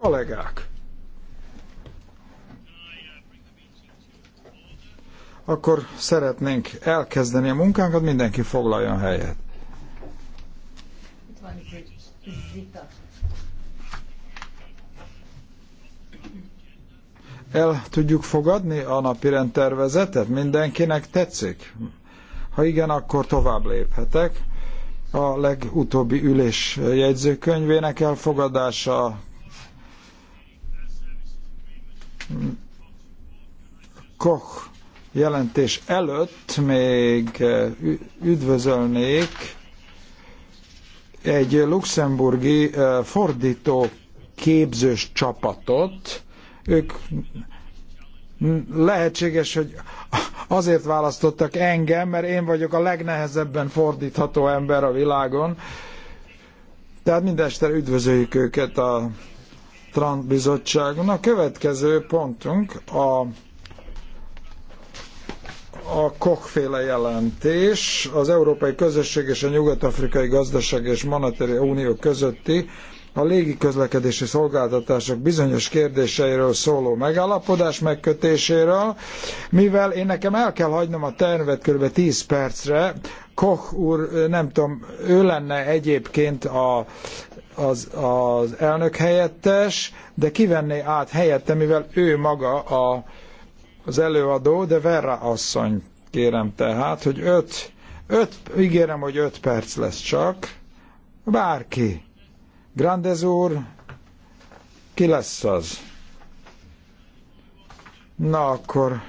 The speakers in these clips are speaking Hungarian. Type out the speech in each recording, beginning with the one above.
Kollégák. Akkor szeretnénk elkezdeni a munkánkat, mindenki foglaljon helyet. El tudjuk fogadni a napi rendtervezetet? Mindenkinek tetszik? Ha igen, akkor tovább léphetek a legutóbbi ülés jegyzőkönyvének elfogadása Koch jelentés előtt még üdvözölnék egy luxemburgi fordító képzős csapatot. Ők lehetséges, hogy Azért választottak engem, mert én vagyok a legnehezebben fordítható ember a világon. Tehát mindeste üdvözöljük őket a Trump bizottságon. A következő pontunk a a Kochféle jelentés, az Európai Közösség és a Nyugat-Afrikai Gazdaság és Monetári Unió közötti a légi közlekedési szolgáltatások bizonyos kérdéseiről szóló megállapodás megkötéséről, mivel én nekem el kell hagynom a tervet kb. 10 percre, Koch úr, nem tudom, ő lenne egyébként a, az, az elnök helyettes, de kivenné át helyette, mivel ő maga a, az előadó, de Verra asszony kérem tehát, hogy öt, öt, ígérem, hogy öt perc lesz csak, bárki. Grandez úr, ki lesz az? Na akkor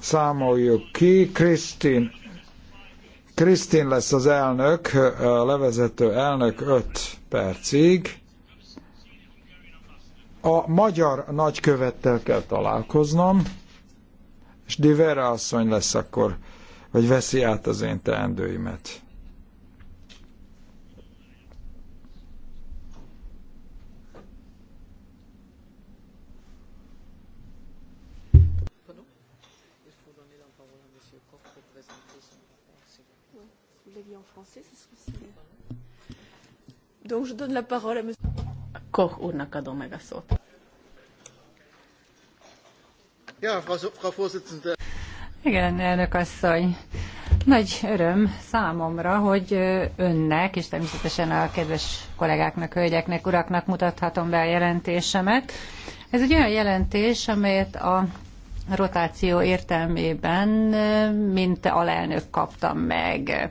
számoljuk ki. Krisztin, Krisztin lesz az elnök, a levezető elnök 5 percig. A magyar nagykövettel kell találkoznom, és Divera asszony lesz akkor, vagy veszi át az én teendőimet. Koch úrnak adom meg a szót. Igen, elnök asszony. Nagy öröm számomra, hogy önnek, és természetesen a kedves kollégáknak, hölgyeknek, uraknak mutathatom be a jelentésemet. Ez egy olyan jelentés, amelyet a rotáció értelmében, mint alelnök kaptam meg.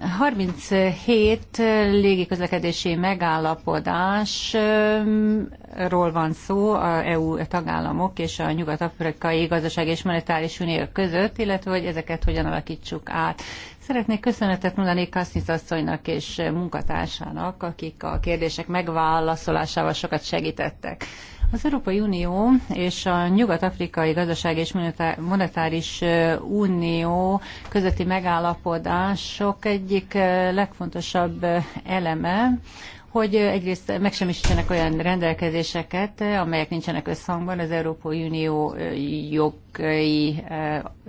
37 légiközlekedési megállapodásról van szó a EU tagállamok és a Nyugat-Afrikai Gazdaság és Monetáris Unió között, illetve hogy ezeket hogyan alakítsuk át. Szeretnék köszönetet mondani Kasszic asszonynak és munkatársának, akik a kérdések megválaszolásával sokat segítettek. Az Európai Unió és a Nyugat-Afrikai Gazdaság és Monetáris Unió közötti megállapodások egyik legfontosabb eleme, hogy egyrészt megsemmisítsenek olyan rendelkezéseket, amelyek nincsenek összhangban az Európai Unió jogai,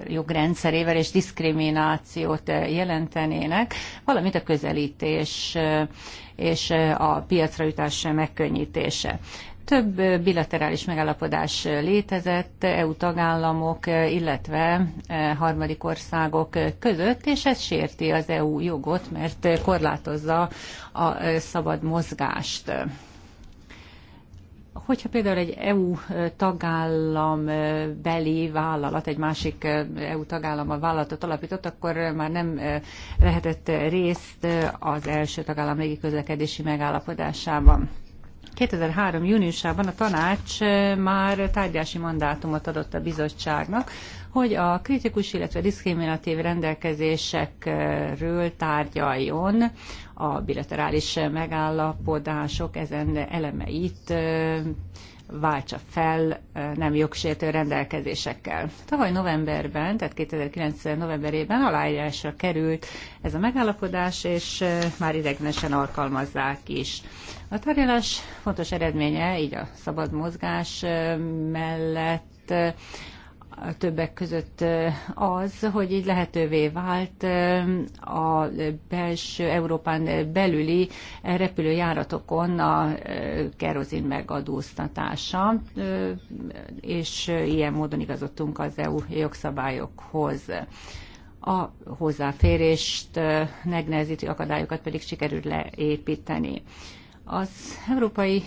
jogrendszerével és diszkriminációt jelentenének, valamint a közelítés és a piacra jutás megkönnyítése. Több bilaterális megállapodás létezett EU tagállamok, illetve e, harmadik országok között, és ez sérti az EU jogot, mert korlátozza a e, szabad mozgást hogyha például egy EU tagállam e, beli vállalat, egy másik EU tagállam a vállalatot alapított, akkor már nem lehetett részt az első tagállam közlekedési megállapodásában. 2003. júniusában a tanács már tárgyási mandátumot adott a bizottságnak, hogy a kritikus, illetve diszkriminatív rendelkezésekről tárgyaljon a bilaterális megállapodások ezen elemeit váltsa fel nem jogsértő rendelkezésekkel. Tavaly novemberben, tehát 2009. novemberében aláírásra került ez a megállapodás, és már ideglenesen alkalmazzák is. A tárgyalás fontos eredménye, így a szabad mozgás mellett a többek között az, hogy így lehetővé vált a belső Európán belüli repülőjáratokon a kerozin megadóztatása, és ilyen módon igazodtunk az EU jogszabályokhoz a hozzáférést megnehezítő akadályokat pedig sikerült leépíteni. Az Európai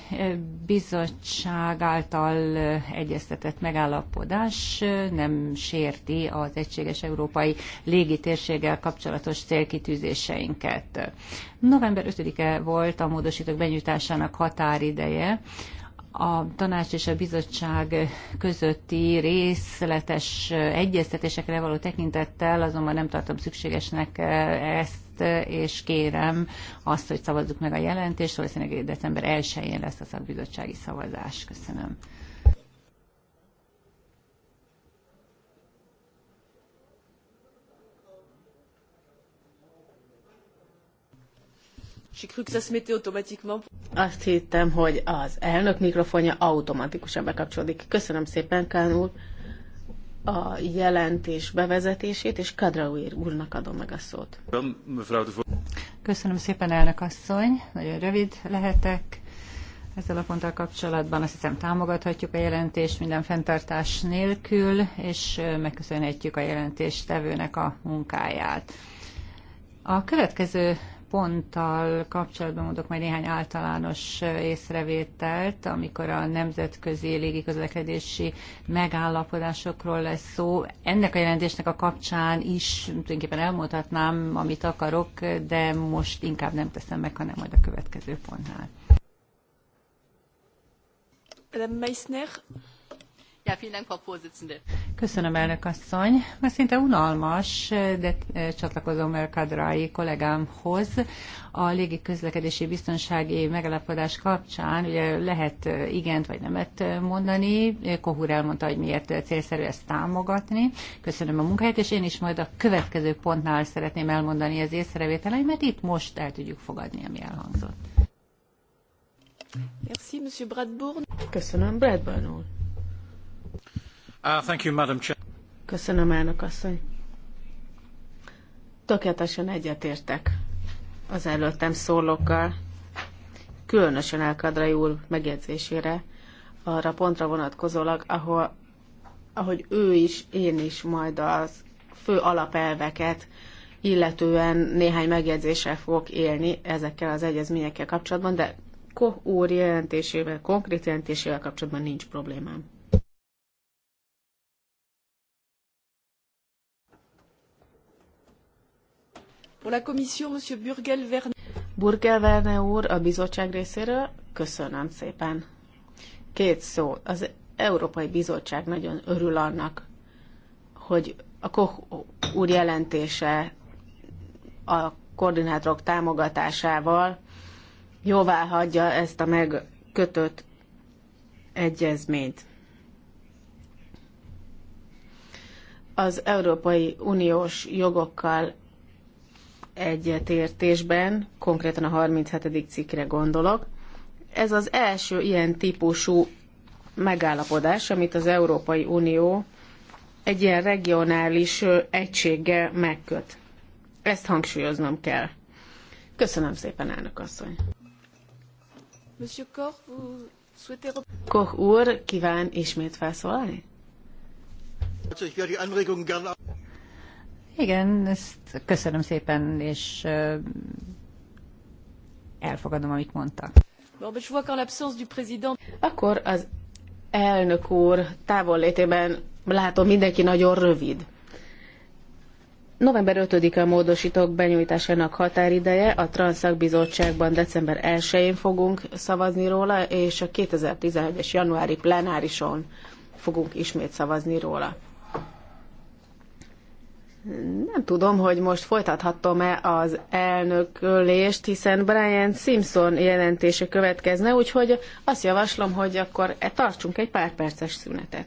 Bizottság által egyeztetett megállapodás nem sérti az egységes európai légitérséggel kapcsolatos célkitűzéseinket. November 5-e volt a módosítók benyújtásának határideje a tanács és a bizottság közötti részletes egyeztetésekre való tekintettel azonban nem tartom szükségesnek ezt és kérem azt, hogy szavazzuk meg a jelentést, valószínűleg december 1-én lesz a szakbizottsági szavazás. Köszönöm. Azt hittem, hogy az elnök mikrofonja automatikusan bekapcsolódik. Köszönöm szépen, Kán úr a jelentés bevezetését, és Kadraúr úrnak adom meg a szót. Köszönöm szépen, elnök asszony. Nagyon rövid lehetek. Ezzel a ponttal kapcsolatban azt hiszem támogathatjuk a jelentést minden fenntartás nélkül, és megköszönhetjük a jelentéstevőnek a munkáját. A következő ponttal kapcsolatban mondok majd néhány általános észrevételt, amikor a nemzetközi légiközlekedési megállapodásokról lesz szó. Ennek a jelentésnek a kapcsán is tulajdonképpen elmondhatnám, amit akarok, de most inkább nem teszem meg, hanem majd a következő pontnál. Madame Meissner, Köszönöm, elnök asszony. Már szinte unalmas, de eh, csatlakozom el Kadrai kollégámhoz. A légi közlekedési biztonsági megállapodás kapcsán ugye lehet eh, igent vagy nemet eh, mondani. Kohúr elmondta, hogy miért célszerű ezt támogatni. Köszönöm a munkáját, és én is majd a következő pontnál szeretném elmondani az mert Itt most el tudjuk fogadni, ami elhangzott. Merci, Monsieur Bradbourne. Köszönöm, Bradbourne úr. Uh, Köszönöm, elnök asszony. Tökéletesen egyetértek az előttem szólókkal, különösen Elkadrai úr megjegyzésére, arra pontra vonatkozólag, ahol, ahogy ő is, én is majd az fő alapelveket illetően néhány megjegyzéssel fogok élni ezekkel az egyezményekkel kapcsolatban, de Koh úr jelentésével, konkrét jelentésével kapcsolatban nincs problémám. Burgel Verne úr a bizottság részéről, köszönöm szépen. Két szó. Az Európai Bizottság nagyon örül annak, hogy a Koch úr jelentése a koordinátorok támogatásával jóvá hagyja ezt a megkötött egyezményt. Az Európai Uniós jogokkal egyetértésben, konkrétan a 37. cikkre gondolok. Ez az első ilyen típusú megállapodás, amit az Európai Unió egy ilyen regionális egységgel megköt. Ezt hangsúlyoznom kell. Köszönöm szépen, elnök asszony. Monsieur Koch, vous souhaitez... Koch úr, kíván ismét felszólalni? Igen, ezt köszönöm szépen, és elfogadom, amit mondta. Akkor az elnök úr távollétében látom mindenki nagyon rövid. November 5-e a módosítók benyújtásának határideje, a Transzakbizottságban december 1-én fogunk szavazni róla, és a 2011-es januári plenárison fogunk ismét szavazni róla. Nem tudom, hogy most folytathatom-e az elnökölést, hiszen Brian Simpson jelentése következne, úgyhogy azt javaslom, hogy akkor tartsunk egy pár perces szünetet.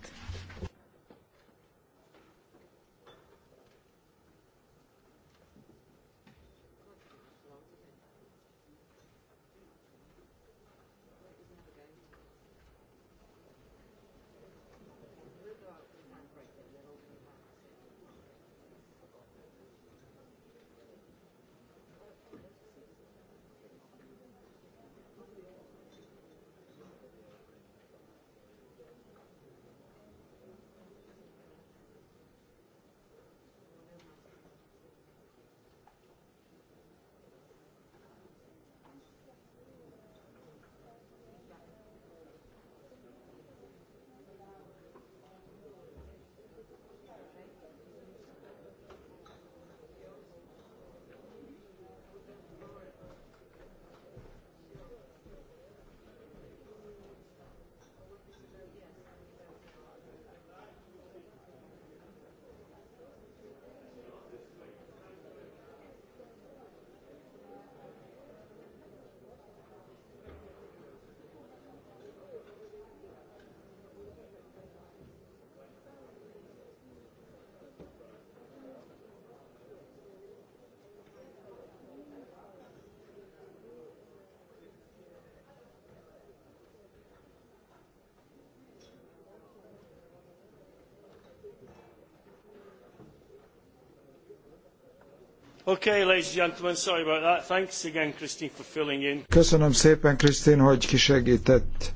Köszönöm szépen, Krisztin, hogy kisegített.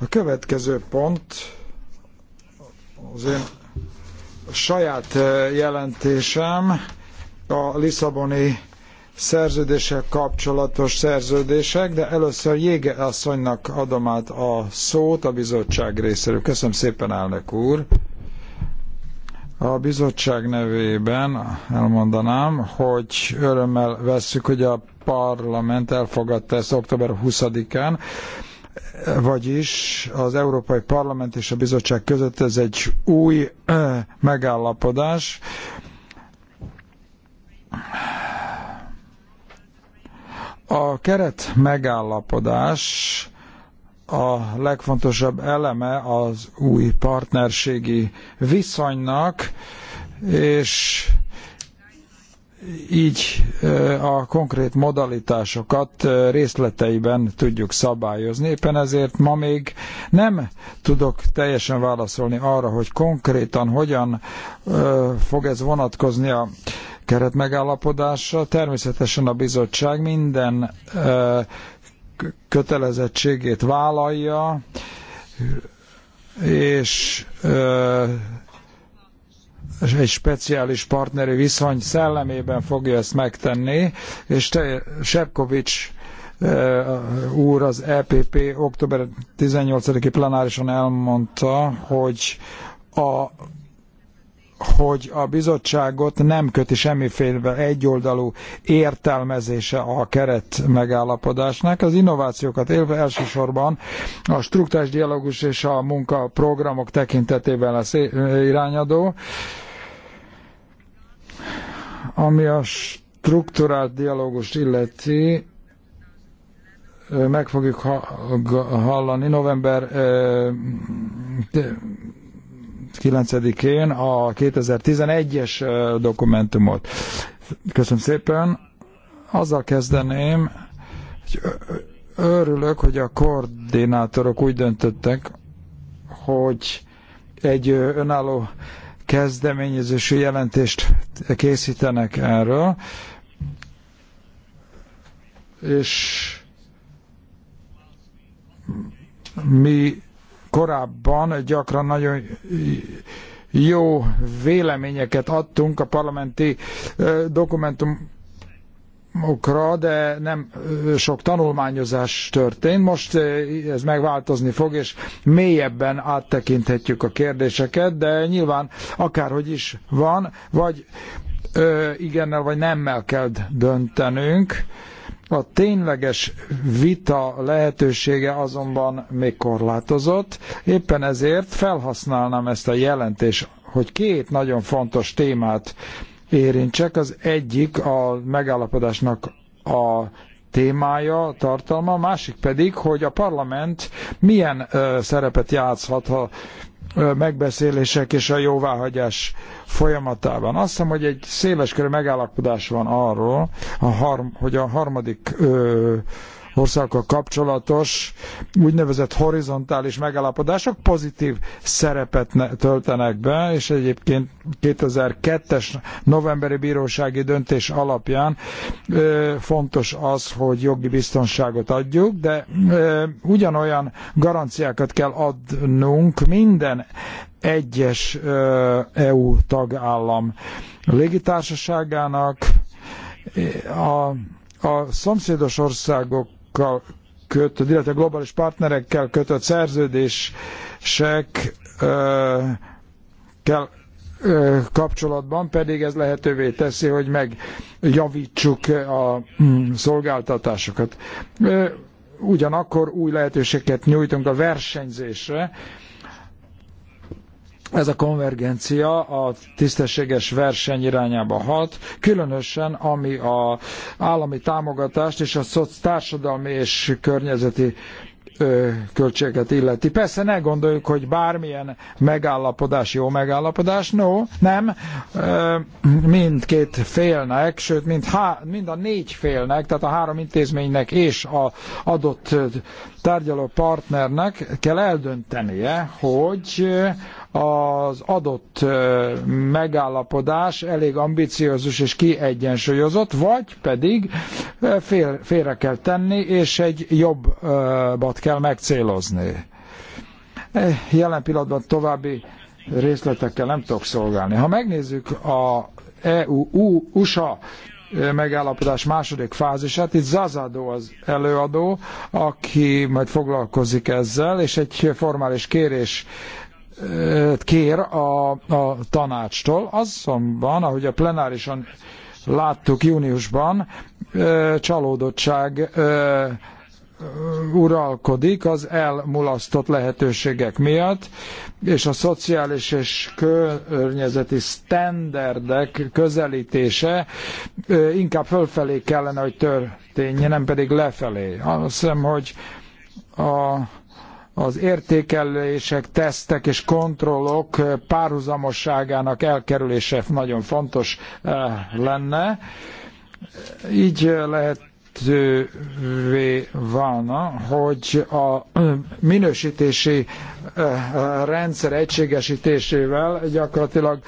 A következő pont az én saját eh, jelentésem a Lisszaboni szerződéssel kapcsolatos szerződések, de először Jége asszonynak adom át a szót a bizottság részéről. Köszönöm szépen, elnök úr! A bizottság nevében elmondanám, hogy örömmel vesszük, hogy a parlament elfogadta ezt október 20-án, vagyis az Európai Parlament és a bizottság között ez egy új ö, megállapodás. A keret megállapodás a legfontosabb eleme az új partnerségi viszonynak, és így a konkrét modalitásokat részleteiben tudjuk szabályozni. Éppen ezért ma még nem tudok teljesen válaszolni arra, hogy konkrétan hogyan fog ez vonatkozni a keretmegállapodásra. Természetesen a bizottság minden kötelezettségét vállalja, és egy speciális partneri viszony szellemében fogja ezt megtenni, és te, Sepkovics úr az EPP október 18-i plenárison elmondta, hogy a hogy a bizottságot nem köti semmiféle egyoldalú értelmezése a keret megállapodásnak. Az innovációkat élve elsősorban a struktúrás dialógus és a munkaprogramok tekintetében lesz irányadó, ami a strukturált dialógust illeti, meg fogjuk hallani november 9-én a 2011-es dokumentumot. Köszönöm szépen. Azzal kezdeném, hogy örülök, hogy a koordinátorok úgy döntöttek, hogy egy önálló kezdeményezésű jelentést készítenek erről, és mi korábban gyakran nagyon jó véleményeket adtunk a parlamenti dokumentum okra, de nem sok tanulmányozás történt. Most ez megváltozni fog, és mélyebben áttekinthetjük a kérdéseket, de nyilván akárhogy is van, vagy ö, igennel vagy nemmel kell döntenünk. Ö, a tényleges vita lehetősége azonban még korlátozott, éppen ezért felhasználnám ezt a jelentés, hogy két nagyon fontos témát érintsek. Az egyik a megállapodásnak a témája, tartalma, másik pedig, hogy a parlament milyen ö, szerepet játszhat, ha megbeszélések és a jóváhagyás folyamatában. Azt hiszem, hogy egy széleskörű megállapodás van arról, a harm, hogy a harmadik ö, országokkal kapcsolatos úgynevezett horizontális megállapodások pozitív szerepet töltenek be, és egyébként 2002-es novemberi bírósági döntés alapján ö, fontos az, hogy jogi biztonságot adjuk, de ö, ugyanolyan garanciákat kell adnunk minden egyes ö, EU tagállam légitársaságának, a, a szomszédos országok bankokkal kötött, illetve globális partnerekkel kötött szerződések kell kapcsolatban, pedig ez lehetővé teszi, hogy megjavítsuk a mm, szolgáltatásokat. Ugyanakkor új lehetőséget nyújtunk a versenyzésre, ez a konvergencia a tisztességes verseny irányába hat, különösen ami a állami támogatást és a társadalmi és környezeti költséget illeti. Persze ne gondoljuk, hogy bármilyen megállapodás jó megállapodás, no, nem. Mindkét félnek, sőt mind, há, mind a négy félnek, tehát a három intézménynek és a adott tárgyaló partnernek kell eldöntenie, hogy eh, az adott eh, megállapodás elég ambiciózus és kiegyensúlyozott, vagy pedig eh, fél, félre kell tenni, és egy jobbat kell megcélozni. Jelen pillanatban további részletekkel nem tudok szolgálni. Ha megnézzük a EU-USA megállapodás második fázisát. Itt Zazadó az előadó, aki majd foglalkozik ezzel, és egy formális kérés kér a, a tanácstól. Azonban, ahogy a plenárison láttuk júniusban, csalódottság uralkodik az elmulasztott lehetőségek miatt, és a szociális és környezeti sztenderdek közelítése inkább fölfelé kellene, hogy történjen, nem pedig lefelé. Azt hiszem, hogy a az értékelések, tesztek és kontrollok párhuzamosságának elkerülése nagyon fontos lenne. Így lehet lehetővé válna, hogy a minősítési rendszer egységesítésével gyakorlatilag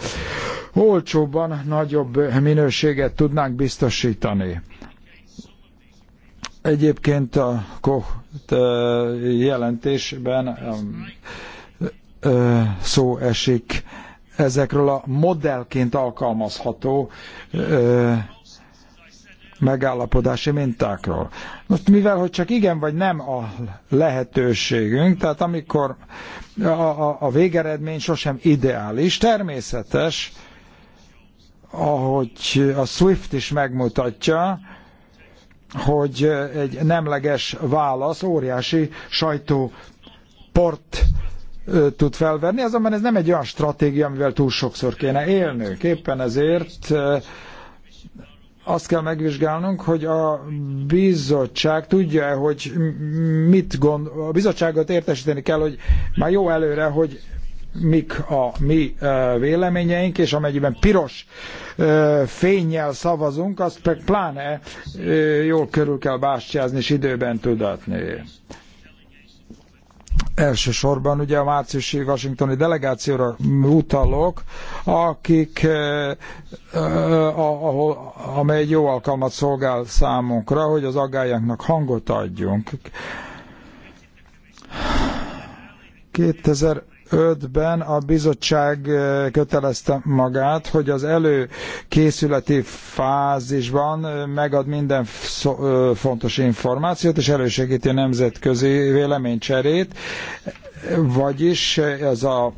olcsóban nagyobb minőséget tudnánk biztosítani. Egyébként a Koch jelentésben szó esik ezekről a modellként alkalmazható megállapodási mintákról. Most mivel, hogy csak igen vagy nem a lehetőségünk, tehát amikor a, a, a végeredmény sosem ideális, természetes, ahogy a SWIFT is megmutatja, hogy egy nemleges válasz óriási sajtóport tud felverni, azonban ez nem egy olyan stratégia, amivel túl sokszor kéne élnünk. Éppen ezért azt kell megvizsgálnunk, hogy a bizottság tudja hogy mit gond, a bizottságot értesíteni kell, hogy már jó előre, hogy mik a mi véleményeink, és amennyiben piros fényjel szavazunk, azt pláne jól körül kell bástyázni és időben tudatni. Elsősorban ugye a márciusi washingtoni delegációra utalok, akik, eh, eh, ahol, amely egy jó alkalmat szolgál számunkra, hogy az aggályánknak hangot adjunk. 2000 2005-ben a bizottság kötelezte magát, hogy az előkészületi fázisban megad minden fontos információt, és elősegíti a nemzetközi véleménycserét, vagyis ez a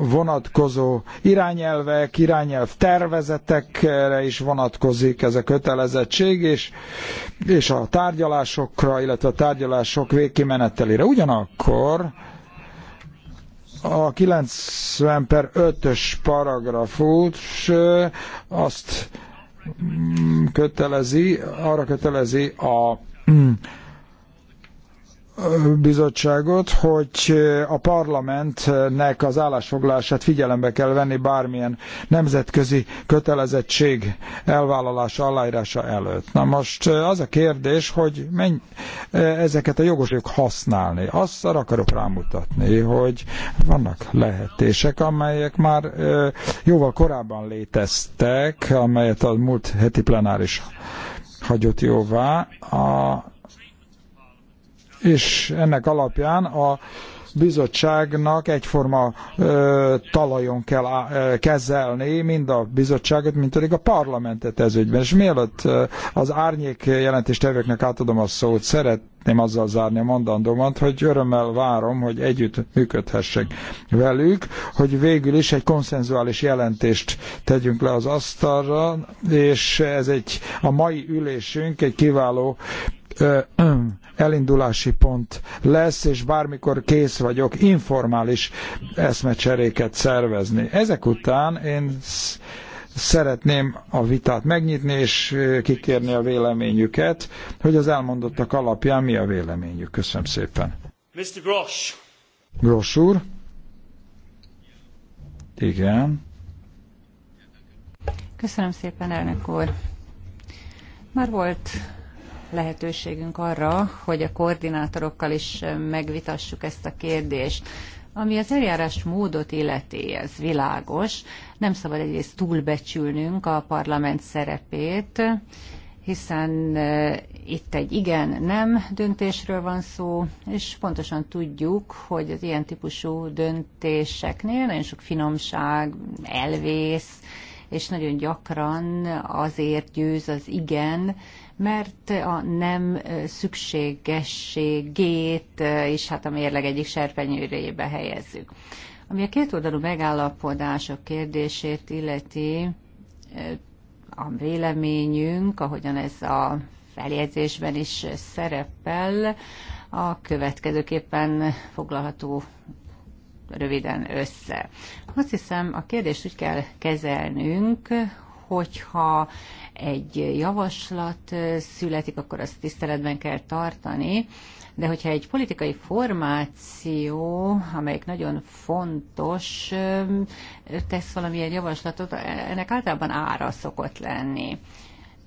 vonatkozó irányelvek, irányelv tervezetekre is vonatkozik ez a kötelezettség, és, és a tárgyalásokra, illetve a tárgyalások végkimenetelére. Ugyanakkor a 90 per 5-ös paragrafus azt mm, kötelezi, arra kötelezi a mm, bizottságot, hogy eh, a parlamentnek az állásfoglalását figyelembe kell venni bármilyen nemzetközi kötelezettség elvállalása, aláírása előtt. Na most eh, az a kérdés, hogy menj, eh, ezeket a jogosok használni. Azt arra akarok rámutatni, hogy vannak lehetések, amelyek már jóval korábban léteztek, amelyet a múlt heti plenáris hagyott jóvá. A és ennek alapján a bizottságnak egyforma ö, talajon kell ö, kezelni mind a bizottságot, mint pedig a parlamentet ez ügyben. És mielőtt ö, az árnyék jelentéstevőknek átadom a szót, szeretném azzal zárni a mondandómat, hogy örömmel várom, hogy együtt működhessek velük, hogy végül is egy konszenzuális jelentést tegyünk le az asztalra, és ez egy a mai ülésünk egy kiváló elindulási pont lesz, és bármikor kész vagyok informális eszmecseréket szervezni. Ezek után én szeretném a vitát megnyitni, és kikérni a véleményüket, hogy az elmondottak alapján mi a véleményük. Köszönöm szépen. Mr. Gross. Gross úr. Igen. Köszönöm szépen, elnök úr. Már volt lehetőségünk arra, hogy a koordinátorokkal is megvitassuk ezt a kérdést. Ami az eljárás módot illeti, ez világos. Nem szabad egyrészt túlbecsülnünk a parlament szerepét, hiszen itt egy igen-nem döntésről van szó, és pontosan tudjuk, hogy az ilyen típusú döntéseknél nagyon sok finomság elvész, és nagyon gyakran azért győz az igen, mert a nem szükségességét is hát a mérleg egyik serpenyőrébe helyezzük. Ami a kétoldalú megállapodások kérdését illeti, a véleményünk, ahogyan ez a feljegyzésben is szerepel, a következőképpen foglalható röviden össze. Azt hiszem, a kérdést úgy kell kezelnünk, hogyha egy javaslat születik, akkor azt tiszteletben kell tartani, de hogyha egy politikai formáció, amelyik nagyon fontos, tesz valamilyen javaslatot, ennek általában ára szokott lenni.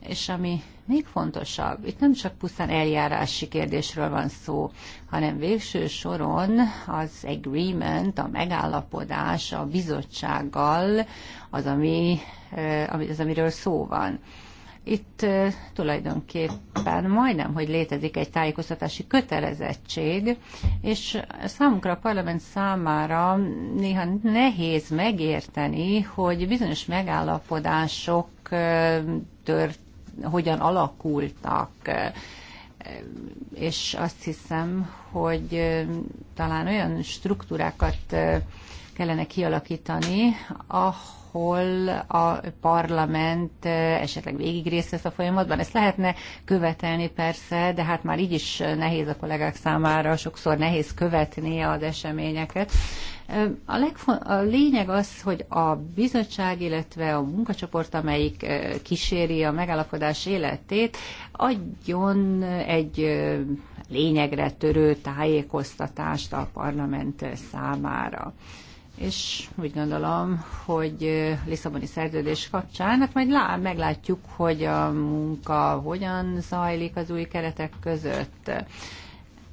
És ami még fontosabb, itt nem csak pusztán eljárási kérdésről van szó, hanem végső soron az agreement, a megállapodás a bizottsággal az, ami Eh, az, amiről szó van. Itt eh, tulajdonképpen majdnem, hogy létezik egy tájékoztatási kötelezettség, és számunkra, a parlament számára néha nehéz megérteni, hogy bizonyos megállapodások eh, tört, hogyan alakultak, és azt hiszem, hogy talán olyan struktúrákat kellene kialakítani, ahol ahol a parlament eh, esetleg végig részt vesz a folyamatban. Ezt lehetne követelni persze, de hát már így is nehéz a kollégák számára, sokszor nehéz követni az eseményeket. Eh, a, legfon- a lényeg az, hogy a bizottság, illetve a munkacsoport, amelyik eh, kíséri a megállapodás életét, adjon egy lényegre törő tájékoztatást a parlament számára és úgy gondolom, hogy Lisszaboni szerződés kapcsán, hát majd lá, meglátjuk, hogy a munka hogyan zajlik az új keretek között.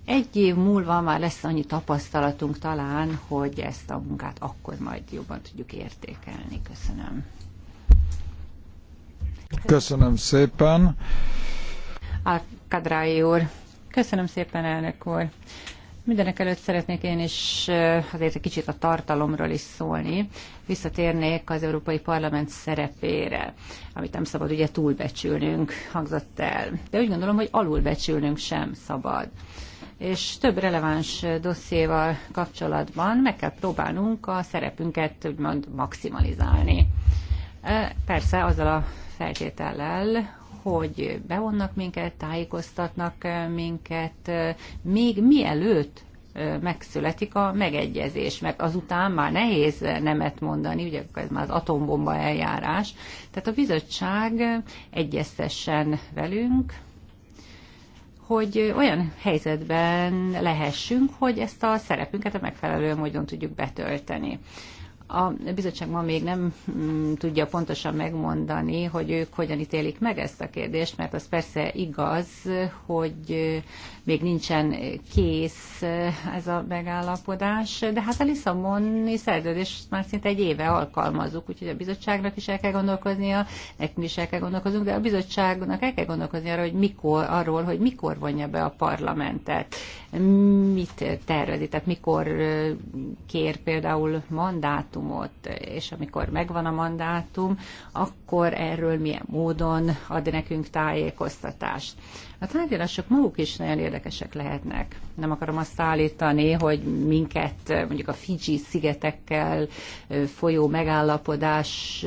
Egy év múlva már lesz annyi tapasztalatunk talán, hogy ezt a munkát akkor majd jobban tudjuk értékelni. Köszönöm. Köszönöm szépen. Kadrái úr. Köszönöm szépen, elnök úr. Mindenek előtt szeretnék én is azért egy kicsit a tartalomról is szólni. Visszatérnék az Európai Parlament szerepére, amit nem szabad ugye túlbecsülnünk, hangzott el. De úgy gondolom, hogy alulbecsülnünk sem szabad és több releváns dossziéval kapcsolatban meg kell próbálnunk a szerepünket úgymond maximalizálni. Persze azzal a feltétellel, hogy bevonnak minket, tájékoztatnak eh, minket, eh, még mielőtt eh, megszületik a megegyezés, meg azután már nehéz nemet mondani, ugye ez már az atombomba eljárás. Tehát a bizottság egyeztessen velünk, hogy olyan helyzetben lehessünk, hogy ezt a szerepünket a megfelelő módon tudjuk betölteni. A bizottság ma még nem mm, tudja pontosan megmondani, hogy ők hogyan ítélik meg ezt a kérdést, mert az persze igaz, hogy még nincsen kész ez a megállapodás, de hát a Lisszaboni szerződést már szinte egy éve alkalmazzuk, úgyhogy a bizottságnak is el kell gondolkoznia, nekünk is el kell gondolkoznunk, de a bizottságnak el kell gondolkoznia, arra, hogy mikor, arról, hogy mikor vonja be a parlamentet, mit tervezi, tehát mikor kér például mandátum, mandátumot, és amikor megvan a mandátum, akkor erről milyen módon ad nekünk tájékoztatást. A tárgyalások maguk is nagyon érdekesek lehetnek. Nem akarom azt állítani, hogy minket mondjuk a Fiji szigetekkel folyó megállapodás,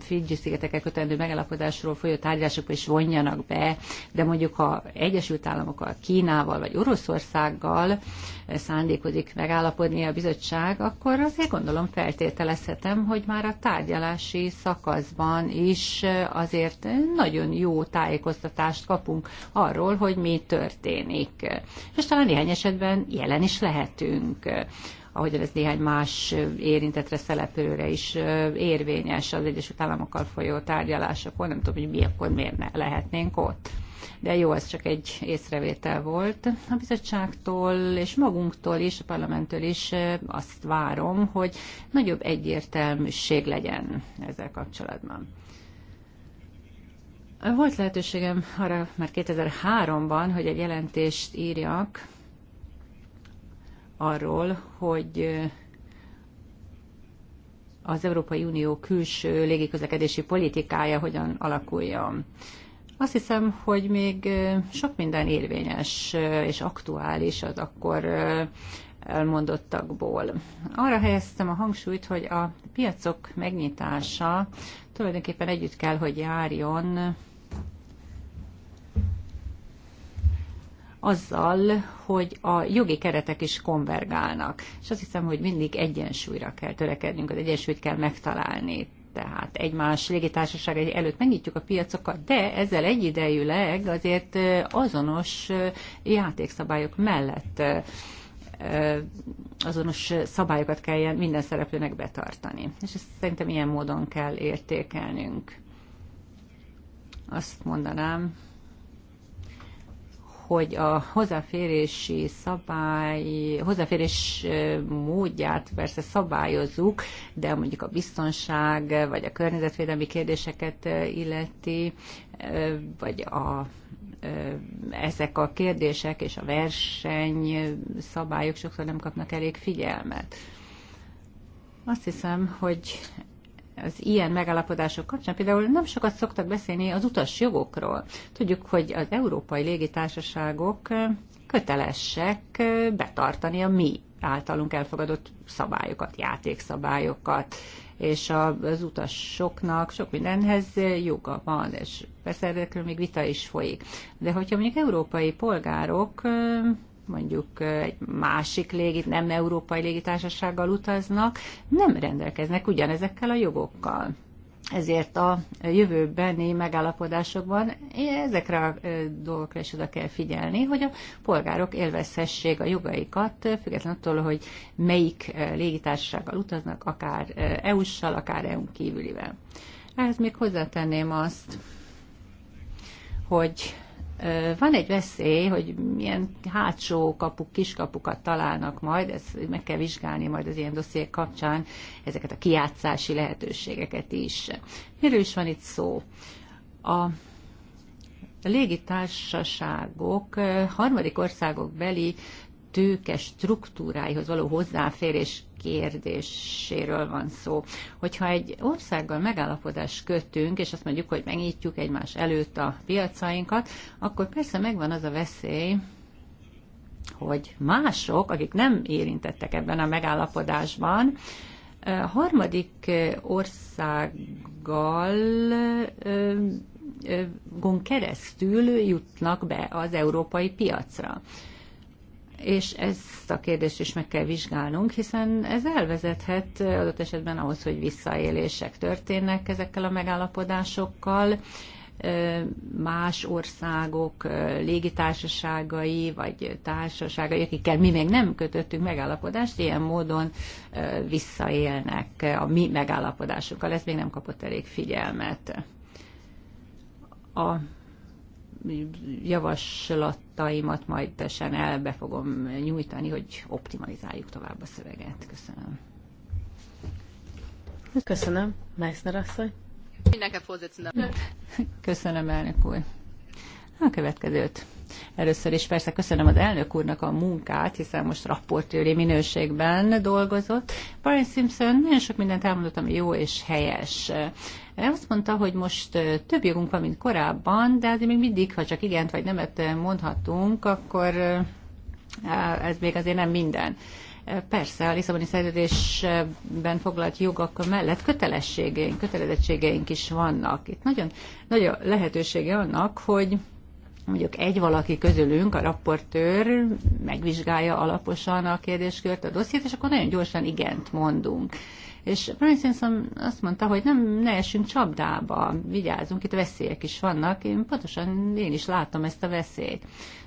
Fiji szigetekkel kötendő megállapodásról folyó tárgyalásokba is vonjanak be, de mondjuk ha Egyesült Államokkal, Kínával vagy Oroszországgal szándékozik megállapodni a bizottság, akkor azért gondolom feltételezhetem, hogy már a tárgyalási szakaszban is azért nagyon jó tájékoztatást kapunk arról, hogy mi történik. És talán néhány esetben jelen is lehetünk ahogyan ez néhány más érintetre, szelepőre is érvényes az Egyesült Államokkal folyó tárgyalásokon, nem tudom, hogy mi akkor miért ne lehetnénk ott. De jó, ez csak egy észrevétel volt. A bizottságtól és magunktól is, a parlamenttől is azt várom, hogy nagyobb egyértelműség legyen ezzel kapcsolatban. Volt lehetőségem arra már 2003-ban, hogy egy jelentést írjak arról, hogy az Európai Unió külső légiközlekedési politikája hogyan alakuljon. Azt hiszem, hogy még sok minden érvényes és aktuális az akkor elmondottakból. Arra helyeztem a hangsúlyt, hogy a piacok megnyitása tulajdonképpen együtt kell, hogy járjon azzal, hogy a jogi keretek is konvergálnak. És azt hiszem, hogy mindig egyensúlyra kell törekednünk, az egyensúlyt kell megtalálni. Tehát egymás légitársaság előtt megnyitjuk a piacokat, de ezzel egyidejűleg azért azonos játékszabályok mellett azonos szabályokat kelljen minden szereplőnek betartani. És ezt szerintem ilyen módon kell értékelnünk. Azt mondanám, hogy a hozzáférési szabály, hozzáférés módját persze szabályozzuk, de mondjuk a biztonság vagy a környezetvédelmi kérdéseket illeti, vagy a ezek a kérdések és a verseny szabályok sokszor nem kapnak elég figyelmet. Azt hiszem, hogy az ilyen megállapodások kapcsán például nem sokat szoktak beszélni az utas jogokról. Tudjuk, hogy az európai légitársaságok kötelesek betartani a mi általunk elfogadott szabályokat, játékszabályokat, és az utasoknak sok mindenhez joga van, és persze erről még vita is folyik. De hogyha mondjuk európai polgárok mondjuk egy másik légit, nem európai légitársasággal utaznak, nem rendelkeznek ugyanezekkel a jogokkal ezért a jövőbeni megállapodásokban ezekre a dolgokra is oda kell figyelni, hogy a polgárok élvezhessék a jogaikat, függetlenül attól, hogy melyik légitársasággal utaznak, akár EU-ssal, akár EU-n kívülivel. Ehhez még hozzátenném azt, hogy van egy veszély, hogy milyen hátsó kapuk, kiskapukat találnak majd, ezt meg kell vizsgálni majd az ilyen dossziék kapcsán, ezeket a kiátszási lehetőségeket is. Miről is van itt szó? A légitársaságok harmadik országok beli tőke struktúráihoz való hozzáférés kérdéséről van szó. Hogyha egy országgal megállapodást kötünk, és azt mondjuk, hogy megnyitjuk egymás előtt a piacainkat, akkor persze megvan az a veszély, hogy mások, akik nem érintettek ebben a megállapodásban, harmadik országgal gon keresztül jutnak be az európai piacra és ezt a kérdést is meg kell vizsgálnunk, hiszen ez elvezethet eh, adott esetben ahhoz, hogy visszaélések történnek ezekkel a megállapodásokkal, eh, más országok eh, légitársaságai vagy társaságai, akikkel mi még nem kötöttünk megállapodást, ilyen módon visszaélnek a mi megállapodásunkkal. Ez még nem kapott elég figyelmet. A javaslataimat majd el be fogom nyújtani, hogy optimalizáljuk tovább a szöveget. Köszönöm. Köszönöm. Meissner asszony. Mindenképp Köszönöm, elnök úr. A következőt. Először is persze köszönöm az elnök úrnak a munkát, hiszen most rapportőri minőségben dolgozott. Brian Simpson nagyon sok mindent elmondott, ami jó és helyes. Azt mondta, hogy most több jogunk van, mint korábban, de azért még mindig, ha csak igent vagy nemet mondhatunk, akkor ez még azért nem minden. Persze, a Lisszaboni szerződésben foglalt jogak mellett kötelességeink, kötelezettségeink is vannak. Itt nagyon nagy a lehetősége annak, hogy mondjuk egy valaki közülünk, a rapportőr megvizsgálja alaposan a kérdéskört, a dossziét, és akkor nagyon gyorsan igent mondunk. És Brian Simpson azt mondta, hogy nem, ne essünk csapdába, vigyázzunk, itt veszélyek is vannak. Én pontosan én is látom ezt a veszélyt.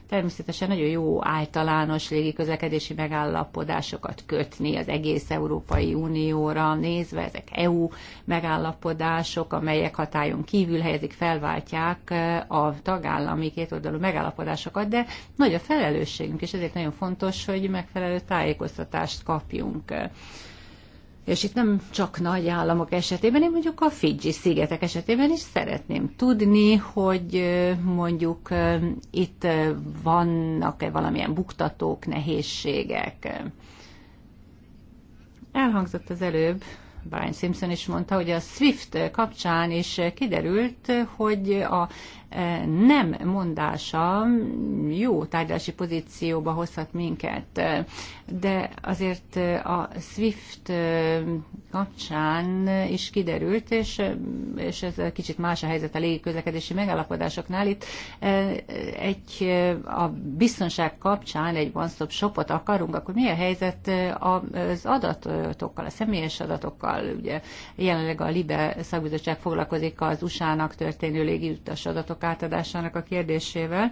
Természetesen nagyon jó általános légiközlekedési megállapodásokat kötni az egész Európai Unióra nézve. Ezek EU megállapodások, amelyek hatályon kívül helyezik, felváltják eh, a tagállami kétoldalú megállapodásokat, de nagy a felelősségünk, és ezért nagyon fontos, hogy megfelelő tájékoztatást kapjunk és itt nem csak nagy államok esetében, én mondjuk a Fidzsi szigetek esetében is szeretném tudni, hogy mondjuk itt vannak-e valamilyen buktatók, nehézségek. Elhangzott az előbb, Brian Simpson is mondta, hogy a SWIFT kapcsán is kiderült, hogy a E, nem mondása jó tárgyalási pozícióba hozhat minket, e, de azért e, a SWIFT kapcsán is kiderült, és, és ez kicsit más a helyzet a légiközlekedési megállapodásoknál. Itt egy a biztonság kapcsán egy one-stop shopot akarunk, akkor mi a helyzet az adatokkal, a személyes adatokkal? Ugye jelenleg a LIBE szakbizottság foglalkozik az USA-nak történő légiutas adatok átadásának a kérdésével,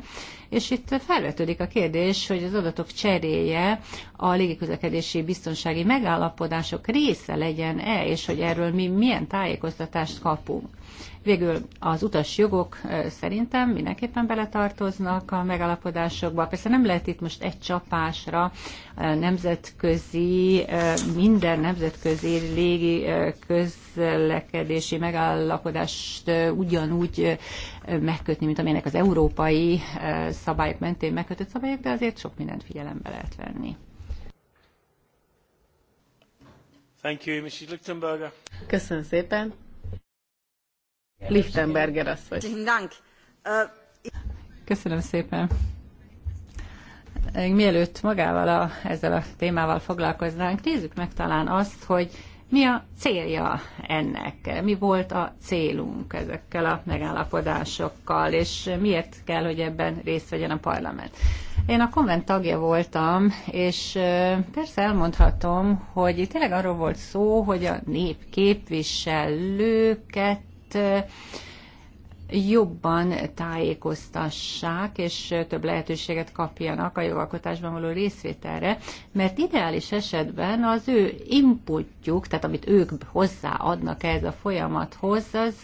és itt felvetődik a kérdés, hogy az adatok cseréje a légiközlekedési biztonsági megállapodások része legyen-e, és hogy erről mi milyen tájékoztatást kapunk. Végül az utas jogok szerintem mindenképpen beletartoznak a megállapodásokba. Persze nem lehet itt most egy csapásra nemzetközi, minden nemzetközi légi közlekedési megállapodást ugyanúgy megkötni, mint amilyenek az európai szabályok mentén megkötött szabályok, de azért sok mindent figyelembe lehet venni. Thank you, Mrs. Lichtenberger. Köszönöm szépen. Lichtenberger asszony. Köszönöm szépen. mielőtt magával a, ezzel a témával foglalkoznánk, nézzük meg talán azt, hogy mi a célja ennek? Mi volt a célunk ezekkel a megállapodásokkal, és miért kell, hogy ebben részt vegyen a parlament? Én a konvent tagja voltam, és persze elmondhatom, hogy tényleg arról volt szó, hogy a nép képviselőket jobban tájékoztassák, és több lehetőséget kapjanak a jogalkotásban való részvételre, mert ideális esetben az ő inputjuk, tehát amit ők hozzáadnak ehhez a folyamathoz, az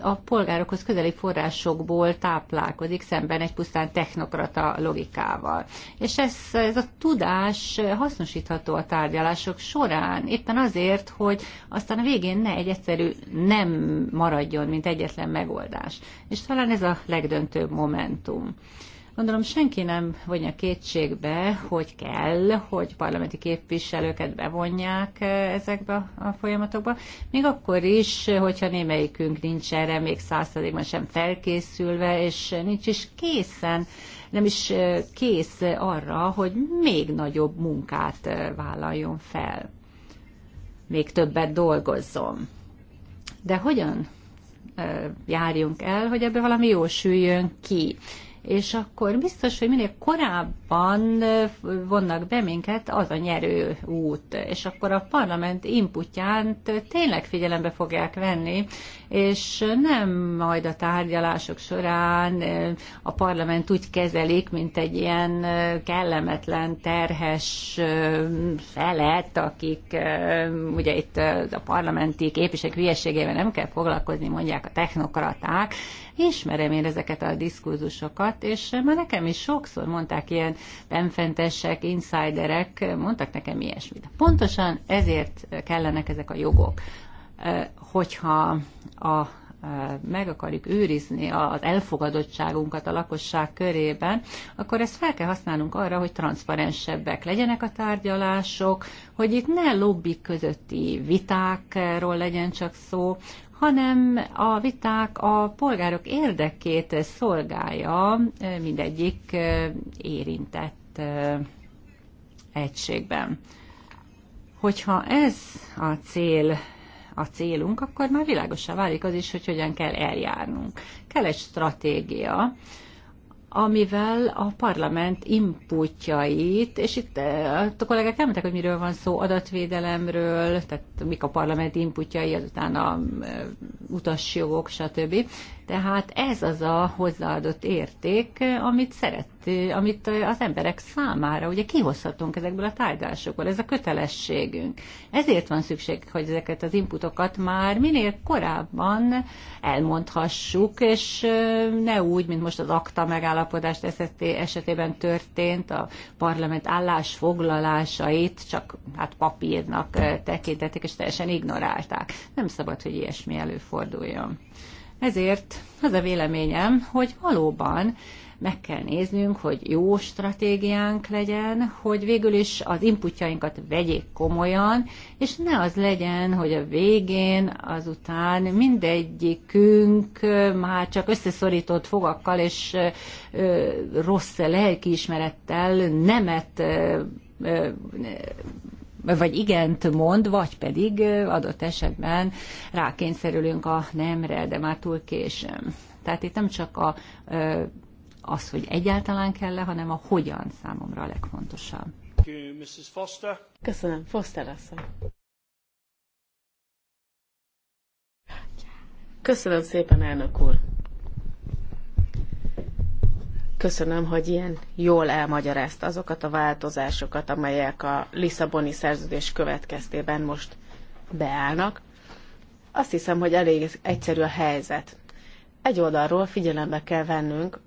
a polgárokhoz közeli forrásokból táplálkozik, szemben egy pusztán technokrata logikával. És ez, ez a tudás hasznosítható a tárgyalások során, éppen azért, hogy aztán a végén ne egy egyszerű nem maradjon, mint egyetlen megoldás. És talán ez a legdöntőbb momentum. Gondolom senki nem vonja kétségbe, hogy kell, hogy parlamenti képviselőket bevonják ezekbe a folyamatokba, még akkor is, hogyha némelyikünk nincs erre még százszerzékban sem felkészülve, és nincs is készen, nem is kész arra, hogy még nagyobb munkát vállaljon fel, még többet dolgozzon. De hogyan járjunk el, hogy ebből valami jósüljön ki? és akkor biztos, hogy minél korábban vonnak be minket az a nyerő út, és akkor a parlament inputját tényleg figyelembe fogják venni, és nem majd a tárgyalások során a parlament úgy kezelik, mint egy ilyen kellemetlen, terhes felett, akik ugye itt a parlamenti képviselők hülyeségével nem kell foglalkozni, mondják a technokraták, ismerem én ezeket a diskurzusokat, és már nekem is sokszor mondták ilyen benfentesek, insiderek, mondtak nekem ilyesmit. Pontosan ezért kellenek ezek a jogok hogyha a e, meg akarjuk őrizni az elfogadottságunkat a lakosság körében, akkor ezt fel kell használnunk arra, hogy transzparensebbek legyenek a tárgyalások, hogy itt ne lobbik közötti vitákról legyen csak szó, hanem a viták a polgárok érdekét szolgálja e, mindegyik e, érintett egységben. Hogyha ez a cél a célunk, akkor már világosan válik az is, hogy hogyan kell eljárnunk. Kell egy stratégia, amivel a parlament inputjait, és itt eh, a kollégák elmentek, hogy miről van szó, adatvédelemről, tehát mik a parlament inputjai, azután a eh, utasjogok, stb. Tehát ez az a hozzáadott érték, amit szeret, amit az emberek számára, ugye kihozhatunk ezekből a tárgyalásokból, ez a kötelességünk. Ezért van szükség, hogy ezeket az inputokat már minél korábban elmondhassuk, és ne úgy, mint most az akta megállapodást esetében történt, a parlament állásfoglalásait csak hát papírnak tekintették, és teljesen ignorálták. Nem szabad, hogy ilyesmi előforduljon. Ezért az a véleményem, hogy valóban meg kell néznünk, hogy jó stratégiánk legyen, hogy végül is az inputjainkat vegyék komolyan, és ne az legyen, hogy a végén azután mindegyikünk már csak összeszorított fogakkal és rossz lelkiismerettel nemet vagy igent mond, vagy pedig adott esetben rákényszerülünk a nemre, de már túl későn. Tehát itt nem csak a, az, hogy egyáltalán kell -e, hanem a hogyan számomra a legfontosabb. Köszönöm, Foster asszony. Köszönöm szépen, elnök úr. Köszönöm, hogy ilyen jól elmagyarázta azokat a változásokat, amelyek a Lisszaboni szerződés következtében most beállnak. Azt hiszem, hogy elég egyszerű a helyzet. Egy oldalról figyelembe kell vennünk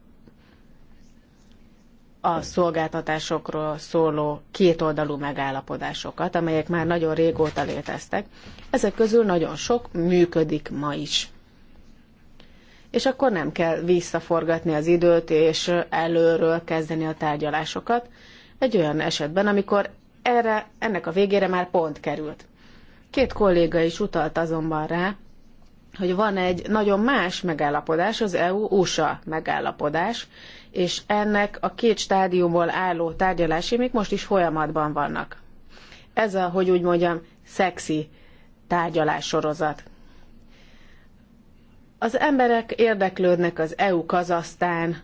a szolgáltatásokról szóló kétoldalú megállapodásokat, amelyek már nagyon régóta léteztek. Ezek közül nagyon sok működik ma is és akkor nem kell visszaforgatni az időt, és előről kezdeni a tárgyalásokat egy olyan esetben, amikor erre, ennek a végére már pont került. Két kolléga is utalt azonban rá, hogy van egy nagyon más megállapodás, az EU-USA megállapodás, és ennek a két stádiumból álló tárgyalási még most is folyamatban vannak. Ez a, hogy úgy mondjam, szexi tárgyalássorozat. Az emberek érdeklődnek az EU-Kazasztán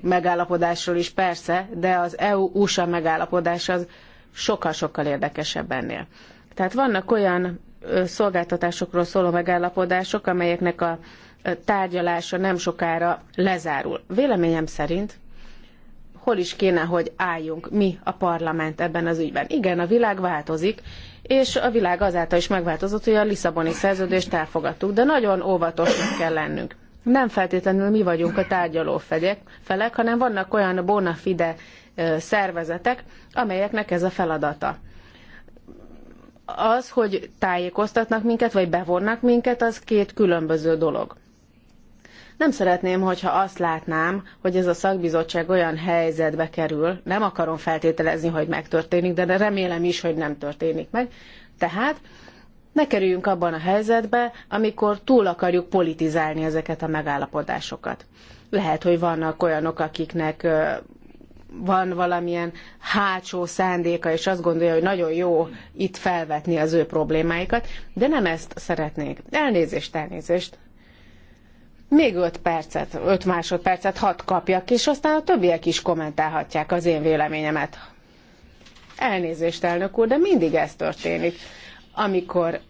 megállapodásról is persze, de az EU-USA megállapodás az sokkal-sokkal érdekesebb ennél. Tehát vannak olyan szolgáltatásokról szóló megállapodások, amelyeknek a tárgyalása nem sokára lezárul. Véleményem szerint hol is kéne, hogy álljunk mi a parlament ebben az ügyben. Igen, a világ változik, és a világ azáltal is megváltozott, hogy a Lisszaboni szerződést elfogadtuk, de nagyon óvatosnak kell lennünk. Nem feltétlenül mi vagyunk a tárgyaló felek, hanem vannak olyan bona fide szervezetek, amelyeknek ez a feladata. Az, hogy tájékoztatnak minket, vagy bevonnak minket, az két különböző dolog. Nem szeretném, hogyha azt látnám, hogy ez a szakbizottság olyan helyzetbe kerül, nem akarom feltételezni, hogy megtörténik, de remélem is, hogy nem történik meg. Tehát ne kerüljünk abban a helyzetbe, amikor túl akarjuk politizálni ezeket a megállapodásokat. Lehet, hogy vannak olyanok, akiknek van valamilyen hátsó szándéka, és azt gondolja, hogy nagyon jó itt felvetni az ő problémáikat, de nem ezt szeretnék. Elnézést, elnézést még 5 percet, 5 másodpercet, hat kapjak, és aztán a többiek is kommentálhatják az én véleményemet. Elnézést, elnök úr, de mindig ez történik. Amikor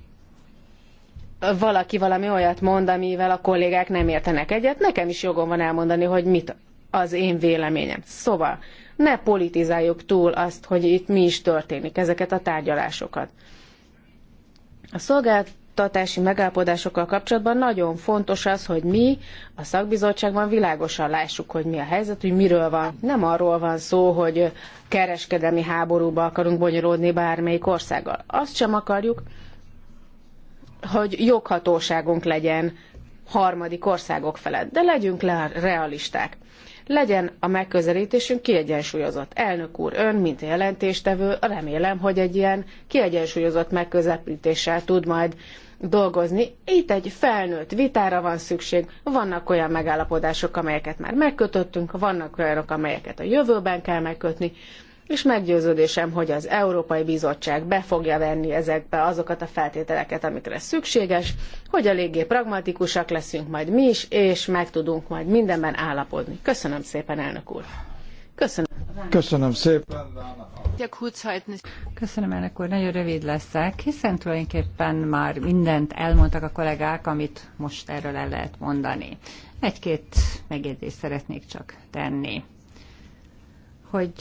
valaki valami olyat mond, amivel a kollégák nem értenek egyet, nekem is jogom van elmondani, hogy mit az én véleményem. Szóval ne politizáljuk túl azt, hogy itt mi is történik, ezeket a tárgyalásokat. A szolgált oktatási megállapodásokkal kapcsolatban nagyon fontos az, hogy mi a szakbizottságban világosan lássuk, hogy mi a helyzet, hogy miről van. Nem arról van szó, hogy kereskedelmi háborúba akarunk bonyolódni bármelyik országgal. Azt sem akarjuk, hogy joghatóságunk legyen harmadik országok felett. De legyünk le realisták legyen a megközelítésünk kiegyensúlyozott. Elnök úr, ön, mint a jelentéstevő, remélem, hogy egy ilyen kiegyensúlyozott megközelítéssel tud majd dolgozni. Itt egy felnőtt vitára van szükség, vannak olyan megállapodások, amelyeket már megkötöttünk, vannak olyanok, amelyeket a jövőben kell megkötni, és meggyőződésem, hogy az Európai Bizottság be fogja venni ezekbe azokat a feltételeket, amikre szükséges, hogy eléggé pragmatikusak leszünk majd mi is, és meg tudunk majd mindenben állapodni. Köszönöm szépen, elnök úr! Köszönöm. Köszönöm szépen. Köszönöm, elnök úr. Nagyon rövid leszek, hiszen tulajdonképpen már mindent elmondtak a kollégák, amit most erről el lehet mondani. Egy-két megjegyzést szeretnék csak tenni hogy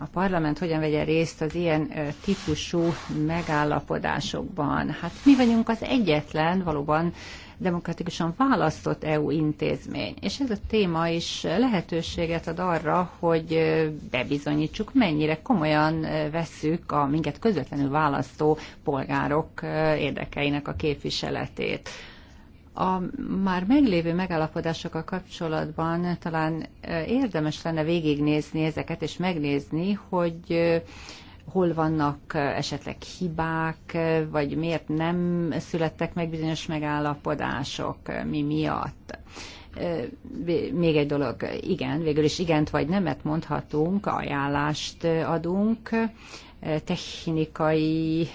a parlament hogyan vegye részt az ilyen típusú megállapodásokban. Hát mi vagyunk az egyetlen valóban demokratikusan választott EU intézmény. És ez a téma is lehetőséget ad arra, hogy bebizonyítsuk, mennyire komolyan vesszük a minket közvetlenül választó polgárok érdekeinek a képviseletét. A már meglévő megállapodásokkal kapcsolatban talán érdemes lenne végignézni ezeket, és megnézni, hogy hol vannak esetleg hibák, vagy miért nem születtek meg bizonyos megállapodások, mi miatt még egy dolog, igen, végül is igent vagy nemet mondhatunk, ajánlást adunk, technikai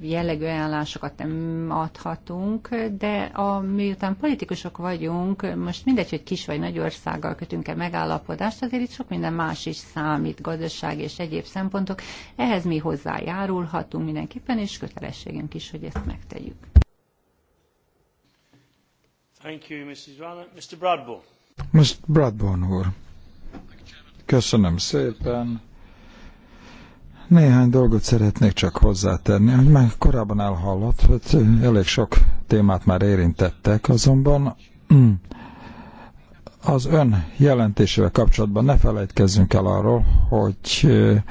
jellegű ajánlásokat nem adhatunk, de a, miután politikusok vagyunk, most mindegy, hogy kis vagy nagy országgal kötünk-e megállapodást, azért itt sok minden más is számít, gazdaság és egyéb szempontok. Ehhez mi hozzájárulhatunk mindenképpen, és kötelességünk is, hogy ezt megtegyük. Thank you, Mrs. Mr. Bradbourne. Mr. Bradbourne úr. Köszönöm szépen. Néhány dolgot szeretnék csak hozzátenni, hogy már korábban elhallott, hogy elég sok témát már érintettek, azonban mm, az ön jelentésével kapcsolatban ne felejtkezzünk el arról, hogy eh,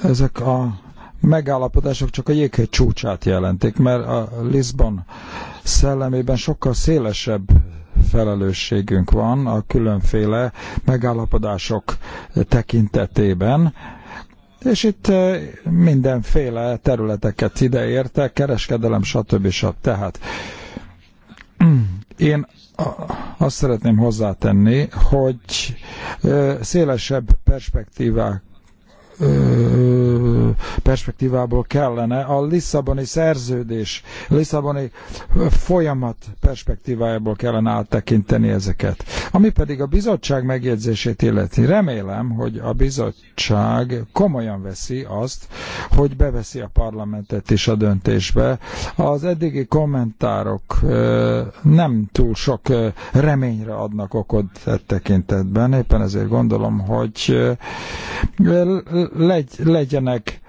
ezek a megállapodások csak a jéghegy csúcsát jelentik, mert a Lisbon szellemében sokkal szélesebb felelősségünk van a különféle megállapodások tekintetében, és itt eh, mindenféle területeket ideértek, kereskedelem, stb. stb. Tehát én azt szeretném hozzátenni, hogy eh, szélesebb perspektívák perspektívából kellene, a Lisszaboni szerződés, Lisszaboni folyamat perspektívájából kellene áttekinteni ezeket. Ami pedig a bizottság megjegyzését illeti, remélem, hogy a bizottság komolyan veszi azt, hogy beveszi a parlamentet is a döntésbe. Az eddigi kommentárok nem túl sok reményre adnak okot e tekintetben, éppen ezért gondolom, hogy legy, legyenek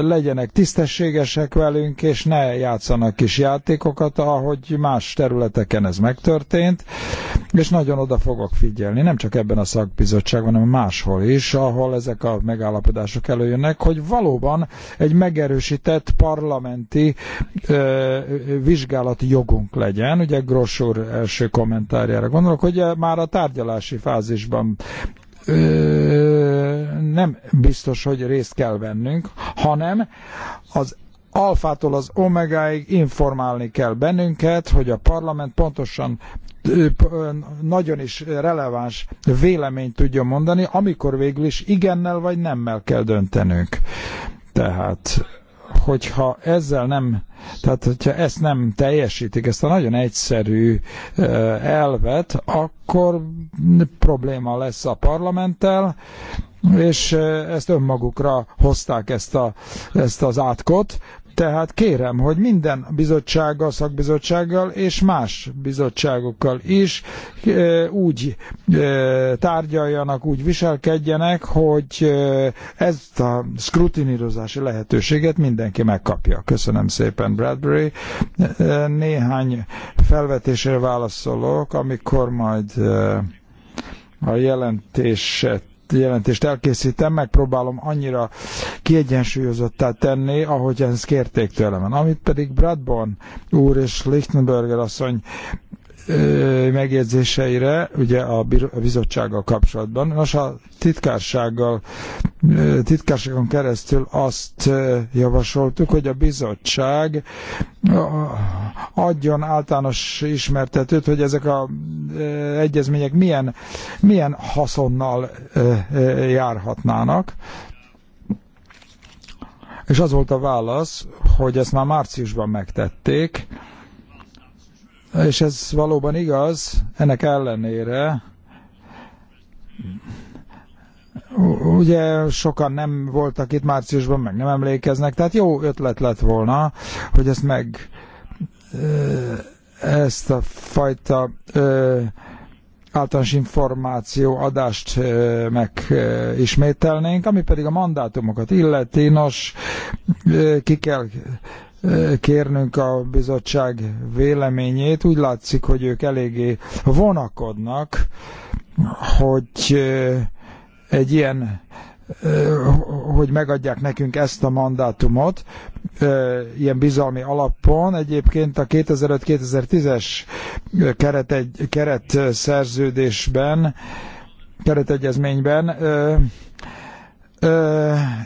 legyenek tisztességesek velünk, és ne játszanak kis játékokat, ahogy más területeken ez megtörtént, és nagyon oda fogok figyelni, nem csak ebben a szakbizottságban, hanem máshol is, ahol ezek a megállapodások előjönnek, hogy valóban egy megerősített parlamenti ö, vizsgálati jogunk legyen. Ugye Gross úr első kommentárjára gondolok, hogy már a tárgyalási fázisban nem biztos, hogy részt kell vennünk, hanem az alfától az omegáig informálni kell bennünket, hogy a parlament pontosan nagyon is releváns véleményt tudjon mondani, amikor végül is igennel vagy nemmel kell döntenünk. Tehát hogyha ezzel nem, tehát hogyha ezt nem teljesítik, ezt a nagyon egyszerű elvet, akkor probléma lesz a parlamenttel, és ezt önmagukra hozták ezt, a, ezt az átkot, tehát kérem, hogy minden bizottsággal, szakbizottsággal és más bizottságokkal is eh, úgy eh, tárgyaljanak, úgy viselkedjenek, hogy eh, ezt a skrutinírozási lehetőséget mindenki megkapja. Köszönöm szépen, Bradbury. Néhány felvetésre válaszolok, amikor majd a jelentéset jelentést elkészítem, megpróbálom annyira kiegyensúlyozottá tenni, ahogy ezt kérték tőlem. Amit pedig Bradborn úr és Lichtenberger asszony megjegyzéseire, ugye a bizottsággal kapcsolatban. Nos, a titkársággal, titkárságon keresztül azt javasoltuk, hogy a bizottság adjon általános ismertetőt, hogy ezek a egyezmények milyen, milyen haszonnal járhatnának. És az volt a válasz, hogy ezt már márciusban megtették, és ez valóban igaz, ennek ellenére ugye sokan nem voltak itt márciusban, meg nem emlékeznek, tehát jó ötlet lett volna, hogy ezt meg ezt a fajta általános információ adást megismételnénk, ami pedig a mandátumokat illeti, nos, ki kell kérnünk a bizottság véleményét. Úgy látszik, hogy ők eléggé vonakodnak, hogy egy ilyen hogy megadják nekünk ezt a mandátumot ilyen bizalmi alapon. Egyébként a 2005-2010-es keret, egy, keret szerződésben, keretegyezményben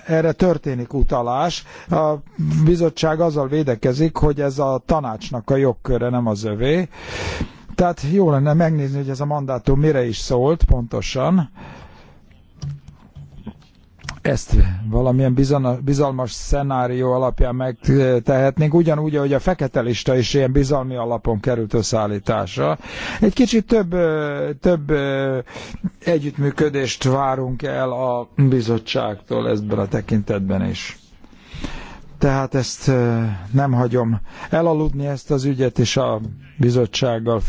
erre történik utalás. A bizottság azzal védekezik, hogy ez a tanácsnak a jogköre, nem az övé. Tehát jó lenne megnézni, hogy ez a mandátum mire is szólt pontosan ezt valamilyen bizalmas szenárió alapján megtehetnénk, ugyanúgy, ahogy a fekete lista is ilyen bizalmi alapon került összeállításra. Egy kicsit több, több együttműködést várunk el a bizottságtól ebben a tekintetben is. Tehát ezt nem hagyom elaludni ezt az ügyet, és a bizottsággal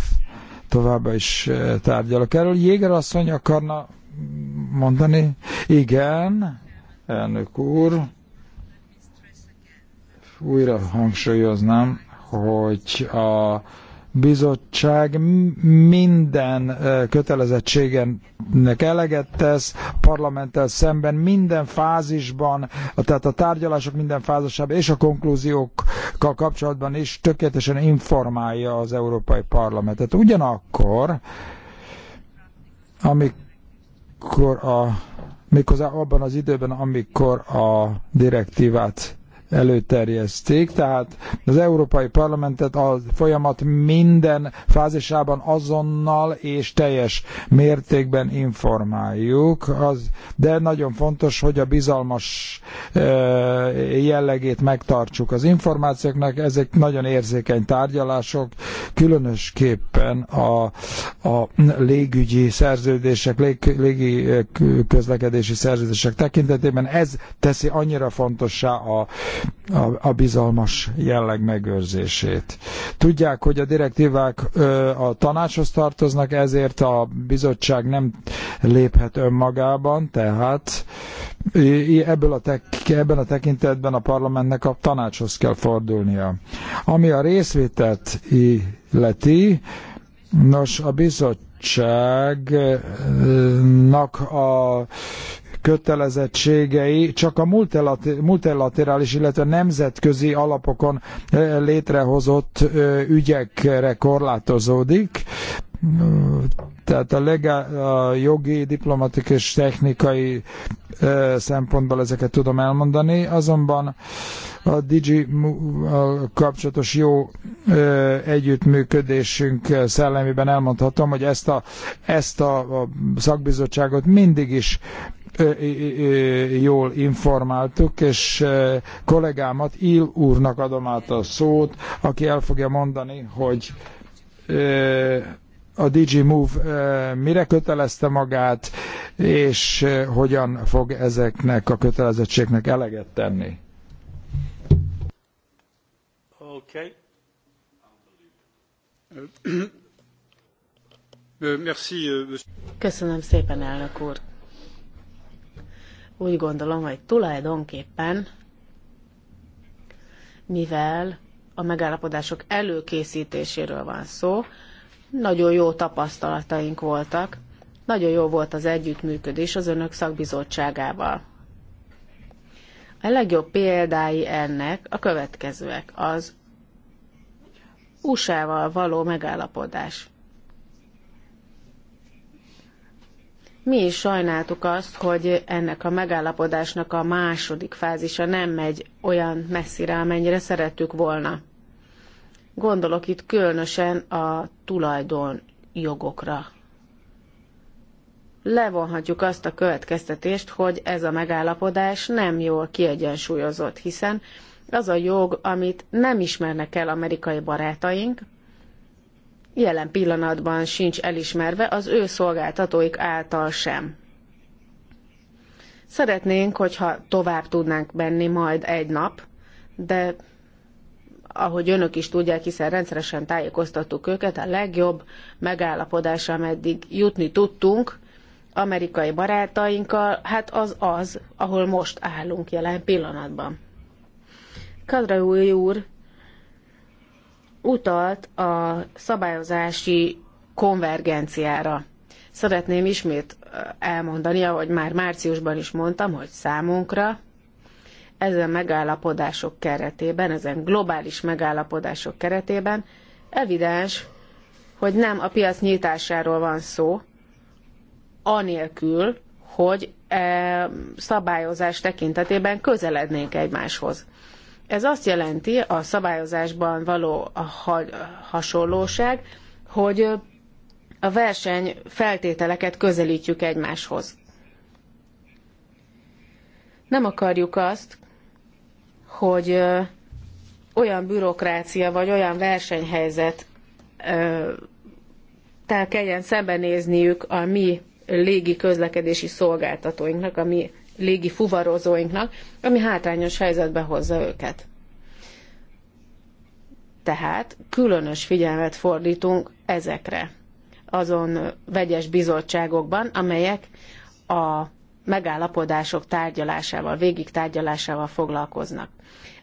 továbbá is tárgyalok erről. Jéger asszony akarna mondani? Igen elnök úr. Újra hangsúlyoznám, hogy a bizottság minden kötelezettségennek eleget tesz, parlamenttel szemben minden fázisban, tehát a tárgyalások minden fázisában és a konklúziókkal kapcsolatban is tökéletesen informálja az Európai Parlamentet. Ugyanakkor, amikor a méghozzá abban az időben, amikor a direktívát előterjeszték, tehát az Európai Parlamentet a folyamat minden fázisában azonnal és teljes mértékben informáljuk, az, de nagyon fontos, hogy a bizalmas jellegét megtartsuk az információknak, ezek nagyon érzékeny tárgyalások, különösképpen a, a légügyi szerződések, lég, légi közlekedési szerződések tekintetében ez teszi annyira fontossá a a, a bizalmas jelleg megőrzését. Tudják, hogy a direktívák ö, a tanácshoz tartoznak, ezért a bizottság nem léphet önmagában, tehát ebből a tek, ebben a tekintetben a parlamentnek a tanácshoz kell fordulnia. Ami a részvételt illeti, nos, a bizottság bizottságnak a kötelezettségei csak a multilaterális, illetve nemzetközi alapokon eh, létrehozott eh, ügyekre korlátozódik tehát a legál, a jogi, diplomatik és technikai e, szempontból ezeket tudom elmondani, azonban a Digi kapcsolatos jó e, együttműködésünk szellemében elmondhatom, hogy ezt a, ezt a, a szakbizottságot mindig is jól informáltuk, és kollégámat, Il úrnak adom át a szót, aki el fogja mondani, hogy a DG Move mire kötelezte magát, és hogyan fog ezeknek a kötelezettségnek eleget tenni. Okay. Köszönöm szépen, elnök úr. Úgy gondolom, hogy tulajdonképpen, mivel a megállapodások előkészítéséről van szó, nagyon jó tapasztalataink voltak, nagyon jó volt az együttműködés az önök szakbizottságával. A legjobb példái ennek a következőek. Az USA-val való megállapodás. Mi is sajnáltuk azt, hogy ennek a megállapodásnak a második fázisa nem megy olyan messzire, amennyire szerettük volna. Gondolok itt különösen a tulajdon jogokra. Levonhatjuk azt a következtetést, hogy ez a megállapodás nem jól kiegyensúlyozott, hiszen az a jog, amit nem ismernek el amerikai barátaink, jelen pillanatban sincs elismerve az ő szolgáltatóik által sem. Szeretnénk, hogyha tovább tudnánk benni majd egy nap, de ahogy önök is tudják, hiszen rendszeresen tájékoztattuk őket, a legjobb megállapodás, ameddig jutni tudtunk amerikai barátainkkal, hát az az, ahol most állunk jelen pillanatban. Kadraúj úr utalt a szabályozási konvergenciára. Szeretném ismét elmondani, ahogy már márciusban is mondtam, hogy számunkra ezen megállapodások keretében, ezen globális megállapodások keretében evidens, hogy nem a piac nyitásáról van szó, anélkül, hogy e, szabályozás tekintetében közelednénk egymáshoz. Ez azt jelenti a szabályozásban való a hasonlóság, hogy a verseny feltételeket közelítjük egymáshoz. Nem akarjuk azt, hogy olyan bürokrácia vagy olyan versenyhelyzet tehát kelljen szembenézniük a mi légi közlekedési szolgáltatóinknak, a mi légi fuvarozóinknak, ami hátrányos helyzetbe hozza őket. Tehát különös figyelmet fordítunk ezekre azon vegyes bizottságokban, amelyek a megállapodások tárgyalásával, végig tárgyalásával foglalkoznak.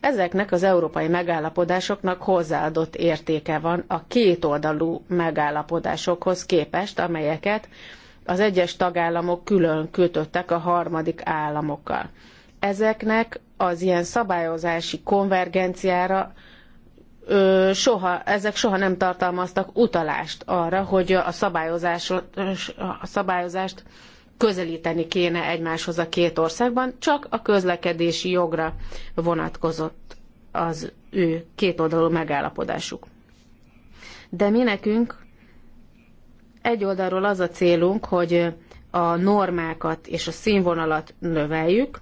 Ezeknek az európai megállapodásoknak hozzáadott értéke van a kétoldalú megállapodásokhoz képest, amelyeket az egyes tagállamok külön kötöttek a harmadik államokkal. Ezeknek az ilyen szabályozási konvergenciára ö, soha, ezek soha nem tartalmaztak utalást arra, hogy a, a szabályozást közelíteni kéne egymáshoz a két országban, csak a közlekedési jogra vonatkozott az ő kétoldalú megállapodásuk. De mi nekünk egy oldalról az a célunk, hogy a normákat és a színvonalat növeljük,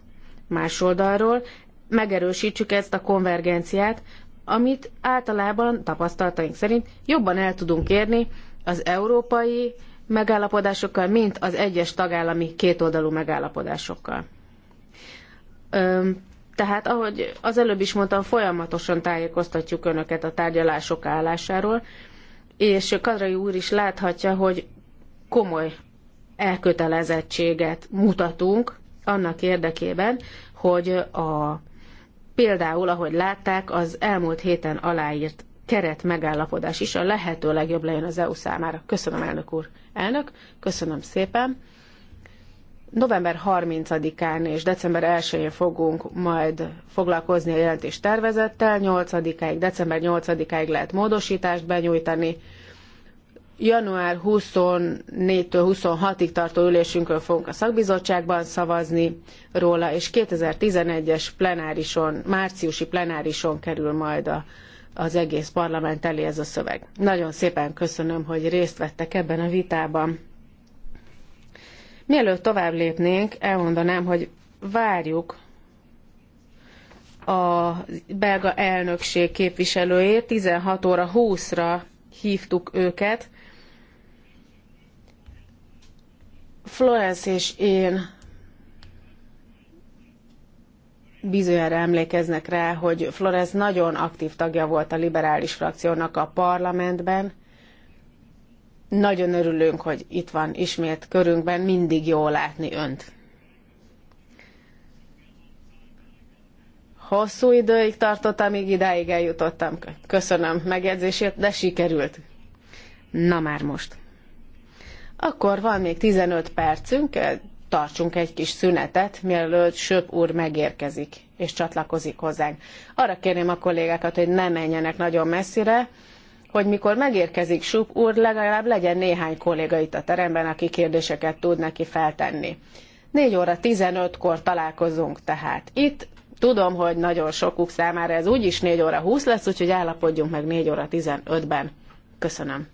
más oldalról megerősítsük ezt a konvergenciát, amit általában tapasztalataink szerint jobban el tudunk érni az európai megállapodásokkal, mint az egyes tagállami kétoldalú megállapodásokkal. Öm, tehát, ahogy az előbb is mondtam, folyamatosan tájékoztatjuk Önöket a tárgyalások állásáról, és Kadrai úr is láthatja, hogy komoly elkötelezettséget mutatunk annak érdekében, hogy a, például, ahogy látták, az elmúlt héten aláírt keret megállapodás is a lehető legjobb legyen az EU számára. Köszönöm, elnök úr. Elnök, köszönöm szépen. November 30-án és december 1-én fogunk majd foglalkozni a jelentés tervezettel, 8-áig, december 8-áig lehet módosítást benyújtani. Január 24-től 26-ig tartó ülésünkön fogunk a szakbizottságban szavazni róla, és 2011-es plenárison, márciusi plenárison kerül majd a, az egész parlament elé ez a szöveg. Nagyon szépen köszönöm, hogy részt vettek ebben a vitában. Mielőtt tovább lépnénk, elmondanám, hogy várjuk a belga elnökség képviselőjét, 16 óra 20-ra hívtuk őket. Florence és én bizonyára emlékeznek rá, hogy Flores nagyon aktív tagja volt a liberális frakciónak a parlamentben, nagyon örülünk, hogy itt van ismét körünkben, mindig jó látni önt. Hosszú időig tartott, amíg idáig eljutottam. Köszönöm megjegyzését, de sikerült. Na már most. Akkor van még 15 percünk, eh, tartsunk egy kis szünetet, mielőtt Söp úr megérkezik és csatlakozik hozzánk. Arra kérném a kollégákat, hogy ne menjenek nagyon messzire, hogy mikor megérkezik Sup úr, legalább legyen néhány kolléga itt a teremben, aki kérdéseket tud neki feltenni. 4 óra 15-kor találkozunk tehát itt. Tudom, hogy nagyon sokuk számára ez úgyis 4 óra 20 lesz, úgyhogy állapodjunk meg 4 óra 15-ben. Köszönöm.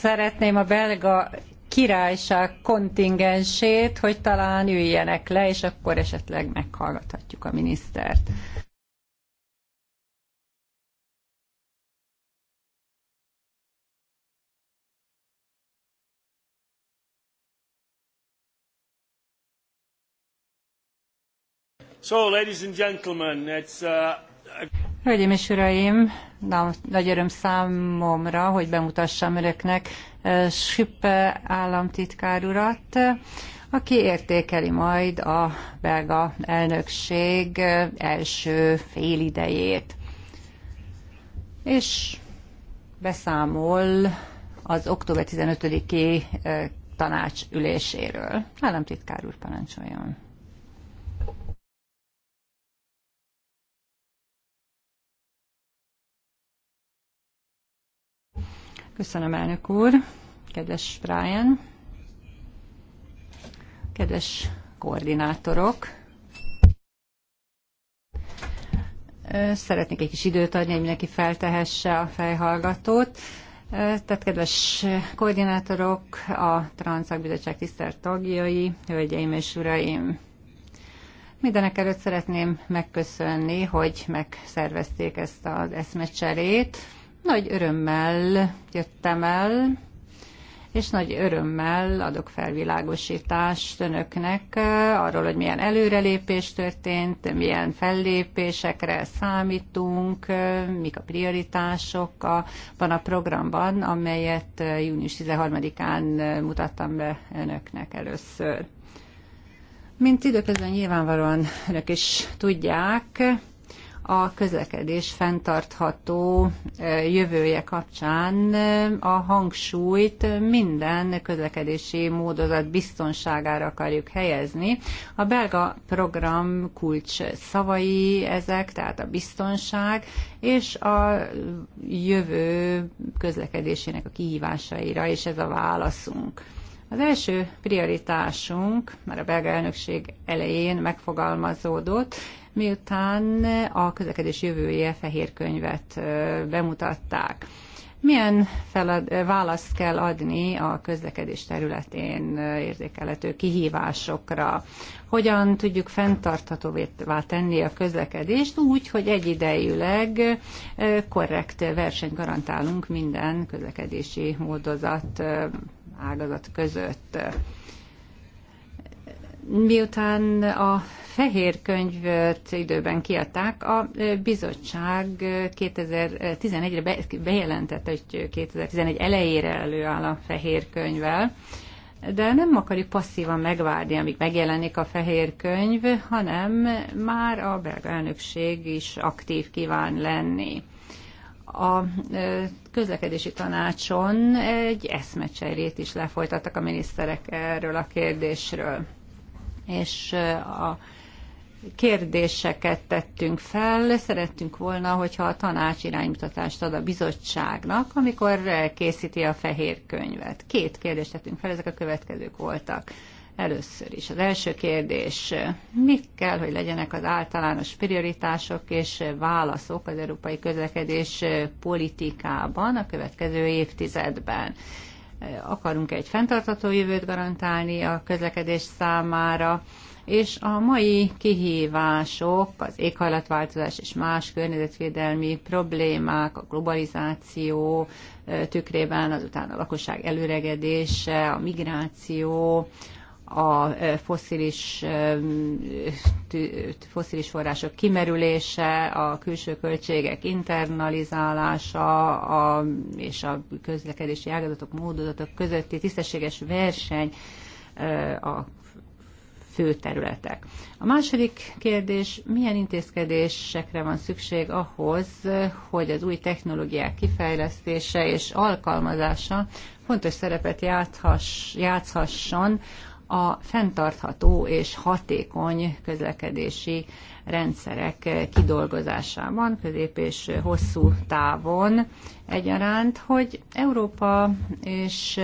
Szeretném a belga királyság kontingensét, hogy talán üljenek le, és akkor esetleg meghallgathatjuk a minisztert. So, ladies and gentlemen, it's uh, Hölgyeim és Uraim, na, nagy öröm számomra, hogy bemutassam önöknek eh, Süppe államtitkár urat, eh, aki értékeli majd a belga elnökség eh, első félidejét. És beszámol az október 15-i tanácsüléséről. Államtitkár úr parancsoljon. Köszönöm, elnök úr. Kedves Brian. Kedves koordinátorok. Szeretnék egy kis időt adni, hogy mindenki feltehesse a fejhallgatót. Tehát kedves koordinátorok, a Transzakbizottság tisztelt tagjai, hölgyeim és uraim! Mindenek előtt szeretném megköszönni, hogy megszervezték ezt az eszmecserét nagy örömmel jöttem el, és nagy örömmel adok felvilágosítást önöknek eh, arról, hogy milyen előrelépés történt, milyen fellépésekre számítunk, eh, mik a prioritások a, van a programban, amelyet eh, június 13-án mutattam be önöknek először. Mint időközben nyilvánvalóan önök is tudják, a közlekedés fenntartható jövője kapcsán a hangsúlyt minden közlekedési módozat biztonságára akarjuk helyezni. A belga program kulcs szavai ezek, tehát a biztonság és a jövő közlekedésének a kihívásaira, és ez a válaszunk. Az első prioritásunk már a belga elnökség elején megfogalmazódott, miután a közlekedés jövője fehér könyvet bemutatták. Milyen felad, választ kell adni a közlekedés területén érzékelhető kihívásokra? Hogyan tudjuk fenntarthatóvá tenni a közlekedést úgy, hogy egyidejűleg korrekt versenyt garantálunk minden közlekedési módozat ágazat között. Miután a fehér könyvet időben kiadták, a bizottság 2011-re bejelentette, hogy 2011 elejére előáll a fehér könyvvel, de nem akarjuk passzívan megvárni, amíg megjelenik a fehér könyv, hanem már a belga elnökség is aktív kíván lenni a közlekedési tanácson egy eszmecserét is lefolytattak a miniszterek erről a kérdésről. És a kérdéseket tettünk fel, szerettünk volna, hogyha a tanács iránymutatást ad a bizottságnak, amikor készíti a fehér könyvet. Két kérdést tettünk fel, ezek a következők voltak. Először is az első kérdés, mik kell, hogy legyenek az általános prioritások és válaszok az európai közlekedés politikában a következő évtizedben? Akarunk egy fenntartató jövőt garantálni a közlekedés számára, és a mai kihívások, az éghajlatváltozás és más környezetvédelmi problémák, a globalizáció eh, tükrében, azután a lakosság előregedése, a migráció, a e, foszilis, e, foszilis források kimerülése, a külső költségek internalizálása a, és a közlekedési ágazatok, módozatok közötti tisztességes verseny e, a fő területek. A második kérdés, milyen intézkedésekre van szükség ahhoz, hogy az új technológiák kifejlesztése és alkalmazása fontos szerepet játhass, játszhasson a fenntartható és hatékony közlekedési rendszerek kidolgozásában, közép és hosszú távon egyaránt, hogy Európa és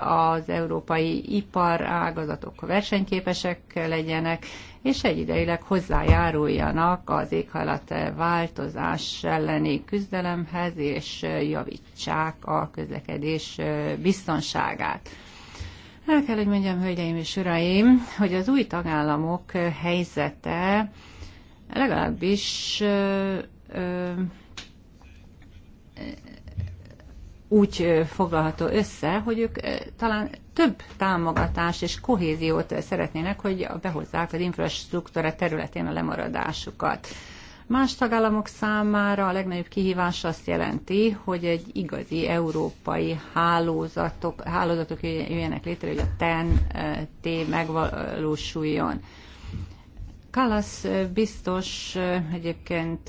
az európai iparágazatok versenyképesek legyenek, és egyidejileg hozzájáruljanak az éghajlat változás elleni küzdelemhez, és javítsák a közlekedés biztonságát. El kell, hogy mondjam, hölgyeim és uraim, hogy az új tagállamok helyzete legalábbis ö, ö, úgy foglalható össze, hogy ők talán több támogatást és kohéziót szeretnének, hogy behozzák az infrastruktúra területén a lemaradásukat. Más tagállamok számára a legnagyobb kihívás azt jelenti, hogy egy igazi európai hálózatok, hálózatok jöjjenek létre, hogy a TEN-T megvalósuljon. Kalasz biztos egyébként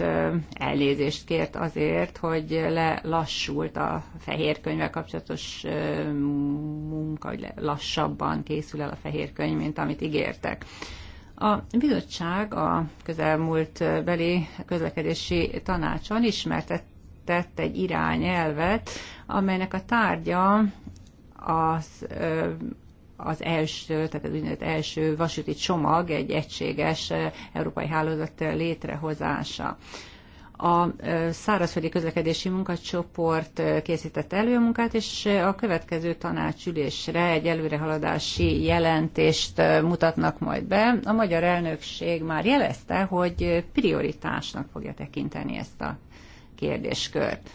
elnézést kért azért, hogy lelassult a fehér könyvvel kapcsolatos munka, hogy lassabban készül el a fehér könyv, mint amit ígértek. A bizottság a közelmúlt beli közlekedési tanácson ismertetett egy irányelvet, amelynek a tárgya az, az első, tehát az úgynevezett első vasúti csomag egy egységes európai hálózat létrehozása. A szárazföldi közlekedési munkacsoport készített elő a munkát, és a következő tanácsülésre egy előrehaladási jelentést mutatnak majd be. A magyar elnökség már jelezte, hogy prioritásnak fogja tekinteni ezt a kérdéskört.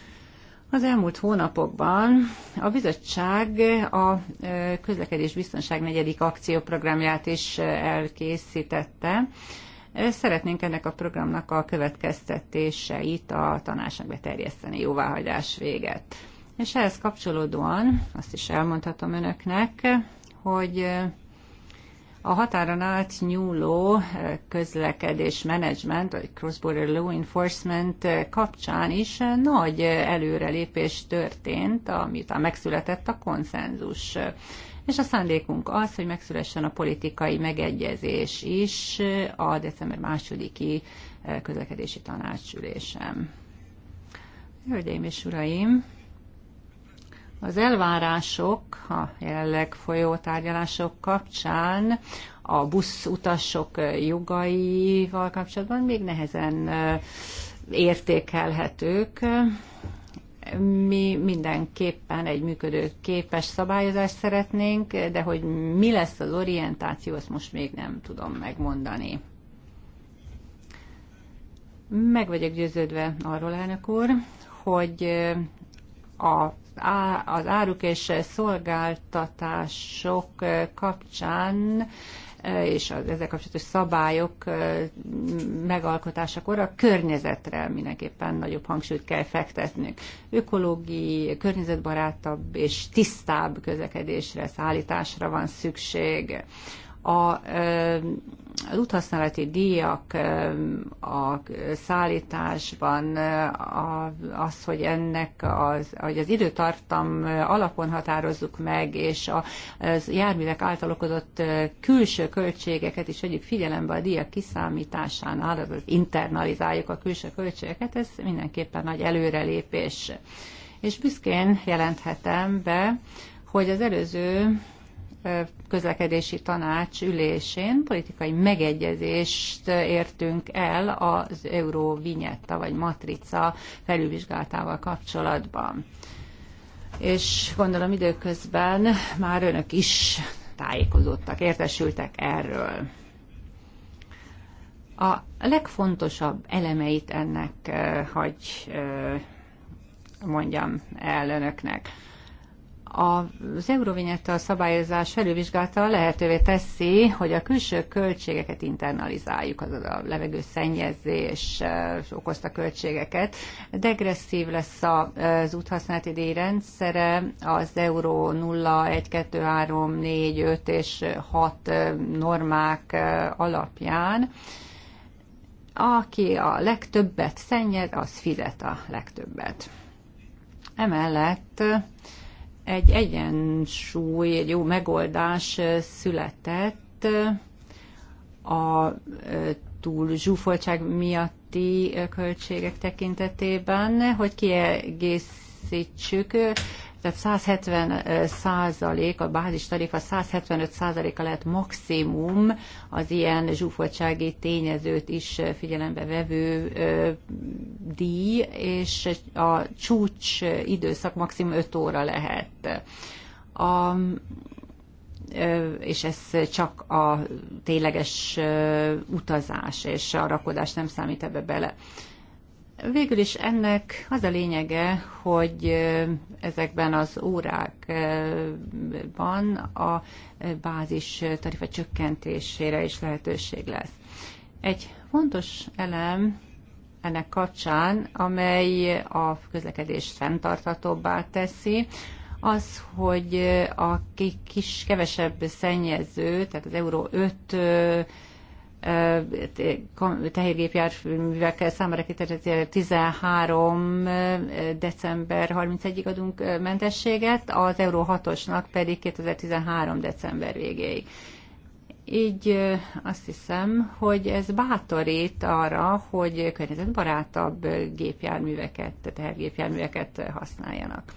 Az elmúlt hónapokban a bizottság a közlekedés biztonság negyedik akcióprogramját is elkészítette, Szeretnénk ennek a programnak a következtetéseit a tanácsnak beterjeszteni jóváhagyás véget. És ehhez kapcsolódóan azt is elmondhatom önöknek, hogy a határon nyúló közlekedés menedzsment, vagy cross-border law enforcement kapcsán is nagy előrelépés történt, amiután megszületett a konszenzus és a szándékunk az, hogy megszülessen a politikai megegyezés is a december másodiki eh, közlekedési tanácsülésem. Hölgyeim és uraim, az elvárások a jelenleg folyó tárgyalások kapcsán a buszutasok eh, jogaival kapcsolatban még nehezen eh, értékelhetők mi mindenképpen egy működő képes szabályozást szeretnénk, de hogy mi lesz az orientáció, azt most még nem tudom megmondani. Meg vagyok győződve arról, elnök úr, hogy a az áruk és szolgáltatások kapcsán E, és az ezzel kapcsolatos szabályok e, megalkotásakor a környezetre mindenképpen nagyobb hangsúlyt kell fektetnünk. Ökológiai, környezetbarátabb és tisztább közlekedésre, szállításra van szükség a e, az úthasználati díjak a szállításban, az, hogy ennek az, hogy az időtartam alapon határozzuk meg, és a járművek által okozott külső költségeket is vegyük figyelembe a díjak kiszámításánál, azaz internalizáljuk a külső költségeket, ez mindenképpen nagy előrelépés. És büszkén jelenthetem be, hogy az előző közlekedési tanács ülésén politikai megegyezést értünk el az euróvinyetta vagy matrica felülvizsgálatával kapcsolatban. És gondolom időközben már önök is tájékozódtak, értesültek erről. A legfontosabb elemeit ennek hogy mondjam el önöknek. Az Eurovinyetta szabályozás felülvizsgálta lehetővé teszi, hogy a külső költségeket internalizáljuk, azaz a levegő szennyezés okozta költségeket. Degresszív lesz az úthasználati díjrendszere, az euró 0, 1, 2, 3, 4, 5 és 6 normák alapján aki a legtöbbet szennyez, az fizet a legtöbbet. Emellett egy egyensúly, egy jó megoldás született a túl zsúfoltság miatti költségek tekintetében, hogy kiegészítsük tehát 170 százalék, a bázis tarifa 175 százaléka lehet maximum az ilyen zsúfoltsági tényezőt is figyelembe vevő díj, és a csúcs időszak maximum 5 óra lehet. A, és ez csak a tényleges utazás és a rakodás nem számít ebbe bele. Végül is ennek az a lényege, hogy ezekben az órákban a bázis tarifa csökkentésére is lehetőség lesz. Egy fontos elem ennek kapcsán, amely a közlekedést fenntarthatóbbá teszi, az, hogy a kis, kevesebb szennyező, tehát az Euró 5 tehérgépjárművekkel számára 13. december 31-ig adunk mentességet, az Euró 6-osnak pedig 2013. december végéig. Így azt hiszem, hogy ez bátorít arra, hogy környezetbarátabb gépjárműveket, tehergépjárműveket használjanak.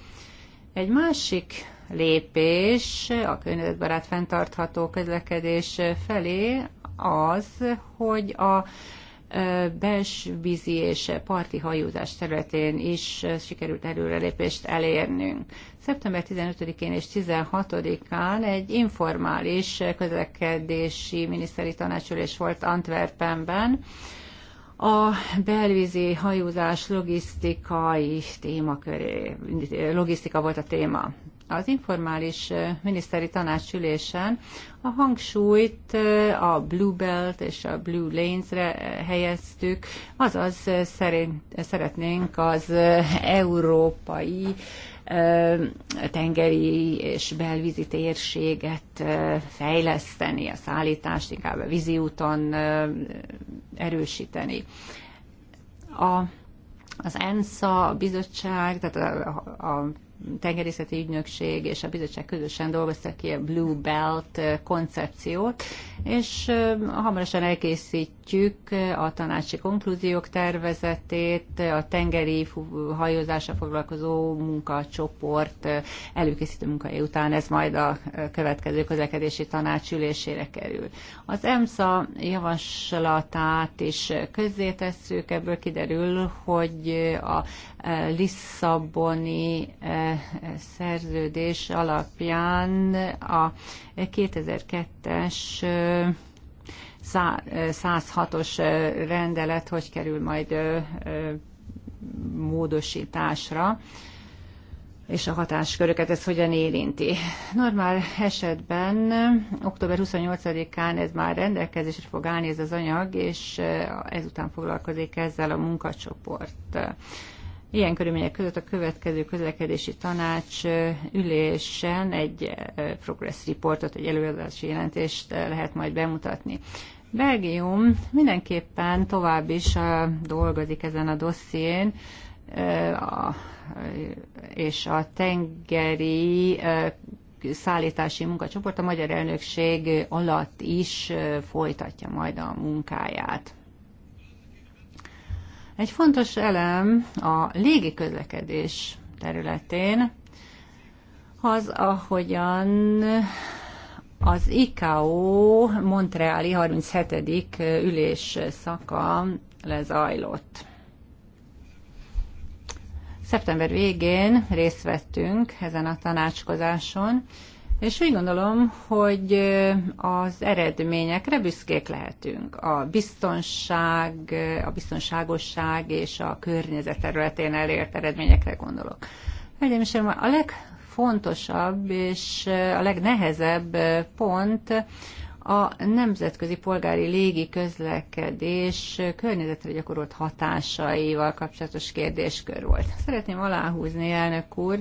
Egy másik lépés a környezetbarát fenntartható közlekedés felé az, hogy a belsvízi és parti hajózás területén is sikerült előrelépést elérnünk. Szeptember 15-én és 16-án egy informális közlekedési miniszteri tanácsülés volt Antwerpenben, a belvízi hajózás logisztikai témaköré, logisztika volt a téma. Az informális miniszteri tanácsülésen a hangsúlyt a Blue Belt és a Blue Lanes-re helyeztük, azaz szerint, szeretnénk az európai tengeri és belvízi térséget fejleszteni, a szállítást inkább a vízi úton erősíteni. A, az Ensa a bizottság, tehát a, a, a tengerészeti ügynökség és a bizottság közösen dolgoztak ki a Blue Belt koncepciót, és hamarosan elkészítjük a tanácsi konklúziók tervezetét, a tengeri hajózásra foglalkozó munkacsoport előkészítő munkai után ez majd a következő közlekedési tanács ülésére kerül. Az EMSA javaslatát is közzétesszük, ebből kiderül, hogy a Eh, Lisszaboni eh, szerződés alapján a 2002-es 106-os eh, rendelet hogy kerül majd módosításra és a hatásköröket ez hogyan érinti. Normál esetben október 28-án ez már rendelkezésre fog állni ez az anyag, és ezután foglalkozik ezzel a munkacsoport. Ilyen körülmények között a következő közlekedési tanács ülésen egy progress reportot, egy előadási jelentést lehet majd bemutatni. Belgium mindenképpen tovább is dolgozik ezen a dosszién, és a tengeri szállítási munkacsoport a magyar elnökség alatt is folytatja majd a munkáját. Egy fontos elem a közlekedés területén az, ahogyan az ICAO Montreali 37. ülés szaka lezajlott. Szeptember végén részt vettünk ezen a tanácskozáson, és úgy gondolom, hogy az eredményekre büszkék lehetünk. A biztonság, a biztonságosság és a környezet területén elért eredményekre gondolok. Hölgyeim és a legfontosabb és a legnehezebb pont a nemzetközi polgári légi közlekedés környezetre gyakorolt hatásaival kapcsolatos kérdéskör volt. Szeretném aláhúzni, elnök úr,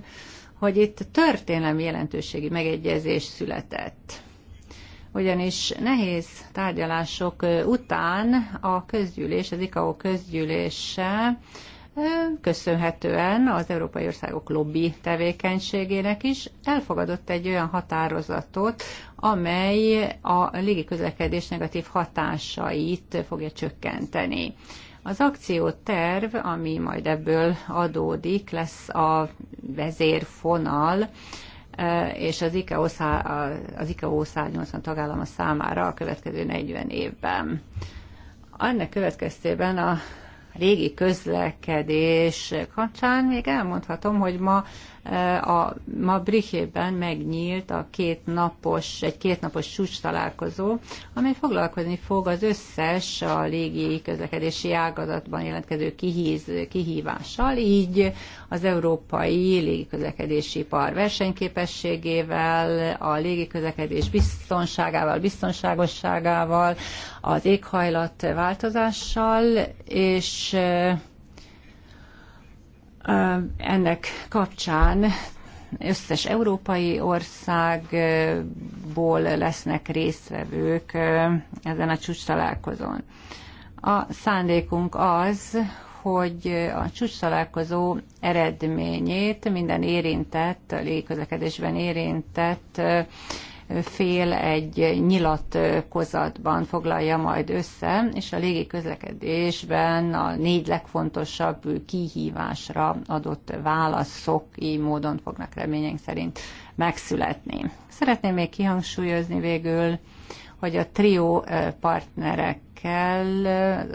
hogy itt történelmi jelentőségi megegyezés született. Ugyanis nehéz tárgyalások után a közgyűlés, az ICAO közgyűlése köszönhetően az európai országok lobby tevékenységének is elfogadott egy olyan határozatot, amely a légiközlekedés negatív hatásait fogja csökkenteni. Az akcióterv, ami majd ebből adódik, lesz a vezérfonal, e, és az ICAO, az ICAO 180 tagállama számára a következő 40 évben. Ennek következtében a régi közlekedés kapcsán még elmondhatom, hogy ma a, ma Brichében megnyílt a két napos, egy kétnapos csúcs találkozó, amely foglalkozni fog az összes a légi közlekedési ágazatban jelentkező kihíz, kihívással, így az európai légiközlekedési par versenyképességével, a légiközlekedés biztonságával, biztonságosságával, az éghajlat változással, és ennek kapcsán összes európai országból lesznek résztvevők ezen a csúcs találkozón. A szándékunk az, hogy a csúcs találkozó eredményét minden érintett, a légközlekedésben érintett fél egy nyilat kozatban foglalja majd össze, és a légi közlekedésben a négy legfontosabb kihívásra adott válaszok így módon fognak reményénk szerint megszületni. Szeretném még kihangsúlyozni végül, hogy a trió eh, partnerek Merkel,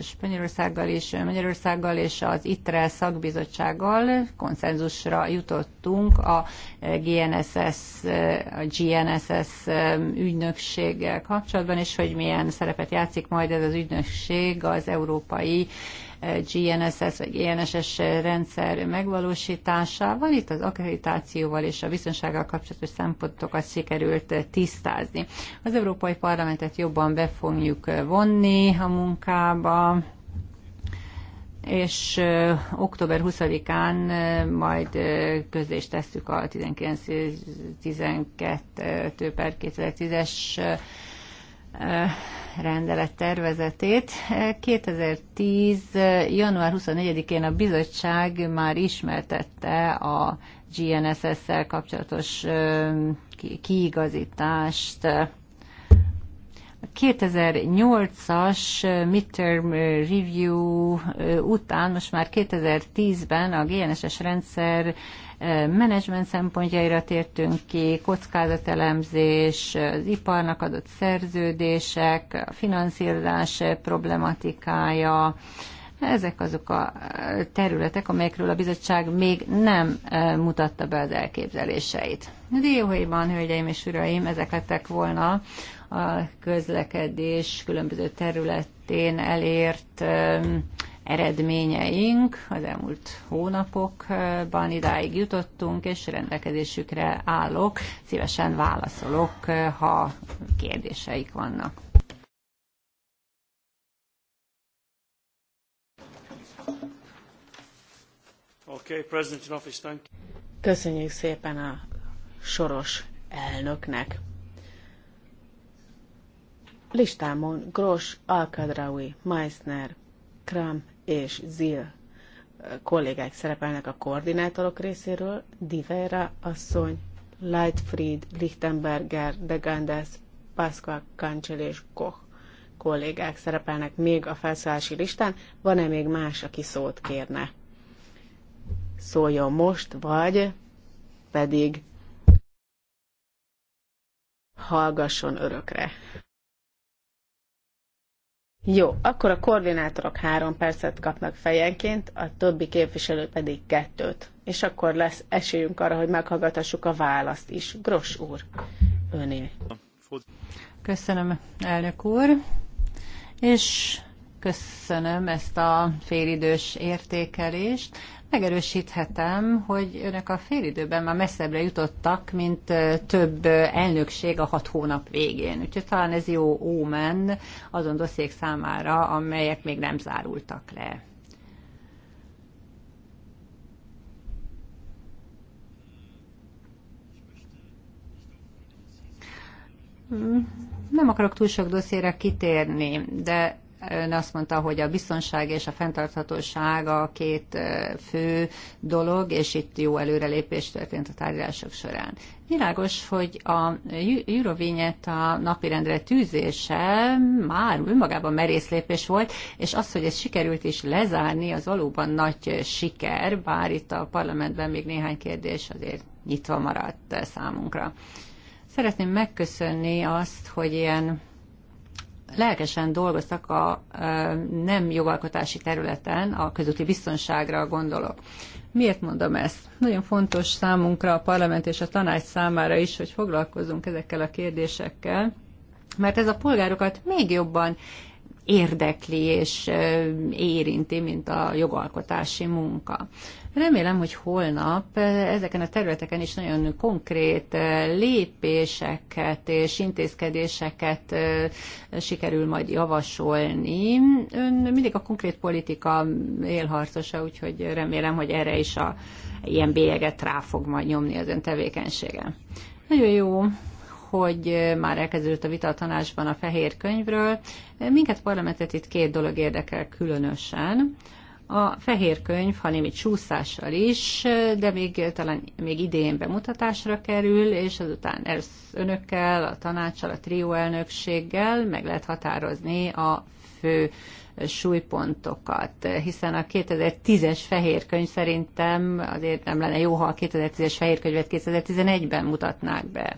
Spanyolországgal és Magyarországgal és az ITRE szakbizottsággal konszenzusra jutottunk a GNSS, a GNSS ügynökséggel kapcsolatban, és hogy milyen szerepet játszik majd ez az ügynökség az európai GNSS vagy GNSS rendszer van Itt az akkreditációval és a biztonsággal kapcsolatos szempontokat sikerült tisztázni. Az Európai Parlamentet jobban be fogjuk vonni a munkába, és október 20-án majd közé is tesszük a 19-12 per 2010-es rendelet tervezetét. 2010. január 24-én a bizottság már ismertette a GNSS-szel kapcsolatos kiigazítást. A 2008-as midterm review után most már 2010-ben a GNSS rendszer menedzsment szempontjaira tértünk ki, kockázatelemzés, az iparnak adott szerződések, a finanszírozás problematikája, ezek azok a területek, amelyekről a bizottság még nem mutatta be az elképzeléseit. Dióhéjban, hölgyeim és uraim, ezek lettek volna a közlekedés különböző területén elért eredményeink, az elmúlt hónapokban idáig jutottunk, és rendelkezésükre állok. Szívesen válaszolok, ha kérdéseik vannak. Okay, President in Office, thank you. Köszönjük szépen a soros elnöknek. Listámon Grosz Alkadraui, Meissner, Kram és Zil kollégák szerepelnek a koordinátorok részéről, Divera asszony, Lightfried, Lichtenberger, De Gandes, Pasqua, Kancsel és Koch kollégák szerepelnek még a felszállási listán. Van-e még más, aki szót kérne? Szóljon most, vagy pedig hallgasson örökre. Jó, akkor a koordinátorok három percet kapnak fejenként, a többi képviselő pedig kettőt. És akkor lesz esélyünk arra, hogy meghallgathassuk a választ is. Gros úr, öné. Köszönöm, elnök úr. És köszönöm ezt a félidős értékelést megerősíthetem, hogy önök a félidőben már messzebbre jutottak, mint több elnökség a hat hónap végén. Úgyhogy talán ez jó ómen azon dosszék számára, amelyek még nem zárultak le. Hmm, nem akarok túl sok doszére kitérni, de Ön azt mondta, hogy a biztonság és a fenntarthatóság a két fő dolog, és itt jó előrelépés történt a tárgyalások során. Világos, hogy a Eurovinyet a napirendre tűzése már önmagában merész lépés volt, és az, hogy ez sikerült is lezárni, az valóban nagy siker, bár itt a parlamentben még néhány kérdés azért nyitva maradt számunkra. Szeretném megköszönni azt, hogy ilyen lelkesen dolgoztak a nem jogalkotási területen, a közúti biztonságra gondolok. Miért mondom ezt? Nagyon fontos számunkra, a parlament és a tanács számára is, hogy foglalkozunk ezekkel a kérdésekkel, mert ez a polgárokat még jobban érdekli és érinti, mint a jogalkotási munka. Remélem, hogy holnap eh, ezeken a területeken is nagyon konkrét eh, lépéseket és intézkedéseket eh, sikerül majd javasolni. Ön mindig a konkrét politika élharcosa, úgyhogy remélem, hogy erre is a ilyen bélyeget rá fog majd nyomni az ön tevékenysége. Nagyon jó hogy már elkezdődött a vita a tanácsban a fehér könyvről. Minket parlamentet itt két dolog érdekel különösen. A fehér könyv, ha némi csúszással is, de még talán még idén bemutatásra kerül, és azután ez önökkel, a tanácsal, a trió elnökséggel meg lehet határozni a fő súlypontokat, hiszen a 2010-es fehér könyv szerintem azért nem lenne jó, ha a 2010-es fehér könyvet 2011-ben mutatnák be.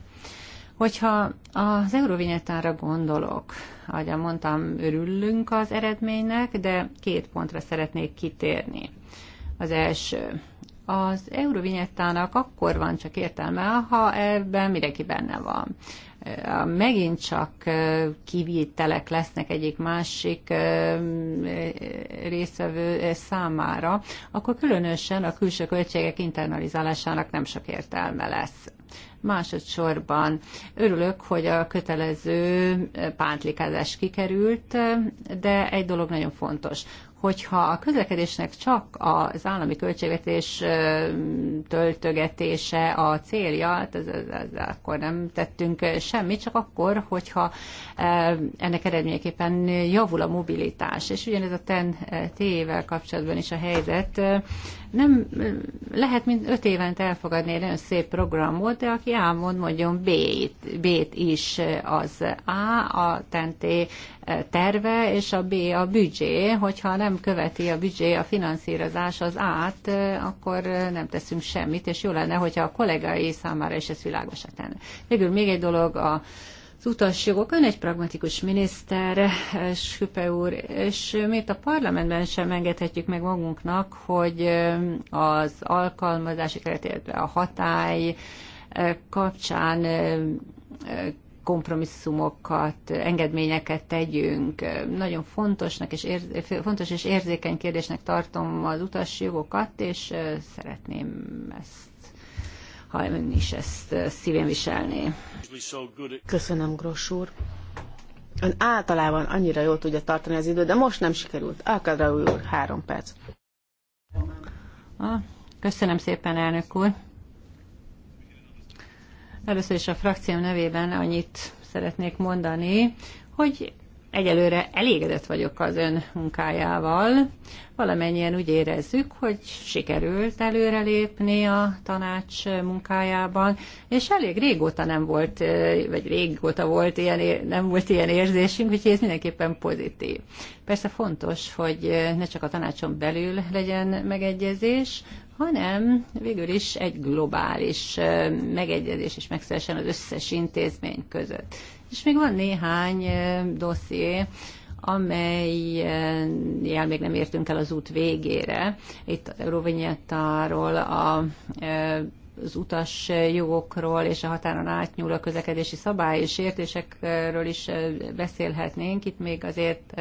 Hogyha az Eurovinyetára gondolok, ahogy mondtam, örülünk az eredménynek, de két pontra szeretnék kitérni. Az első, az euróvinyettának akkor van csak értelme, ha ebben mindenki benne van. Megint csak kivételek lesznek egyik másik részvevő számára, akkor különösen a külső költségek internalizálásának nem sok értelme lesz. Másodszorban örülök, hogy a kötelező pántlikázás kikerült, de egy dolog nagyon fontos hogyha a közlekedésnek csak az állami költségvetés töltögetése a célja, hát ez, ez, ez, akkor nem tettünk semmit, csak akkor, hogyha ennek eredményeképpen javul a mobilitás. És ugyanez a TEN-T-vel kapcsolatban is a helyzet. Nem lehet mint öt évent elfogadni egy nagyon szép programot, de aki A mond, mondjon B-t, B-t is az A, a tenté terve, és a B a büdzsé. Hogyha nem követi a büdzsé a finanszírozás az át, akkor nem teszünk semmit, és jó lenne, hogyha a kollégai számára is ez világosat tenne. Végül még egy dolog a az utasjogok. Ön egy pragmatikus miniszter, Süpe úr, és miért a parlamentben sem engedhetjük meg magunknak, hogy az alkalmazási keret, a hatály kapcsán kompromisszumokat, engedményeket tegyünk. Nagyon fontosnak és érzé- fontos és érzékeny kérdésnek tartom az utasjogokat, és szeretném ezt ha ön is ezt szívén viselné. Köszönöm, Gross úr. Ön általában annyira jól tudja tartani az időt, de most nem sikerült. Alkadra úr, három perc. Köszönöm szépen, elnök úr. Először is a frakcióm nevében annyit szeretnék mondani, hogy egyelőre elégedett vagyok az ön munkájával. Valamennyien úgy érezzük, hogy sikerült előrelépni a tanács munkájában, és elég régóta nem volt, vagy régóta volt ilyen, nem volt ilyen érzésünk, úgyhogy ez mindenképpen pozitív. Persze fontos, hogy ne csak a tanácson belül legyen megegyezés, hanem végül is egy globális megegyezés is megszeresen az összes intézmény között. És még van néhány dosszié, amelyel még nem értünk el az út végére. Itt Rovinyettáról a az utas jogokról és a határon átnyúló közlekedési szabály és értésekről is beszélhetnénk. Itt még azért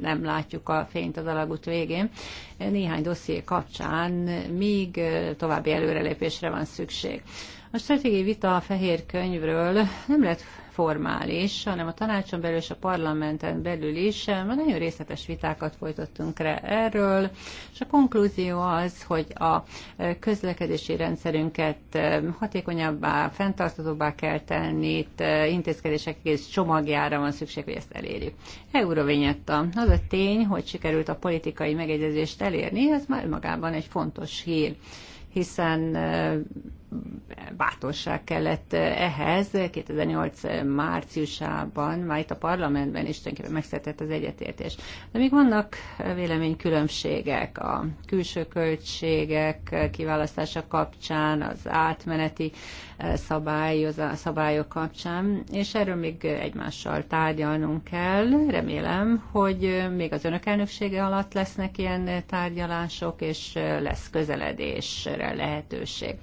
nem látjuk a fényt az alagút végén néhány dosszié kapcsán még további előrelépésre van szükség. A stratégiai vita a fehér könyvről nem lett formális, hanem a tanácson belül és a parlamenten belül is már nagyon részletes vitákat folytattunk rá erről, és a konklúzió az, hogy a közlekedési rendszerünket hatékonyabbá, fenntartatóbbá kell tenni, itt intézkedések egész csomagjára van szükség, hogy ezt elérjük. Eurovényetta. Az a tény, hogy sikerült a politikai megegyezést elérni, ez már önmagában egy fontos hír, hiszen bátorság kellett ehhez. 2008 márciusában már itt a parlamentben is tulajdonképpen megszertett az egyetértés. De még vannak véleménykülönbségek a külső költségek kiválasztása kapcsán, az átmeneti eh, szabályozás, szabályok kapcsán, és erről még egymással tárgyalnunk kell. Remélem, hogy még az önök elnöksége alatt lesznek ilyen tárgyalások, és eh, lesz közeledésre lehetőség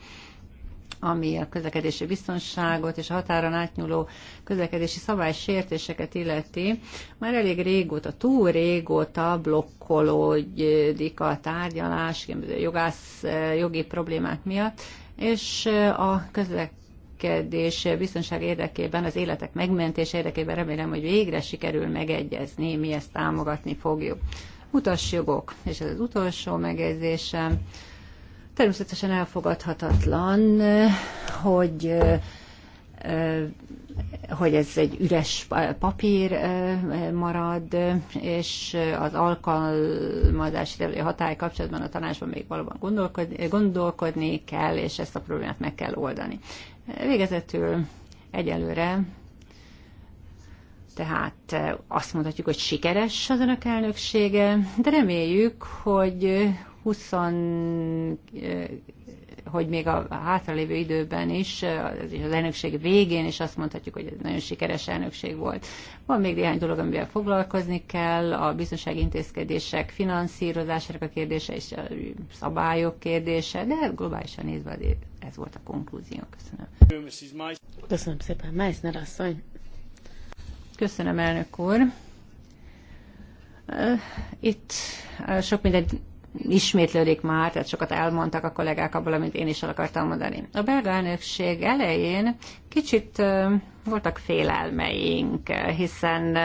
ami a közlekedési biztonságot és a határon átnyúló közlekedési szabálysértéseket illeti, már elég régóta, túl régóta blokkolódik a tárgyalás, jogász, jogi problémák miatt, és a közlekedés biztonság érdekében, az életek megmentése érdekében remélem, hogy végre sikerül megegyezni, mi ezt támogatni fogjuk. Utasjogok, és ez az utolsó megjegyzésem, Természetesen elfogadhatatlan, hogy hogy ez egy üres papír marad, és az alkalmazási hatály kapcsolatban a tanácsban még valóban gondolkodni, gondolkodni kell, és ezt a problémát meg kell oldani. Végezetül egyelőre tehát azt mondhatjuk, hogy sikeres az önök elnöksége, de reméljük, hogy 20 eh, hogy még a hátralévő időben is, az elnökség végén is azt mondhatjuk, hogy ez nagyon sikeres elnökség volt. Van még néhány dolog, amivel foglalkozni kell, a biztonsági intézkedések finanszírozásának a kérdése és a szabályok kérdése, de globálisan nézve azért ez volt a konklúzió. Köszönöm. Köszönöm szépen. Meissner asszony. Köszönöm, elnök úr. Eh, itt eh, sok mindent ismétlődik már, tehát sokat elmondtak a kollégák abból, amit én is el akartam mondani. A belga elnökség elején kicsit voltak félelmeink, hiszen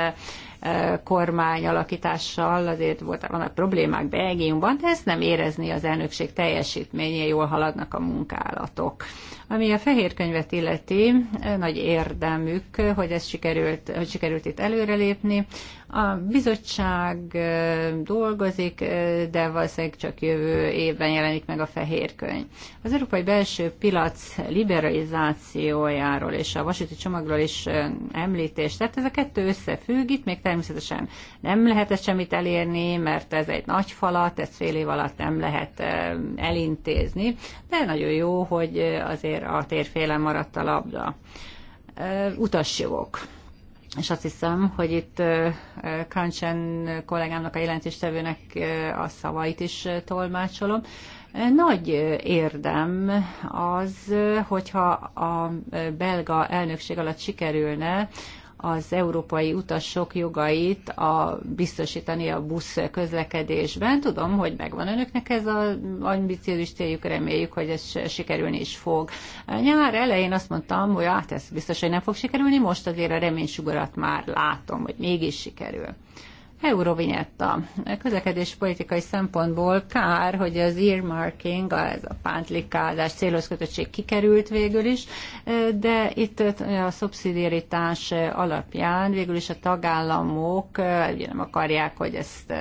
kormányalakítással azért voltak, vannak problémák Belgiumban, de ezt nem érezni az elnökség teljesítménye, jól haladnak a munkálatok. Ami a fehér könyvet illeti, nagy érdemük, hogy ez sikerült, hogy sikerült itt előrelépni. A bizottság dolgozik, de valószínűleg csak jövő évben jelenik meg a fehér könyv. Az európai belső piac liberalizációjáról és a vasúti csomagról is említést tehát Ez a kettő összefügg, itt még természetesen nem lehet ezt semmit elérni, mert ez egy nagy falat, ezt fél év alatt nem lehet elintézni, de nagyon jó, hogy azért a térfélen maradt a labda. Utasjogok és azt hiszem, hogy itt Kancsen kollégámnak, a jelentéstevőnek a szavait is tolmácsolom. Nagy érdem az, hogyha a belga elnökség alatt sikerülne az európai utasok jogait a, biztosítani a busz közlekedésben. Tudom, hogy megvan önöknek ez az ambiciózus céljuk, reméljük, hogy ez sikerülni is fog. Nyár elején azt mondtam, hogy hát ez biztos, hogy nem fog sikerülni, most azért a reménysugarat már látom, hogy mégis sikerül. A Közlekedés politikai szempontból kár, hogy az earmarking, az a pántlikázás célhoz kötöttség kikerült végül is, de itt a szubszidiaritás alapján végül is a tagállamok ugye nem akarják, hogy ezt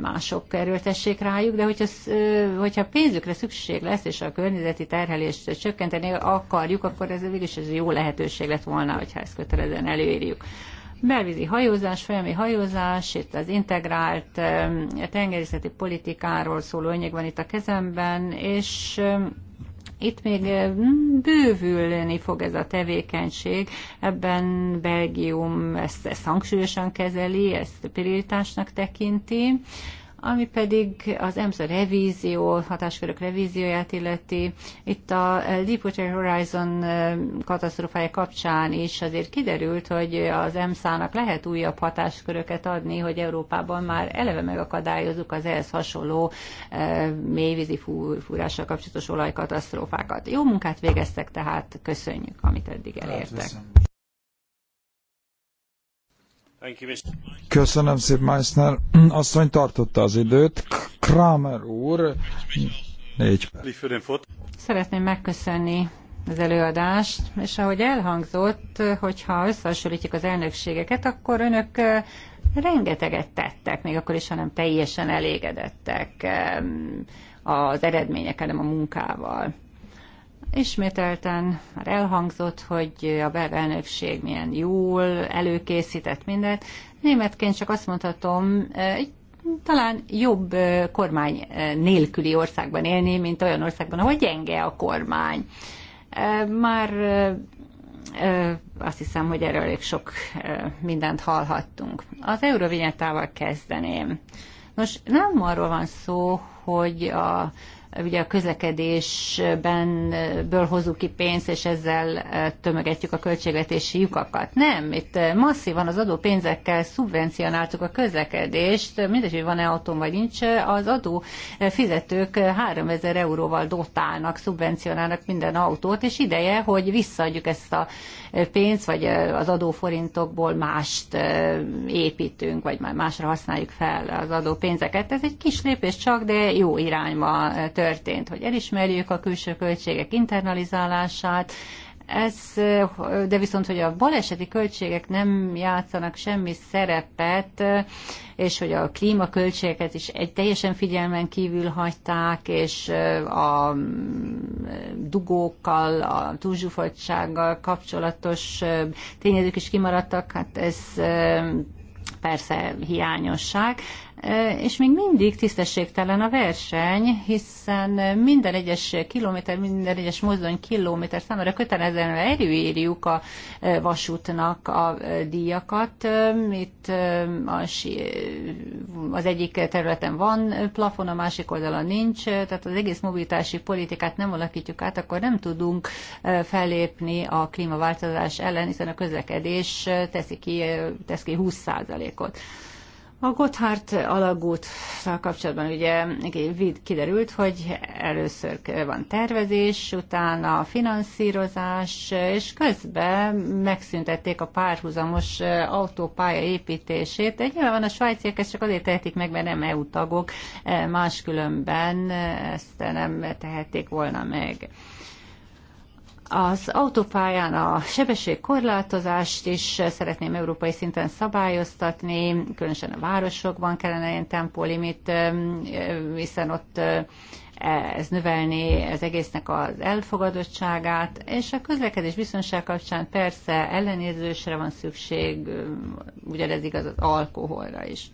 mások kerültessék rájuk, de hogyha, hogyha pénzükre szükség lesz, és a környezeti terhelést csökkenteni akarjuk, akkor ez végül is ez jó lehetőség lett volna, hogyha ezt kötelezően előírjuk belvízi hajózás, folyami hajózás, itt az integrált tengerészeti politikáról szóló anyag van itt a kezemben, és itt még bővülni fog ez a tevékenység. Ebben Belgium ezt, ezt hangsúlyosan kezeli, ezt prioritásnak tekinti. Ami pedig az EMSZA revízió, hatáskörök revízióját illeti, itt a Deepwater Horizon katasztrófája kapcsán is azért kiderült, hogy az EMSZA-nak lehet újabb hatásköröket adni, hogy Európában már eleve megakadályozzuk az ehhez hasonló mélyvízi fúrással kapcsolatos olajkatasztrófákat. Jó munkát végeztek, tehát köszönjük, amit eddig elértek. Hát, Köszönöm szépen, Meissner. Asszony tartotta az időt. Kramer úr, négy perc. Szeretném megköszönni az előadást, és ahogy elhangzott, hogyha összehasonlítjuk az elnökségeket, akkor önök eh, rengeteget tettek, még akkor is, ha nem teljesen elégedettek eh, az eredményekkel, nem a munkával. Ismételten már elhangzott, hogy a belga elnökség milyen jól előkészített mindent. Németként csak azt mondhatom, talán jobb kormány nélküli országban élni, mint olyan országban, ahol gyenge a kormány. Már azt hiszem, hogy erről elég sok mindent hallhattunk. Az eurovinyettával kezdeném. Nos, nem arról van szó, hogy a ugye a közlekedésben ből hozunk ki pénzt, és ezzel eh, tömögetjük a költségvetési lyukakat. Nem, itt eh, masszívan az adó pénzekkel szubvencionáltuk a közlekedést, mindegy, hogy van-e autón vagy nincs, az adó eh, fizetők 3000 euróval dotálnak, szubvencionálnak minden autót, és ideje, hogy visszaadjuk ezt a pénzt, vagy az adóforintokból mást építünk, vagy már másra használjuk fel az adó pénzeket. Ez egy kis lépés csak, de jó irányba történik történt, hogy elismerjük a külső költségek internalizálását, ez, de viszont, hogy a baleseti költségek nem játszanak semmi szerepet, és hogy a klímaköltségeket is egy teljesen figyelmen kívül hagyták, és a dugókkal, a túlzsúfoltsággal kapcsolatos tényezők is kimaradtak, hát ez persze hiányosság, és még mindig tisztességtelen a verseny, hiszen minden egyes kilométer, minden egyes mozdony kilométer számára kötelezően erőírjuk a vasútnak a díjakat. Itt az egyik területen van plafon, a másik oldalon nincs, tehát az egész mobilitási politikát nem alakítjuk át, akkor nem tudunk fellépni a klímaváltozás ellen, hiszen a közlekedés teszi ki, tesz ki 20%-ot. A Gotthard alagút kapcsolatban ugye kiderült, hogy először van tervezés, utána finanszírozás, és közben megszüntették a párhuzamos autópálya építését. De nyilván a svájciak ezt csak azért tehetik meg, mert nem EU tagok, e, máskülönben ezt nem tehették volna meg. Az autópályán a sebességkorlátozást is szeretném európai szinten szabályoztatni, különösen a városokban kellene ilyen tempólimit, hiszen ott ez növelni az egésznek az elfogadottságát, és a közlekedés biztonság kapcsán persze ellenérzősre van szükség, ugyanez igaz az alkoholra is.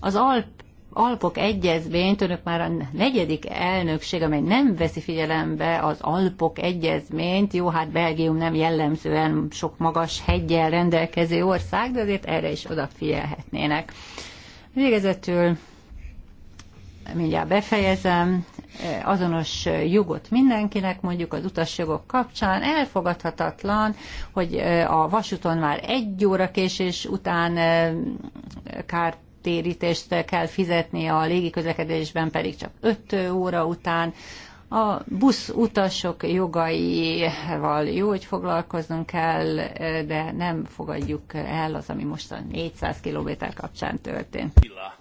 Az Alp Alpok Egyezményt önök már a negyedik elnökség, amely nem veszi figyelembe az Alpok Egyezményt. Jó, hát Belgium nem jellemzően sok magas hegyel rendelkező ország, de azért erre is odafigyelhetnének. Végezetül mindjárt befejezem, azonos jogot mindenkinek, mondjuk az utasjogok kapcsán elfogadhatatlan, hogy a vasúton már egy óra késés után kár térítést kell fizetni, a légiközlekedésben pedig csak 5 óra után. A busz utasok jogaival jó, hogy foglalkoznunk kell, de nem fogadjuk el az, ami most a 400 km kapcsán történt.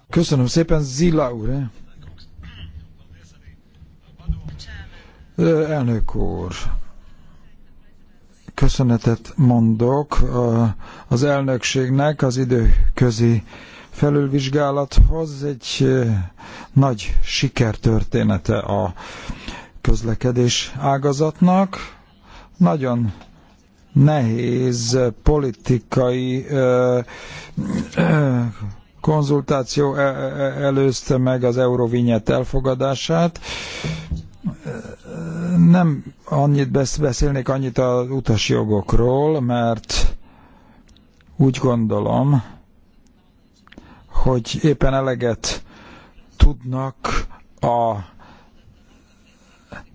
Köszönöm szépen, Zilla úr! Elnök úr, köszönetet mondok az elnökségnek az időközi felülvizsgálathoz egy nagy sikertörténete a közlekedés ágazatnak. Nagyon nehéz politikai ö, ö, konzultáció e, e, e, előzte meg az Eurovinyet elfogadását. Nem annyit beszélnék annyit az utasjogokról, mert úgy gondolom, hogy éppen eleget tudnak a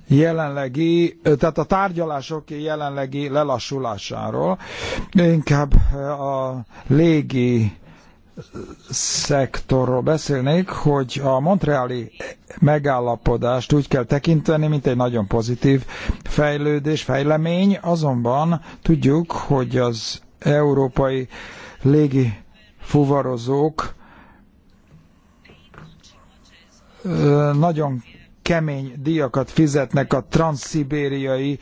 jelenlegi, tehát a tárgyalások jelenlegi lelassulásáról, inkább a légi szektorról beszélnék, hogy a montreali megállapodást úgy kell tekinteni, mint egy nagyon pozitív fejlődés, fejlemény, azonban tudjuk, hogy az európai légi fuvarozók nagyon kemény díjakat fizetnek a transzszibériai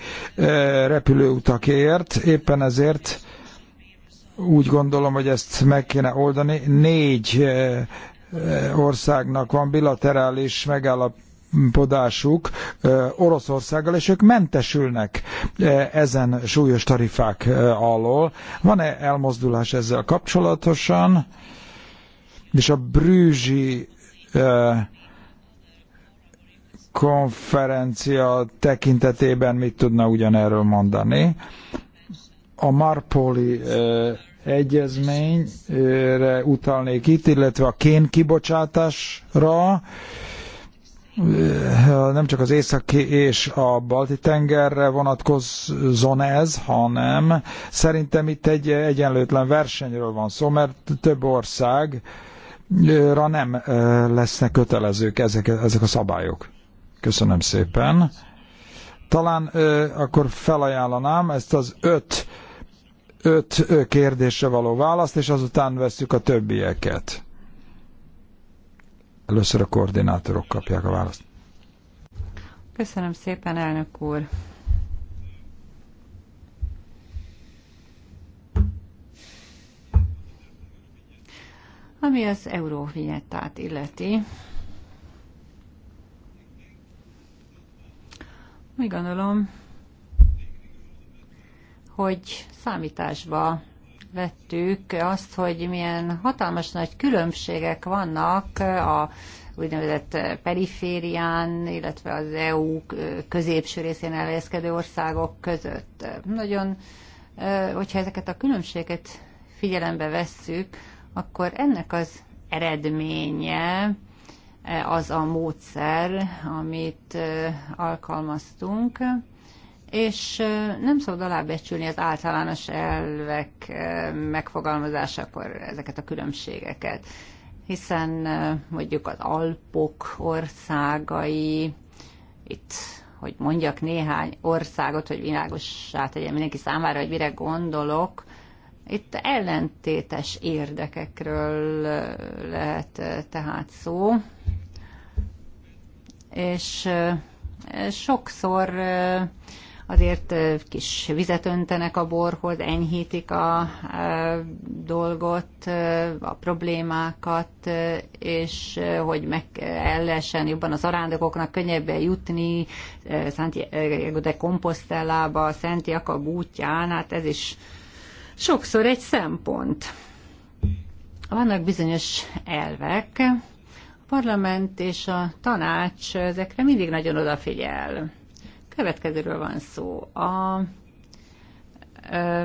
repülőutakért, éppen ezért úgy gondolom, hogy ezt meg kéne oldani. Négy országnak van bilaterális megállapodásuk Oroszországgal, és ők mentesülnek ezen súlyos tarifák alól. Van-e elmozdulás ezzel kapcsolatosan? És a brűzsi konferencia tekintetében mit tudna ugyanerről mondani. A Marpoli egyezményre utalnék itt, illetve a kén kibocsátásra, nem csak az északi és a balti tengerre vonatkozzon ez, hanem szerintem itt egy egyenlőtlen versenyről van szó, mert több országra nem lesznek kötelezők ezek, ezek a szabályok. Köszönöm szépen. Talán ö, akkor felajánlanám ezt az öt, öt kérdésre való választ, és azután vesszük a többieket. Először a koordinátorok kapják a választ. Köszönöm szépen, elnök úr. Ami az euróvinyettát illeti, Úgy gondolom, hogy számításba vettük azt, hogy milyen hatalmas nagy különbségek vannak a úgynevezett periférián, illetve az EU középső részén elhelyezkedő országok között. Nagyon, hogyha ezeket a különbséget figyelembe vesszük, akkor ennek az eredménye E az a módszer, amit e, alkalmaztunk, és e, nem szabad alábecsülni az általános elvek megfogalmazásakor ezeket a különbségeket, hiszen mondjuk az Alpok országai, itt hogy mondjak néhány országot, hogy világossá tegyem mindenki számára, hogy mire gondolok, itt ellentétes érdekekről lehet tehát szó, és sokszor azért kis vizet öntenek a borhoz, enyhítik a dolgot, a problémákat, és hogy meg ellesen jobban az arándokoknak könnyebben jutni Santiago de Compostellába, Szent Jakab útján, hát ez is sokszor egy szempont. Vannak bizonyos elvek, a parlament és a tanács ezekre mindig nagyon odafigyel. Következőről van szó. A ö,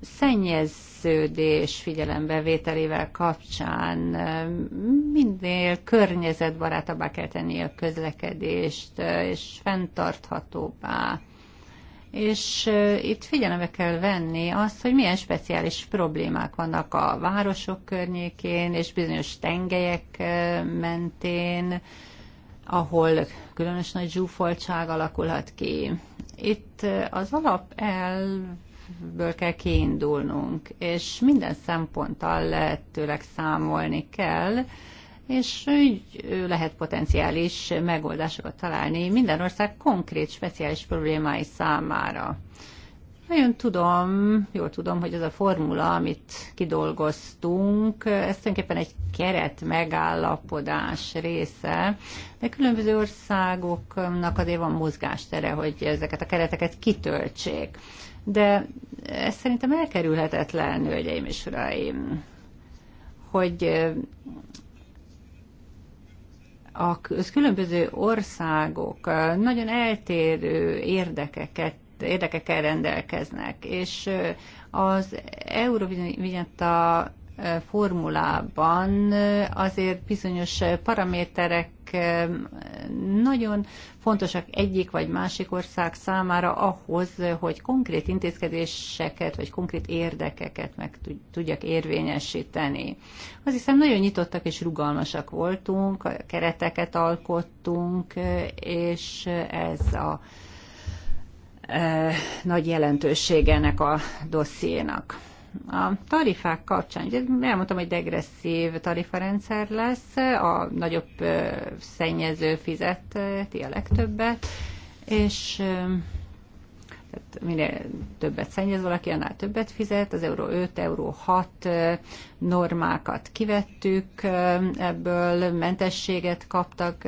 szennyeződés figyelembevételével kapcsán minél környezetbarátabbá kell tenni a közlekedést, és fenntarthatóbbá és itt figyelembe kell venni azt, hogy milyen speciális problémák vannak a városok környékén és bizonyos tengelyek mentén, ahol különös nagy zsúfoltság alakulhat ki. Itt az alapelvből kell kiindulnunk, és minden szemponttal lehetőleg számolni kell, és így lehet potenciális megoldásokat találni minden ország konkrét, speciális problémái számára. Nagyon tudom, jól tudom, hogy az a formula, amit kidolgoztunk, ez tulajdonképpen egy keret megállapodás része, de különböző országoknak azért van mozgástere, hogy ezeket a kereteket kitöltsék. De ez szerintem elkerülhetetlen, hölgyeim és uraim, hogy a különböző országok nagyon eltérő érdekeket érdekekkel rendelkeznek, és az Eurovignetta formulában azért bizonyos paraméterek nagyon fontosak egyik vagy másik ország számára ahhoz, hogy konkrét intézkedéseket vagy konkrét érdekeket meg tudjak érvényesíteni. Az hiszem nagyon nyitottak és rugalmasak voltunk, kereteket alkottunk, és ez a e, nagy jelentőség ennek a dossziénak. A tarifák kapcsán, elmondtam, hogy degresszív tarifarendszer lesz, a nagyobb szennyező ti a legtöbbet, és Hát minél többet szennyez valaki, annál többet fizet. Az euró 5, euró 6 normákat kivettük, ebből mentességet kaptak,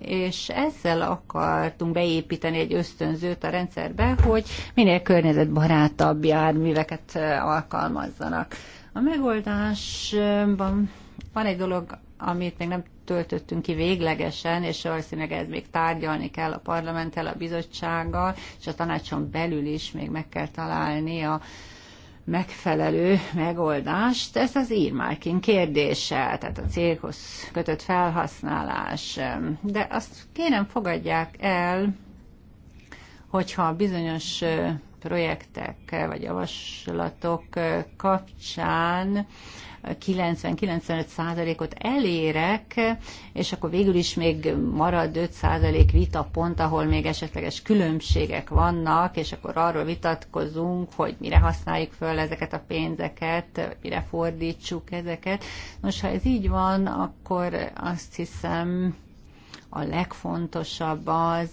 és ezzel akartunk beépíteni egy ösztönzőt a rendszerbe, hogy minél környezetbarátabb járműveket alkalmazzanak. A megoldásban van egy dolog, amit még nem töltöttünk ki véglegesen, és valószínűleg ez még tárgyalni kell a parlamenttel, a bizottsággal, és a tanácson belül is még meg kell találni a megfelelő megoldást. Ez az írmárkin kérdése, tehát a célhoz kötött felhasználás. De azt kérem fogadják el, hogyha bizonyos projektek vagy javaslatok kapcsán 90-95 százalékot elérek, és akkor végül is még marad 5 százalék pont ahol még esetleges különbségek vannak, és akkor arról vitatkozunk, hogy mire használjuk föl ezeket a pénzeket, mire fordítsuk ezeket. Nos, ha ez így van, akkor azt hiszem a legfontosabb az,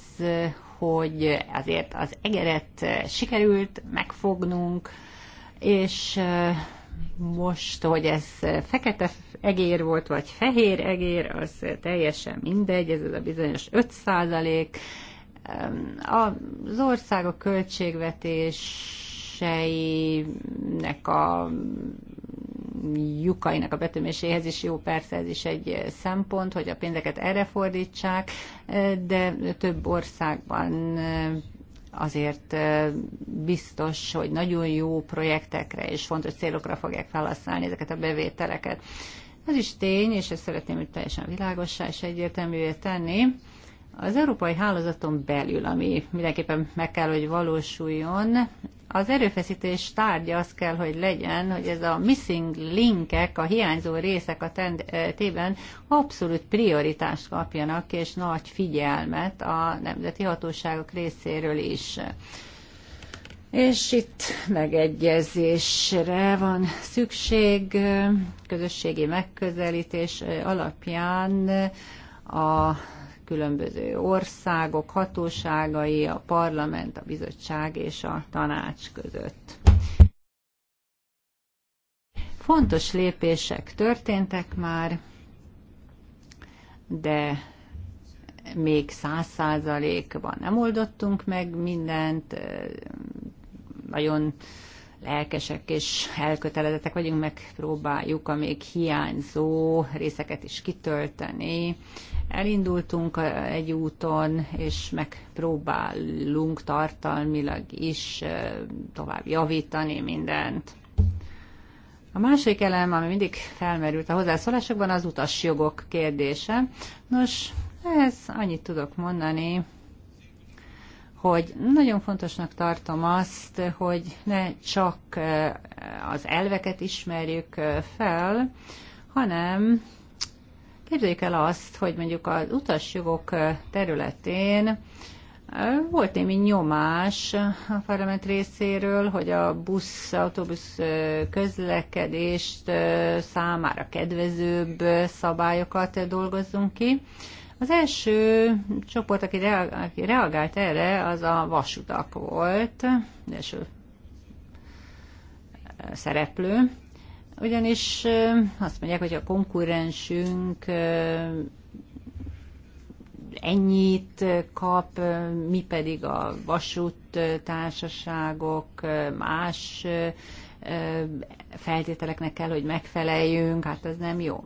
hogy azért az egeret sikerült megfognunk, és most, hogy ez fekete egér volt, vagy fehér egér, az teljesen mindegy, ez az a bizonyos 5 százalék. Az országok költségvetéseinek a lyukainak a betöméséhez is jó, persze ez is egy szempont, hogy a pénzeket erre fordítsák, de több országban azért biztos, hogy nagyon jó projektekre és fontos célokra fogják felhasználni ezeket a bevételeket. Ez is tény, és ezt szeretném hogy teljesen világossá és egyértelművé tenni, az európai hálózaton belül, ami mindenképpen meg kell, hogy valósuljon, az erőfeszítés tárgya az kell, hogy legyen, hogy ez a missing linkek, a hiányzó részek a eh, tében abszolút prioritást kapjanak, és nagy figyelmet a nemzeti hatóságok részéről is. És itt megegyezésre van szükség, közösségi megközelítés eh, alapján eh, a különböző országok hatóságai, a parlament, a bizottság és a tanács között. Fontos lépések történtek már, de még száz százalékban nem oldottunk meg mindent, nagyon lelkesek és elkötelezettek vagyunk, megpróbáljuk a még hiányzó részeket is kitölteni. Elindultunk egy úton, és megpróbálunk tartalmilag is tovább javítani mindent. A másik elem, ami mindig felmerült a hozzászólásokban, az utasjogok kérdése. Nos, ez annyit tudok mondani, hogy nagyon fontosnak tartom azt, hogy ne csak az elveket ismerjük fel, hanem képzeljük el azt, hogy mondjuk az utasjogok területén volt némi nyomás a parlament részéről, hogy a busz, autóbusz közlekedést számára kedvezőbb szabályokat dolgozzunk ki. Az első csoport, aki, reagált erre, az a vasutak volt, az első szereplő, ugyanis azt mondják, hogy a konkurensünk ennyit kap, mi pedig a társaságok más feltételeknek kell, hogy megfeleljünk, hát ez nem jó.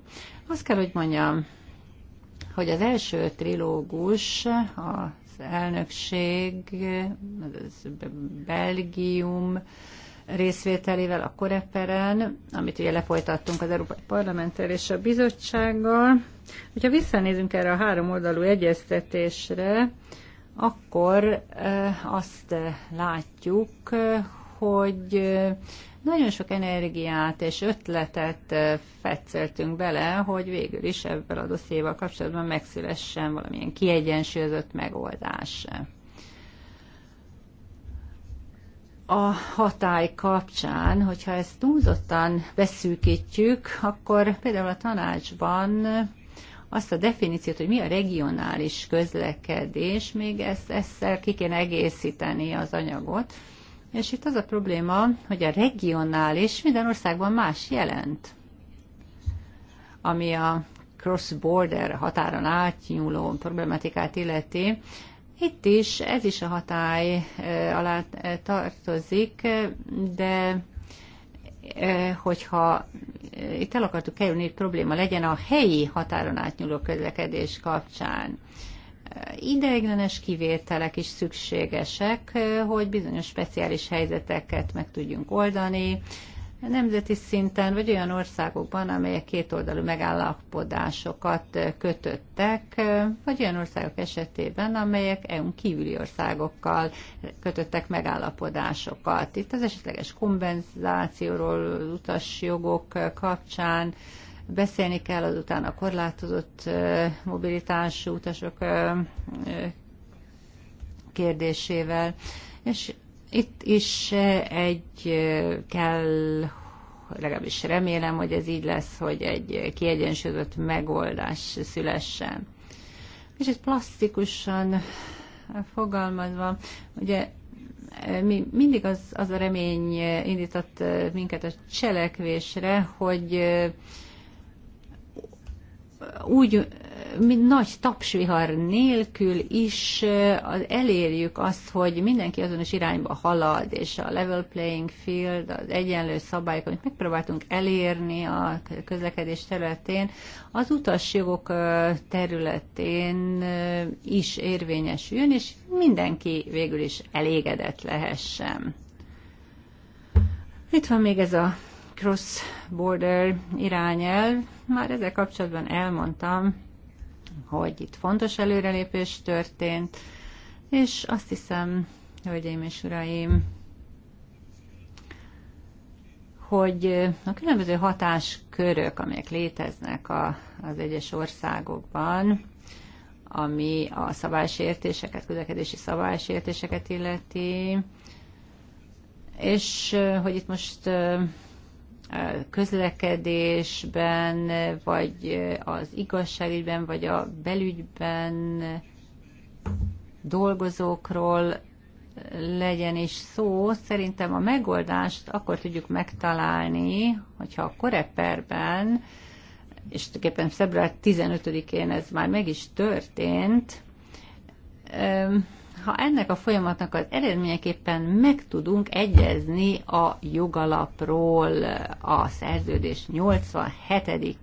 Azt kell, hogy mondjam, hogy az első trilógus az elnökség, az Belgium, részvételével a Koreperen, amit ugye lefolytattunk az Európai Parlamenttel és a bizottsággal. Hogyha visszanézünk erre a három oldalú egyeztetésre, akkor eh, azt eh, látjuk, eh, hogy nagyon sok energiát és ötletet fetszeltünk bele, hogy végül is ebből a dossziéval kapcsolatban megszülessen valamilyen kiegyensúlyozott megoldás. a hatály kapcsán, hogyha ezt túlzottan beszűkítjük, akkor például a tanácsban azt a definíciót, hogy mi a regionális közlekedés, még ezt, ezzel ki kéne egészíteni az anyagot, és itt az a probléma, hogy a regionális minden országban más jelent, ami a cross-border határon átnyúló problematikát illeti. Itt is, ez is a hatály alá tartozik, de hogyha itt el akartuk kerülni, hogy probléma legyen a helyi határon átnyúló közlekedés kapcsán ideiglenes kivételek is szükségesek, eh, hogy bizonyos speciális helyzeteket meg tudjunk oldani, nemzeti szinten, vagy olyan országokban, amelyek kétoldalú megállapodásokat eh, kötöttek, eh, vagy olyan országok esetében, amelyek EU-n kívüli országokkal kötöttek megállapodásokat. Itt az esetleges kompenzációról, utasjogok kapcsán Beszélni kell azután a korlátozott mobilitású utasok kérdésével, és itt is egy kell, legalábbis remélem, hogy ez így lesz, hogy egy kiegyensúlyozott megoldás szülessen. És ez plastikusan fogalmazva, ugye mi mindig az, az a remény indított minket a cselekvésre, hogy úgy mint nagy tapsvihar nélkül is elérjük azt, hogy mindenki azonos irányba halad, és a level playing field, az egyenlő szabályok, amit megpróbáltunk elérni a közlekedés területén, az utasjogok területén is érvényesüljön, és mindenki végül is elégedett lehessen. Itt van még ez a cross-border irányelv, már ezzel kapcsolatban elmondtam, hogy itt fontos előrelépés történt, és azt hiszem, hölgyeim és uraim, hogy a különböző hatáskörök, amelyek léteznek a, az egyes országokban, ami a szabálysértéseket, közlekedési szabálysértéseket illeti, és hogy itt most közlekedésben, vagy az igazságügyben, vagy a belügyben dolgozókról legyen is szó, szerintem a megoldást akkor tudjuk megtalálni, hogyha a koreperben, és tulajdonképpen február 15-én ez már meg is történt, ha ennek a folyamatnak az eredményeképpen meg tudunk egyezni a jogalapról a szerződés 87.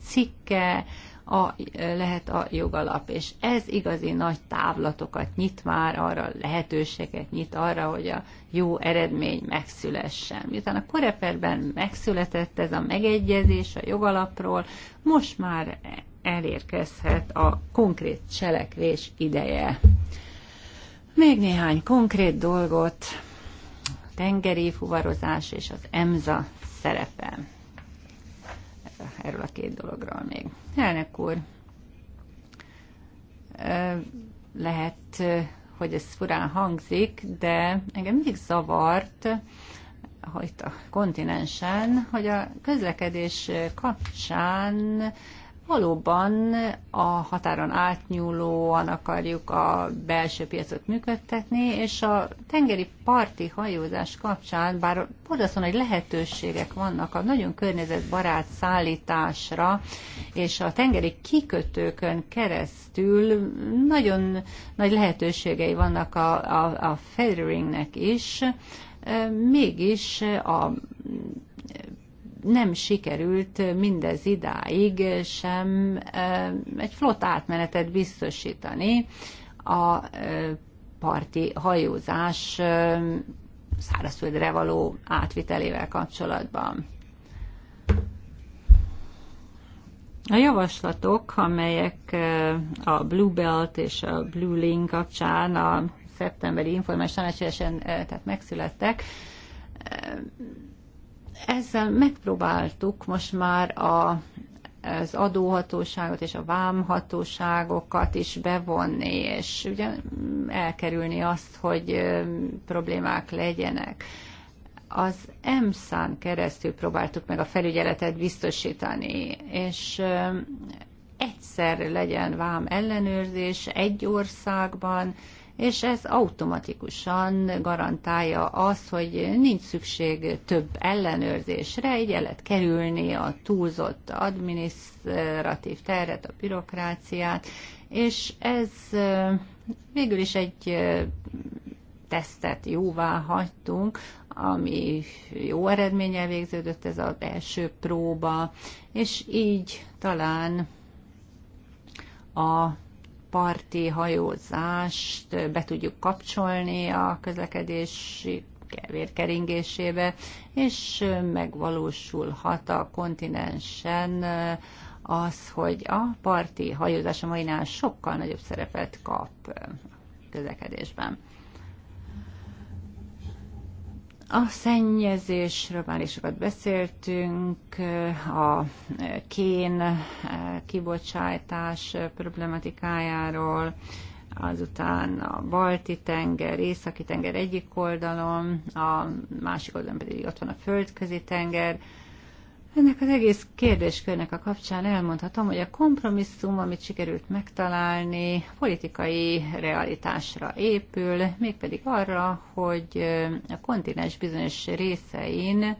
cikke, a, lehet a jogalap, és ez igazi nagy távlatokat nyit már arra, lehetőséget nyit arra, hogy a jó eredmény megszülessen. Miután a koreperben megszületett ez a megegyezés a jogalapról, most már elérkezhet a konkrét cselekvés ideje. Még néhány konkrét dolgot, tengeri fuvarozás és az EMSA szerepe. Erről a két dologról még. Elnök úr, lehet, hogy ez furán hangzik, de engem mindig zavart, hogy a kontinensen, hogy a közlekedés kapcsán valóban a határon átnyúlóan akarjuk a belső piacot működtetni, és a tengeri parti hajózás kapcsán, bár borzasztóan nagy lehetőségek vannak a nagyon környezetbarát szállításra, és a tengeri kikötőkön keresztül nagyon nagy lehetőségei vannak a, a, a featheringnek is, mégis a nem sikerült mindez idáig sem egy flott átmenetet biztosítani a parti hajózás szárazföldre való átvitelével kapcsolatban. A javaslatok, amelyek a Blue Belt és a Blue Link kapcsán a szeptemberi informális tehát megszülettek, ezzel megpróbáltuk most már a, az adóhatóságot és a vámhatóságokat is bevonni, és ugye elkerülni azt, hogy problémák legyenek. Az EMSZ-án keresztül próbáltuk meg a felügyeletet biztosítani, és egyszer legyen vám ellenőrzés egy országban, és ez automatikusan garantálja azt, hogy nincs szükség több ellenőrzésre, így el lehet kerülni a túlzott adminisztratív terhet, a bürokráciát, és ez végül is egy tesztet jóvá hagytunk, ami jó eredménnyel végződött ez az első próba, és így talán a parti hajózást be tudjuk kapcsolni a közlekedési vérkeringésébe, és megvalósulhat a kontinensen az, hogy a parti hajózás a mainál sokkal nagyobb szerepet kap közlekedésben. A szennyezésről már is sokat beszéltünk, a kén eh, kibocsátás problematikájáról, azután a balti tenger, északi tenger egyik oldalon, a másik oldalon pedig ott van a földközi tenger, ennek az egész kérdéskörnek a kapcsán elmondhatom, hogy a kompromisszum, amit sikerült megtalálni, politikai realitásra épül, mégpedig arra, hogy a kontinens bizonyos részein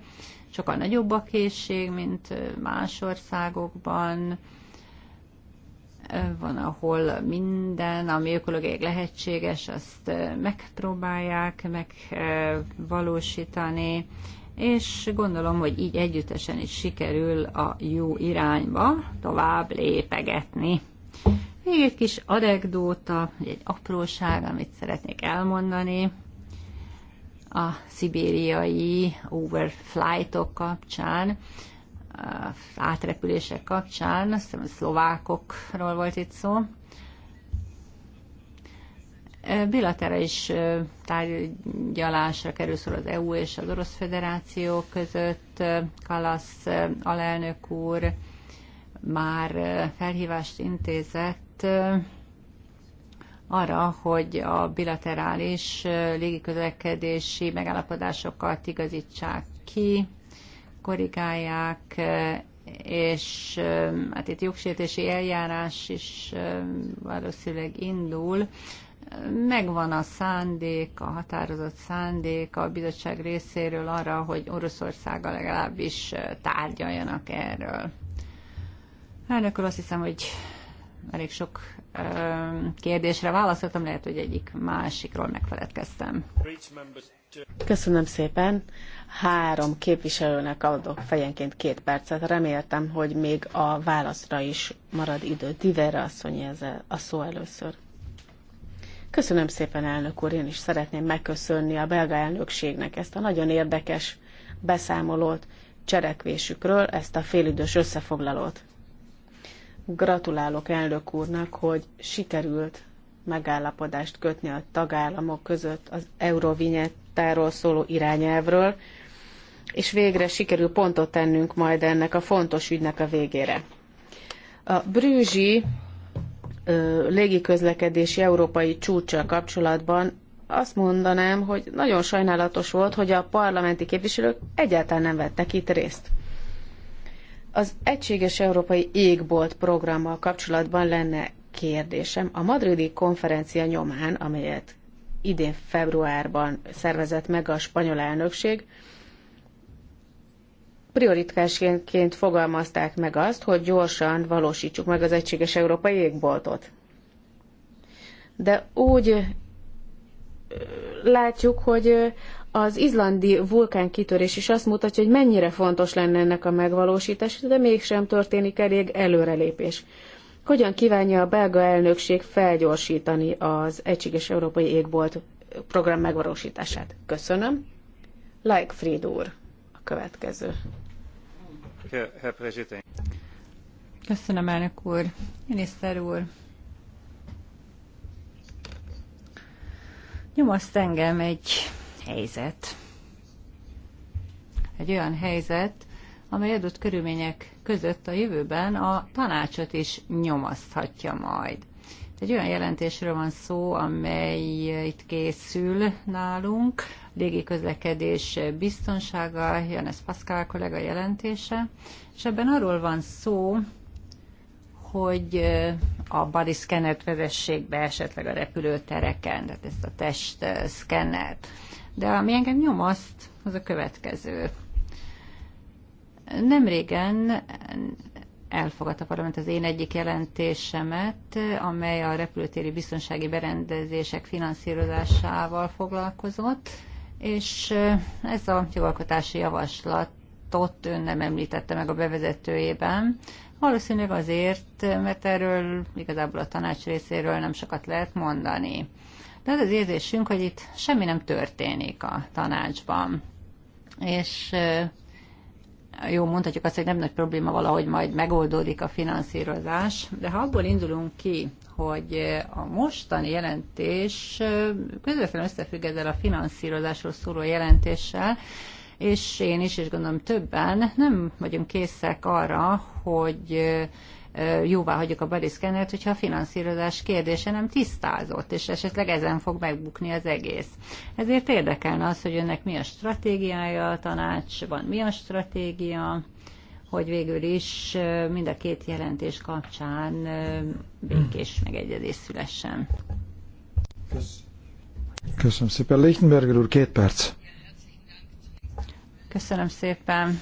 sokkal nagyobb a készség, mint más országokban, van, ahol minden, ami ökológiai lehetséges, azt megpróbálják megvalósítani és gondolom, hogy így együttesen is sikerül a jó irányba tovább lépegetni. Még egy kis anekdóta, egy apróság, amit szeretnék elmondani a szibériai overflightok kapcsán, átrepülések kapcsán, azt hiszem, a szlovákokról volt itt szó, Bilaterális tárgyalásra kerül szor az EU és az Orosz Federáció között. Kalasz alelnök úr már felhívást intézett arra, hogy a bilaterális légiközlekedési megállapodásokat igazítsák ki, korrigálják, és hát itt jogsértési eljárás is valószínűleg indul megvan a szándék, a határozott szándék a bizottság részéről arra, hogy Oroszországgal legalábbis tárgyaljanak erről. Elnök azt hiszem, hogy elég sok kérdésre válaszoltam, lehet, hogy egyik másikról megfeledkeztem. Köszönöm szépen. Három képviselőnek adok fejenként két percet. Reméltem, hogy még a válaszra is marad idő. Divere asszony ez a szó először. Köszönöm szépen, elnök úr, én is szeretném megköszönni a belga elnökségnek ezt a nagyon érdekes beszámolót cselekvésükről, ezt a félidős összefoglalót. Gratulálok elnök úrnak, hogy sikerült megállapodást kötni a tagállamok között az Eurovinyettáról szóló irányelvről, és végre sikerül pontot tennünk majd ennek a fontos ügynek a végére. A brűzsi légiközlekedési európai csúcssal kapcsolatban azt mondanám, hogy nagyon sajnálatos volt, hogy a parlamenti képviselők egyáltalán nem vettek itt részt. Az Egységes Európai Égbolt programmal kapcsolatban lenne kérdésem. A madridi konferencia nyomán, amelyet idén februárban szervezett meg a spanyol elnökség, prioritásként fogalmazták meg azt, hogy gyorsan valósítsuk meg az egységes európai égboltot. De úgy látjuk, hogy az izlandi kitörés is azt mutatja, hogy mennyire fontos lenne ennek a megvalósítás, de mégsem történik elég előrelépés. Hogyan kívánja a belga elnökség felgyorsítani az Egységes Európai Égbolt program megvalósítását? Köszönöm. Like Fried úr a következő. Köszönöm, elnök úr. Miniszter úr. Nyomaszt engem egy helyzet. Egy olyan helyzet, amely adott körülmények között a jövőben a tanácsot is nyomaszthatja majd. Egy olyan jelentésről van szó, amely itt készül nálunk, légiközlekedés biztonsága, Janes Pascal kollega jelentése, és ebben arról van szó, hogy a body scanner vezessék be esetleg a repülőtereken, tehát ezt a test szkennert. De ami engem nyom azt, az a következő. Nem régen elfogadta a parlament az én egyik jelentésemet, amely a repülőtéri biztonsági berendezések finanszírozásával foglalkozott, és ez a jogalkotási javaslatot ön nem említette meg a bevezetőjében, valószínűleg azért, mert erről igazából a tanács részéről nem sokat lehet mondani. De az az érzésünk, hogy itt semmi nem történik a tanácsban. És jó, mondhatjuk azt, hogy nem nagy probléma valahogy majd megoldódik a finanszírozás, de ha abból indulunk ki, hogy a mostani jelentés közvetlenül összefügg ezzel a finanszírozásról szóló jelentéssel, és én is, és gondolom többen nem vagyunk készek arra, hogy jóvá hagyjuk a body scanner hogyha a finanszírozás kérdése nem tisztázott, és esetleg ezen fog megbukni az egész. Ezért érdekelne az, hogy önnek mi a stratégiája a van mi a stratégia, hogy végül is mind a két jelentés kapcsán békés megegyezés szülessen. Köszönöm szépen. Lichtenberger úr, két perc. Köszönöm szépen.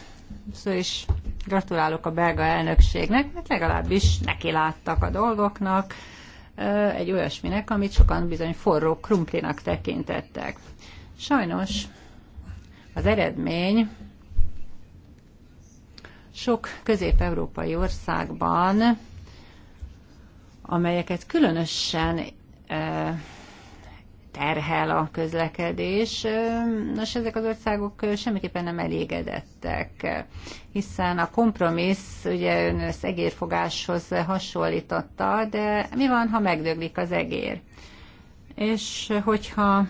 Szóval is gratulálok a belga elnökségnek, mert legalábbis neki láttak a dolgoknak, egy olyasminek, amit sokan bizony forró krumplinak tekintettek. Sajnos az eredmény sok közép-európai országban, amelyeket különösen terhel a közlekedés. Nos, ezek az országok semmiképpen nem elégedettek, hiszen a kompromissz, ugye ön ezt egérfogáshoz hasonlította, de mi van, ha megdöglik az egér? És hogyha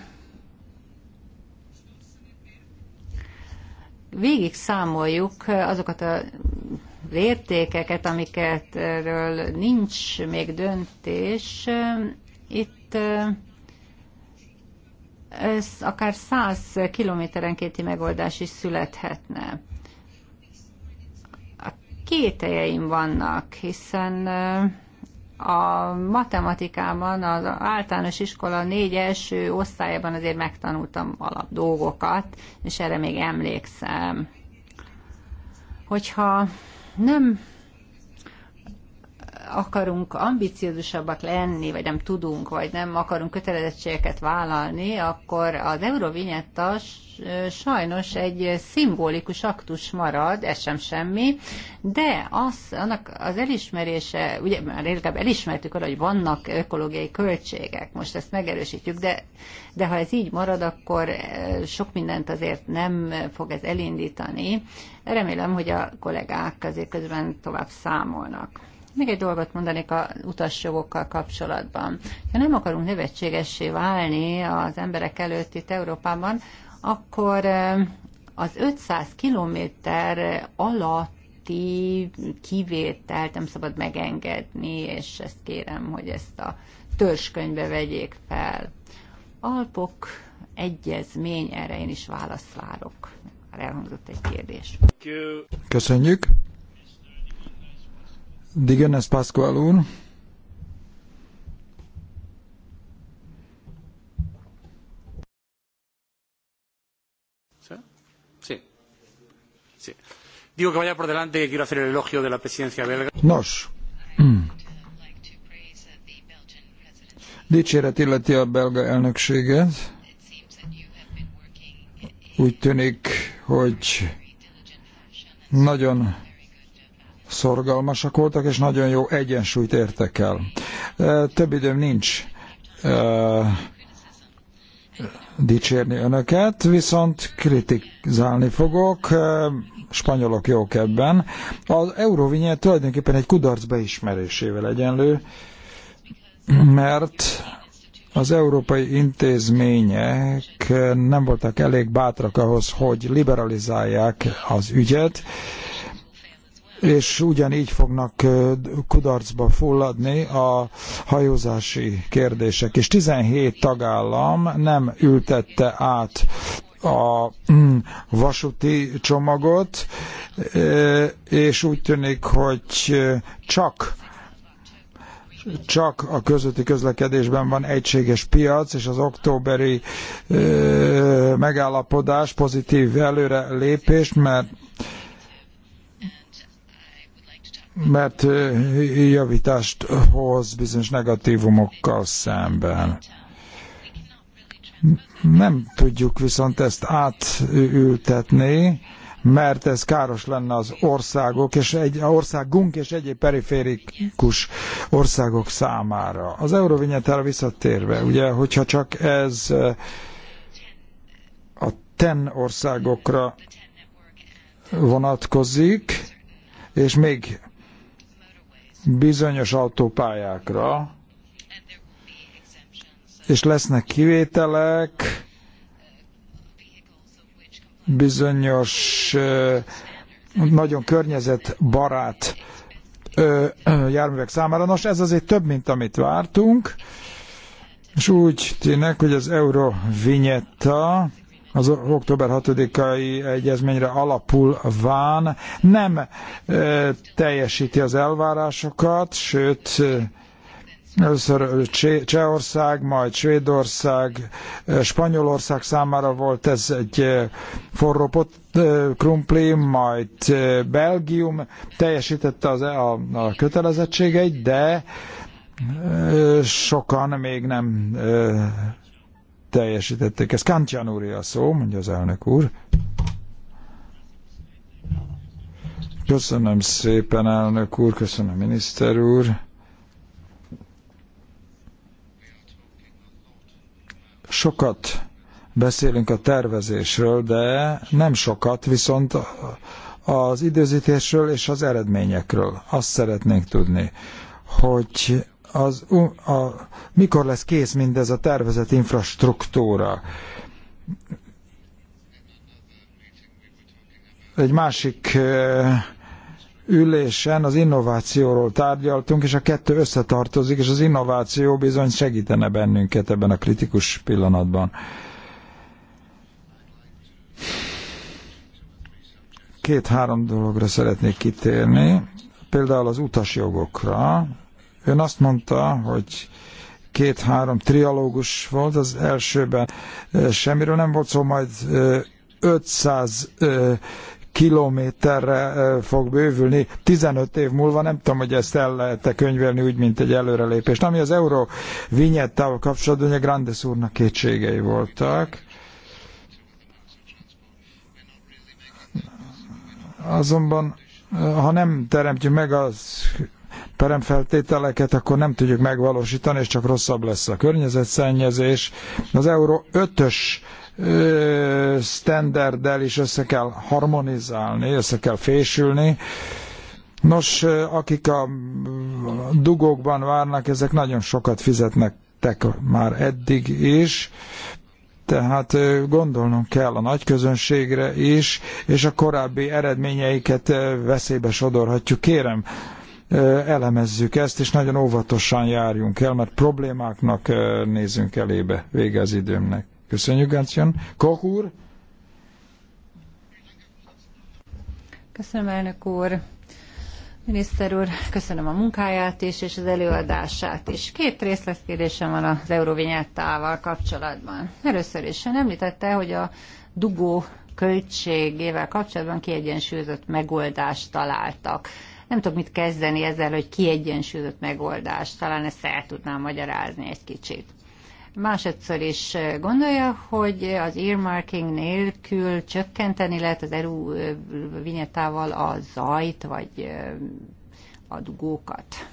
végig számoljuk azokat a értékeket, amiket erről nincs még döntés, itt ez akár 100 kilométerenkénti megoldás is születhetne. A kételjeim vannak, hiszen a matematikában, az általános iskola négy első osztályában azért megtanultam alap dolgokat, és erre még emlékszem. Hogyha nem akarunk ambiciózusabbak lenni, vagy nem tudunk, vagy nem akarunk kötelezettségeket vállalni, akkor az Eurovinyetta sajnos egy szimbolikus aktus marad, ez sem semmi, de az, annak az elismerése, ugye már inkább elismertük arra, hogy vannak ökológiai költségek, most ezt megerősítjük, de, de ha ez így marad, akkor eh, sok mindent azért nem fog ez elindítani. Remélem, hogy a kollégák azért közben tovább számolnak. Még egy dolgot mondanék a utasjogokkal kapcsolatban. Ha nem akarunk nevetségessé válni az emberek előtt itt Európában, akkor az 500 kilométer alatti kivételt nem szabad megengedni, és ezt kérem, hogy ezt a törzskönyvbe vegyék fel. Alpok egyezmény, erre én is választ várok. Már elhangzott egy kérdés. Köszönjük. Digenes Pascual úr. Digo que vaya por delante que quiero hacer el elogio de la presidencia belga. Nos. Dicséret illeti a belga elnökséget. Úgy tűnik, hogy nagyon szorgalmasak voltak, és nagyon jó egyensúlyt értek el. Több időm nincs dicsérni önöket, viszont kritizálni fogok, spanyolok jók ebben. Az Eurovinye tulajdonképpen egy kudarc beismerésével egyenlő, mert az európai intézmények nem voltak elég bátrak ahhoz, hogy liberalizálják az ügyet, és ugyanígy fognak kudarcba fulladni a hajózási kérdések. És 17 tagállam nem ültette át a mm, vasúti csomagot, és úgy tűnik, hogy csak csak a közötti közlekedésben van egységes piac, és az októberi ö, megállapodás pozitív előre lépést, mert mert javítást hoz bizonyos negatívumokkal szemben. Nem tudjuk viszont ezt átültetni, mert ez káros lenne az országok és egy országunk és egyéb periférikus országok számára. Az euróvinyetára visszatérve, ugye, hogyha csak ez a ten országokra vonatkozik, és még bizonyos autópályákra, és lesznek kivételek, bizonyos nagyon környezetbarát járművek számára. Nos, ez azért több, mint amit vártunk, és úgy tűnik, hogy az Eurovinyetta az október 6-ai egyezményre alapul ván nem e, teljesíti az elvárásokat, sőt e, Először Csehország, majd Svédország, e, Spanyolország számára volt ez egy e, forró pot, krumpli, majd Belgium teljesítette az, a, a kötelezettségeit, de sokan még nem teljesítették. Ez Kantyán úr a szó, mondja az elnök úr. Köszönöm szépen, elnök úr, köszönöm, miniszter úr. Sokat beszélünk a tervezésről, de nem sokat, viszont az időzítésről és az eredményekről. Azt szeretnénk tudni, hogy az, a, mikor lesz kész mindez a tervezett infrastruktúra. Egy másik ülésen az innovációról tárgyaltunk, és a kettő összetartozik, és az innováció bizony segítene bennünket ebben a kritikus pillanatban. Két-három dologra szeretnék kitérni, például az utasjogokra, Ön azt mondta, hogy két-három trialógus volt, az elsőben semmiről nem volt szó, majd 500 kilométerre fog bővülni 15 év múlva, nem tudom, hogy ezt el lehet-e könyvelni úgy, mint egy előrelépés, Ami az euró vinyettával kapcsolatban, ugye Grandes úrnak kétségei voltak. Azonban, ha nem teremtjük meg az peremfeltételeket, akkor nem tudjuk megvalósítani, és csak rosszabb lesz a környezetszennyezés. Az Euró 5-ös standarddel is össze kell harmonizálni, össze kell fésülni. Nos, akik a dugókban várnak, ezek nagyon sokat fizetnek tek már eddig is, tehát gondolnunk kell a nagy közönségre is, és a korábbi eredményeiket veszélybe sodorhatjuk. Kérem, elemezzük ezt, és nagyon óvatosan járjunk el, mert problémáknak nézünk elébe vége az időmnek. Köszönjük, Gáncsian. Koch úr? Köszönöm, elnök úr. Miniszter úr, köszönöm a munkáját is, és az előadását is. Két részletkérdésem van az Eurovinyettával kapcsolatban. Először is említette, hogy a dugó költségével kapcsolatban kiegyensúlyozott megoldást találtak nem tudok mit kezdeni ezzel, hogy kiegyensúlyozott megoldás. Talán ezt el tudnám magyarázni egy kicsit. Másodszor is gondolja, hogy az earmarking nélkül csökkenteni lehet az erő vinyetával a zajt, vagy a dugókat.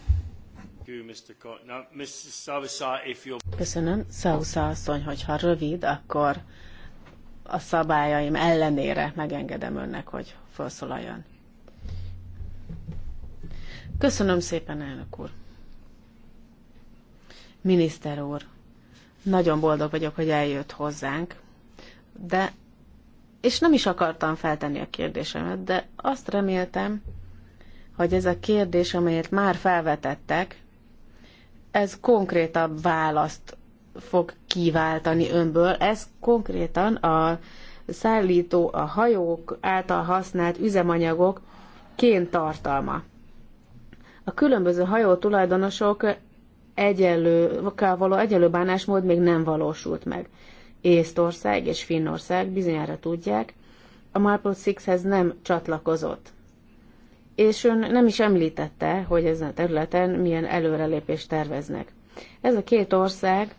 Köszönöm. Szausza asszony, hogyha rövid, akkor a szabályaim ellenére megengedem önnek, hogy felszólaljon. Köszönöm szépen, elnök úr. Miniszter úr, nagyon boldog vagyok, hogy eljött hozzánk, de, és nem is akartam feltenni a kérdésemet, de azt reméltem, hogy ez a kérdés, amelyet már felvetettek, ez konkrétabb választ fog kiváltani önből. Ez konkrétan a szállító, a hajók által használt üzemanyagok kén tartalma. A különböző hajó tulajdonosok egyenlő, való egyenlő bánásmód még nem valósult meg. Észtország és Finnország bizonyára tudják, a Marple Sixhez nem csatlakozott. És ön nem is említette, hogy ezen a területen milyen előrelépést terveznek. Ez a két ország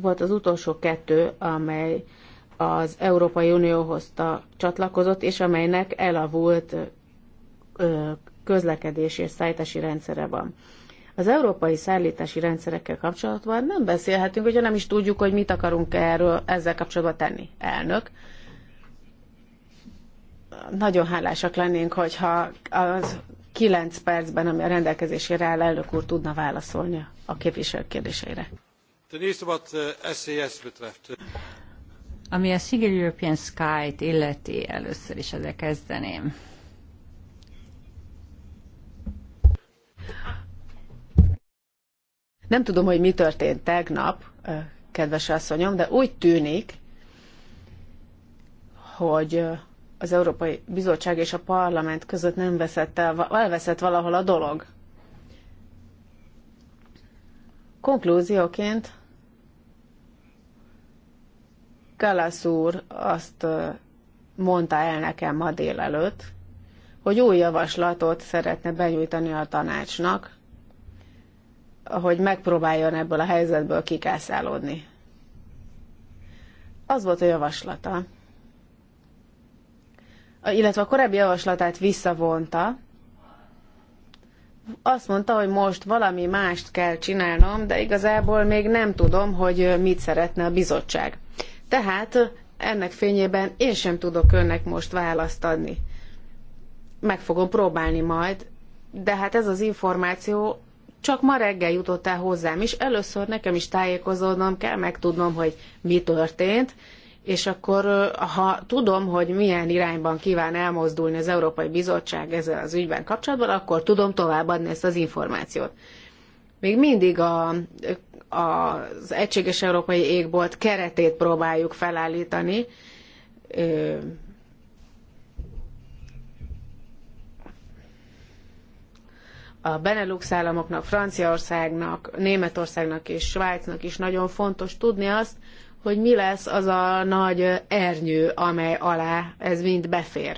volt az utolsó kettő, amely az Európai Unióhoz csatlakozott, és amelynek elavult ö, közlekedési és szállítási rendszere van. Az európai szállítási rendszerekkel kapcsolatban nem beszélhetünk, hogyha nem is tudjuk, hogy mit akarunk erről ezzel kapcsolatban tenni. Elnök, nagyon hálásak lennénk, hogyha az kilenc percben, ami a rendelkezésére áll, elnök úr tudna válaszolni a képviselők kérdéseire. Ami a Single European Sky-t illeti, először is ezzel kezdeném. Nem tudom, hogy mi történt tegnap, kedves asszonyom, de úgy tűnik, hogy az Európai Bizottság és a Parlament között nem veszett el, elveszett valahol a dolog. Konklúzióként Kalasz úr azt mondta el nekem ma délelőtt, hogy új javaslatot szeretne benyújtani a tanácsnak hogy megpróbáljon ebből a helyzetből kikászálódni. Az volt a javaslata. Illetve a korábbi javaslatát visszavonta. Azt mondta, hogy most valami mást kell csinálnom, de igazából még nem tudom, hogy mit szeretne a bizottság. Tehát ennek fényében én sem tudok önnek most választ adni. Meg fogom próbálni majd, de hát ez az információ csak ma reggel jutott el hozzám is. Először nekem is tájékozódnom kell, megtudnom, hogy mi történt, és akkor ha tudom, hogy milyen irányban kíván elmozdulni az Európai Bizottság ezzel az ügyben kapcsolatban, akkor tudom továbbadni ezt az információt. Még mindig a, a, az Egységes Európai Égbolt keretét próbáljuk felállítani, a Benelux államoknak, Franciaországnak, Németországnak és Svájcnak is nagyon fontos tudni azt, hogy mi lesz az a nagy ernyő, amely alá ez mind befér.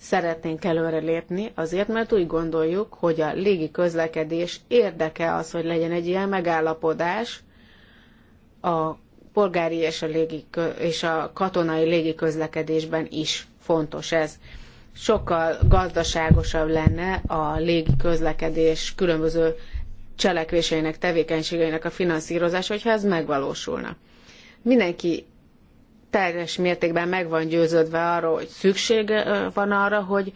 Szeretnénk előrelépni, azért, mert úgy gondoljuk, hogy a légi közlekedés érdeke az, hogy legyen egy ilyen megállapodás a polgári és a, légi, és a katonai légiközlekedésben is fontos ez sokkal gazdaságosabb lenne a légi közlekedés különböző cselekvéseinek, tevékenységeinek a finanszírozása, hogyha ez megvalósulna. Mindenki teljes mértékben meg van győződve arról, hogy szükség van arra, hogy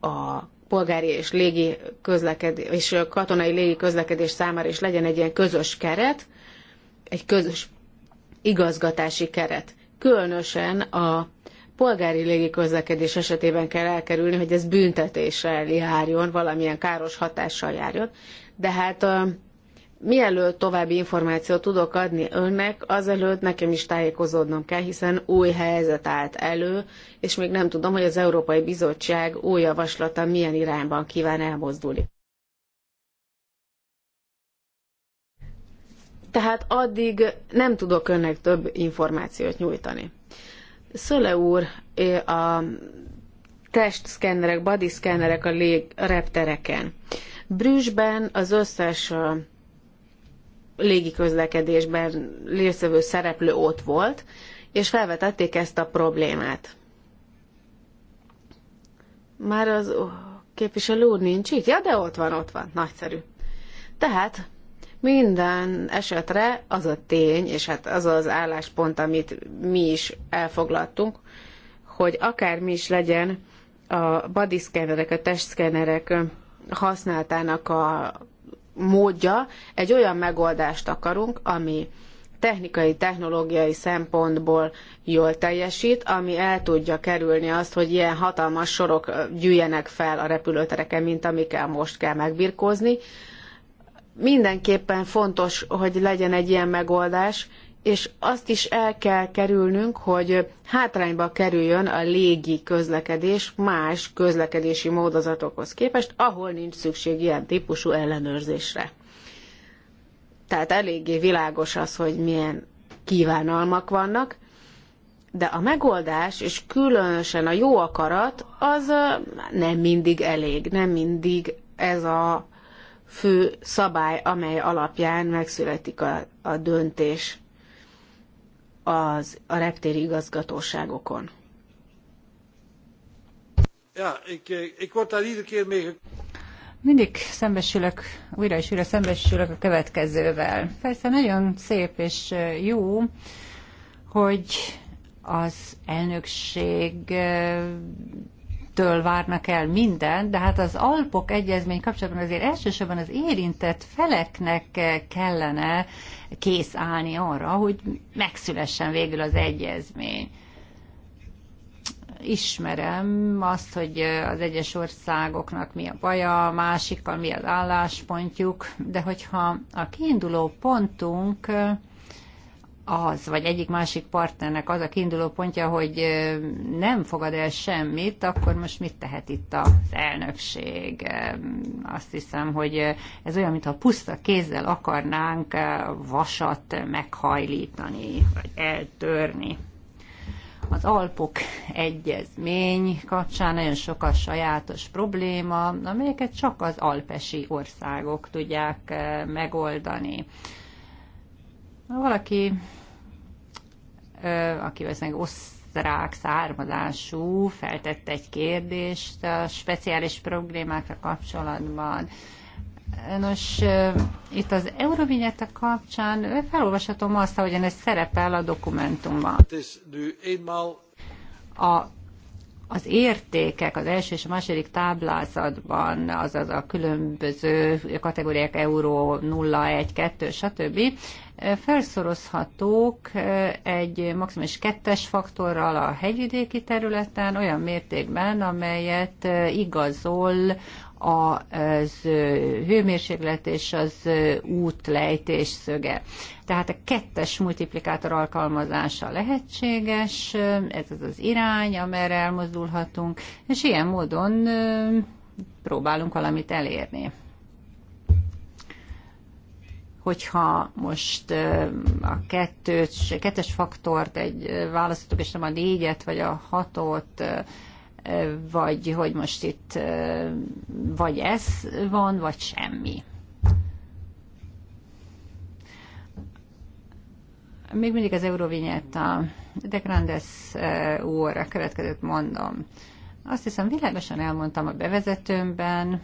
a polgári és légi közlekedés, és katonai légi közlekedés számára is legyen egy ilyen közös keret, egy közös igazgatási keret. Különösen a polgári légiközlekedés esetében kell elkerülni, hogy ez büntetéssel járjon, valamilyen káros hatással járjon. De hát mielőtt további információt tudok adni önnek, azelőtt nekem is tájékozódnom kell, hiszen új helyzet állt elő, és még nem tudom, hogy az Európai Bizottság új javaslata milyen irányban kíván elmozdulni. Tehát addig nem tudok önnek több információt nyújtani. Szöle úr, a testszkennerek, body szkennerek a, lég, a reptereken. Brüsszben az összes légiközlekedésben részvevő szereplő ott volt, és felvetették ezt a problémát. Már az képviselő úr nincs itt? Ja, de ott van, ott van. Nagyszerű. Tehát minden esetre az a tény, és hát az az álláspont, amit mi is elfoglaltunk, hogy akármi is legyen a scannerek, a testszkennerek használtának a módja, egy olyan megoldást akarunk, ami technikai, technológiai szempontból jól teljesít, ami el tudja kerülni azt, hogy ilyen hatalmas sorok gyűjjenek fel a repülőtereken, mint amikkel most kell megbirkózni, mindenképpen fontos, hogy legyen egy ilyen megoldás, és azt is el kell kerülnünk, hogy hátrányba kerüljön a légi közlekedés más közlekedési módozatokhoz képest, ahol nincs szükség ilyen típusú ellenőrzésre. Tehát eléggé világos az, hogy milyen kívánalmak vannak, de a megoldás, és különösen a jó akarat, az nem mindig elég, nem mindig ez a fő szabály, amely alapján megszületik a, a döntés az, a reptéri igazgatóságokon. Ja, ik, eh, ik word daar iedere keer mee mindig szembesülök, újra és újra szembesülök a következővel. Persze nagyon szép és eh, jó, hogy az elnökség eh, től várnak el mindent, de hát az Alpok egyezmény kapcsolatban azért elsősorban az érintett feleknek kellene kész állni arra, hogy megszülessen végül az egyezmény ismerem azt, hogy az egyes országoknak mi a baja, a másikkal mi az álláspontjuk, de hogyha a kiinduló pontunk az, vagy egyik másik partnernek az a kiinduló pontja, hogy nem fogad el semmit, akkor most mit tehet itt az elnökség? Azt hiszem, hogy ez olyan, mintha puszta kézzel akarnánk vasat meghajlítani, vagy eltörni. Az Alpok egyezmény kapcsán nagyon sok a sajátos probléma, amelyeket csak az alpesi országok tudják megoldani. valaki aki valószínűleg osztrák származású, feltett egy kérdést a speciális problémákra kapcsolatban. Nos, itt az Eurovinyetta kapcsán felolvashatom azt, ahogyan ez szerepel a dokumentumban. A az értékek az első és a második táblázatban, azaz a különböző kategóriák euró 0, 1, 2, stb. felszorozhatók egy maximális kettes faktorral a hegyvidéki területen olyan mértékben, amelyet igazol az hőmérséklet és az útlejtés szöge. Tehát a kettes multiplikátor alkalmazása lehetséges, ez az az irány, amerre elmozdulhatunk, és ilyen módon próbálunk valamit elérni hogyha most a kettőt, kettes faktort egy választottuk, és nem a négyet vagy a hatot, vagy hogy most itt vagy ez van, vagy semmi. Még mindig az Eurovinyetta, de Grandes úr, a következőt mondom. Azt hiszem világosan elmondtam a bevezetőmben,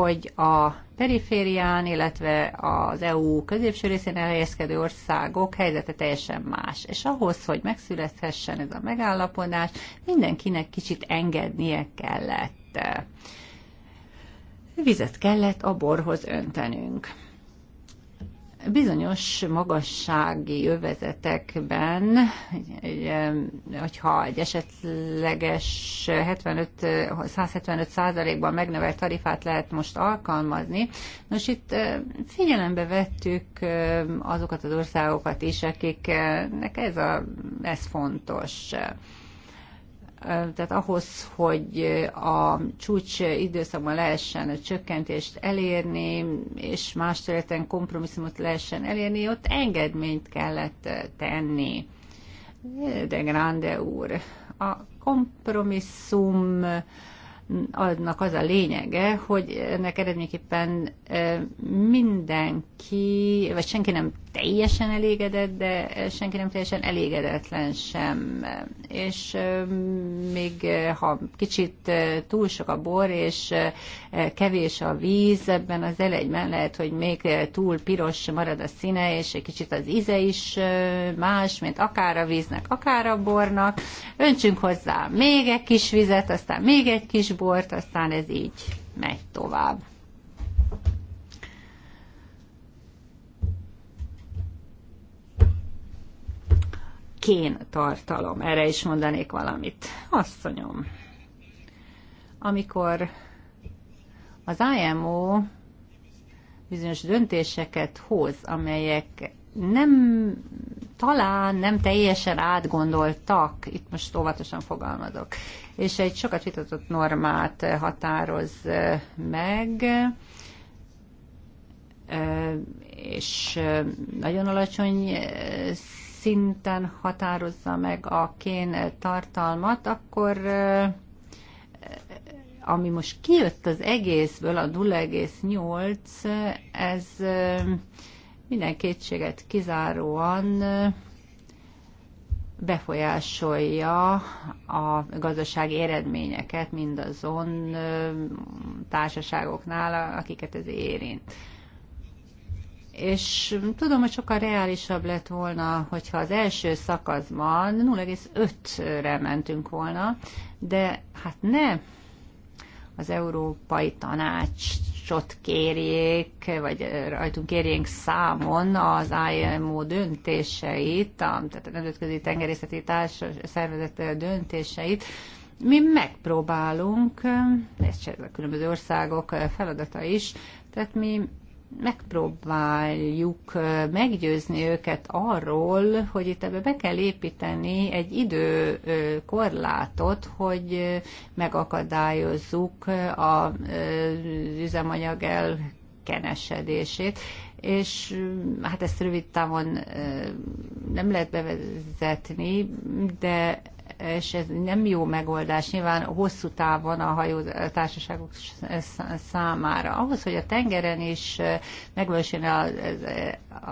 hogy a periférián, illetve az EU középső részén elhelyezkedő országok helyzete teljesen más. És ahhoz, hogy megszülethessen ez a megállapodás, mindenkinek kicsit engednie kellett. Vizet kellett a borhoz öntenünk bizonyos magassági övezetekben, hogyha egy esetleges 75, 175 százalékban megnövelt tarifát lehet most alkalmazni, nos itt figyelembe vettük azokat az országokat is, akiknek ez, a, ez fontos tehát ahhoz, hogy a csúcs időszakban lehessen a csökkentést elérni, és más területen kompromisszumot lehessen elérni, ott engedményt kellett tenni. De Grande úr, a kompromisszum adnak az a lényege, hogy ennek eredményképpen eh, mindenki, vagy senki nem teljesen elégedett, de senki nem teljesen elégedetlen sem. És még ha kicsit túl sok a bor, és kevés a víz, ebben az elegyben lehet, hogy még túl piros marad a színe, és egy kicsit az íze is más, mint akár a víznek, akár a bornak. Öntsünk hozzá még egy kis vizet, aztán még egy kis bort, aztán ez így megy tovább. kén tartalom. Erre is mondanék valamit. Asszonyom, amikor az IMO bizonyos döntéseket hoz, amelyek nem, talán nem teljesen átgondoltak, itt most óvatosan fogalmazok, és egy sokat vitatott normát határoz eh, meg, eh, és eh, nagyon alacsony szinten határozza meg a kén tartalmat, akkor ami most kijött az egészből, a 0,8, ez minden kétséget kizáróan befolyásolja a gazdasági eredményeket mindazon társaságoknál, akiket ez érint és tudom, hogy sokkal reálisabb lett volna, hogyha az első szakaszban 0,5-re mentünk volna, de hát ne az Európai Tanácsot kérjék, vagy rajtunk kérjénk számon az IMO döntéseit, tehát a Nemzetközi Tengerészeti Társas Szervezet döntéseit, mi megpróbálunk, ez a különböző országok feladata is, tehát mi megpróbáljuk meggyőzni őket arról, hogy itt ebbe be kell építeni egy időkorlátot, hogy megakadályozzuk az üzemanyag elkenesedését, és hát ezt rövid távon nem lehet bevezetni, de és ez nem jó megoldás nyilván hosszú távon a hajótársaságok számára. Ahhoz, hogy a tengeren is megvalósuljon a,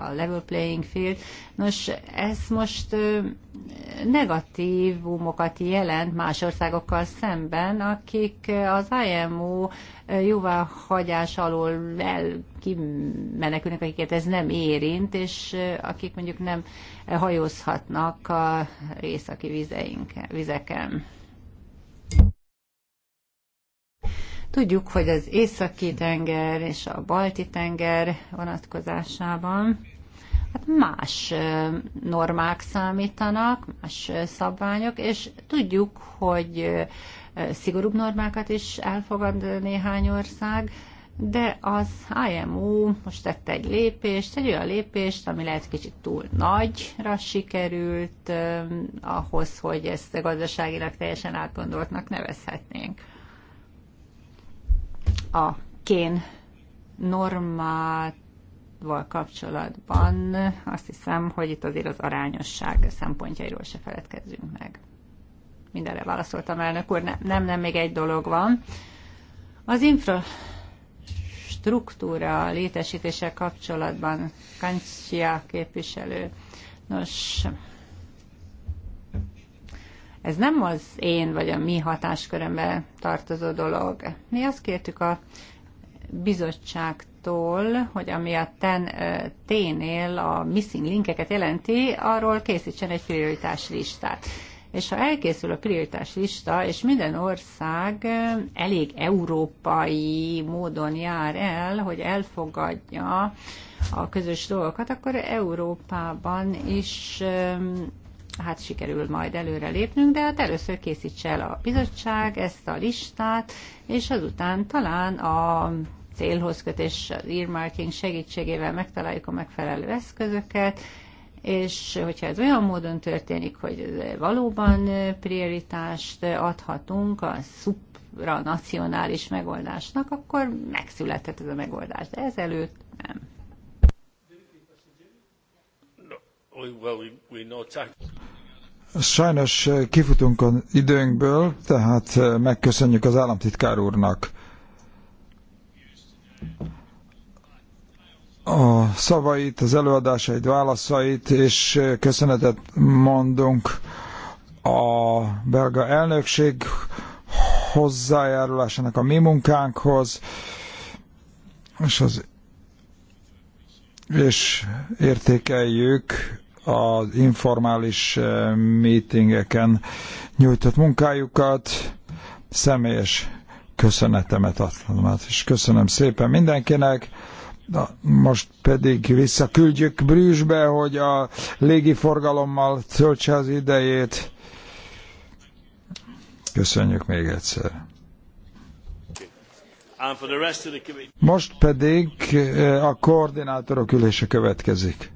a level playing field, nos, ez most negatívumokat jelent más országokkal szemben, akik az IMO jóváhagyás alól el kimenekülnek, akiket ez nem érint, és akik mondjuk nem hajózhatnak a északi vizeink, vizeken. Tudjuk, hogy az északi tenger és a balti tenger vonatkozásában hát más normák számítanak, más szabványok, és tudjuk, hogy szigorúbb normákat is elfogad néhány ország, de az IMU most tette egy lépést, egy olyan lépést, ami lehet kicsit túl nagyra sikerült eh, ahhoz, hogy ezt a gazdaságilag teljesen átgondoltnak nevezhetnénk. A kén normát val kapcsolatban azt hiszem, hogy itt azért az arányosság szempontjairól se feledkezzünk meg. Mindenre válaszoltam, elnök úr. Nem, nem, nem még egy dolog van. Az infra struktúra létesítése kapcsolatban, Kancsia képviselő. Nos, ez nem az én vagy a mi hatáskörömbe tartozó dolog. Mi azt kértük a bizottságtól, hogy ami a ten T-nél a missing linkeket jelenti, arról készítsen egy prioritás listát. És ha elkészül a prioritás lista, és minden ország elég európai módon jár el, hogy elfogadja a közös dolgokat, akkor Európában is hát sikerül majd előre lépnünk, de hát először készítse el a bizottság ezt a listát, és azután talán a célhoz kötés, az earmarking segítségével megtaláljuk a megfelelő eszközöket, és hogyha ez olyan módon történik, hogy valóban prioritást adhatunk a szupranacionális megoldásnak, akkor megszülethet ez a megoldás, de ezelőtt nem. Sajnos kifutunk az időnkből, tehát megköszönjük az államtitkár úrnak a szavait, az előadásait, válaszait, és köszönetet mondunk a belga elnökség hozzájárulásának a mi munkánkhoz, és, az, és értékeljük az informális eh, meetingeken nyújtott munkájukat, személyes köszönetemet adom át, és köszönöm szépen mindenkinek, Na, most pedig visszaküldjük Brűsbe, hogy a légiforgalommal töltse az idejét. Köszönjük még egyszer. Most pedig eh, a koordinátorok ülése következik.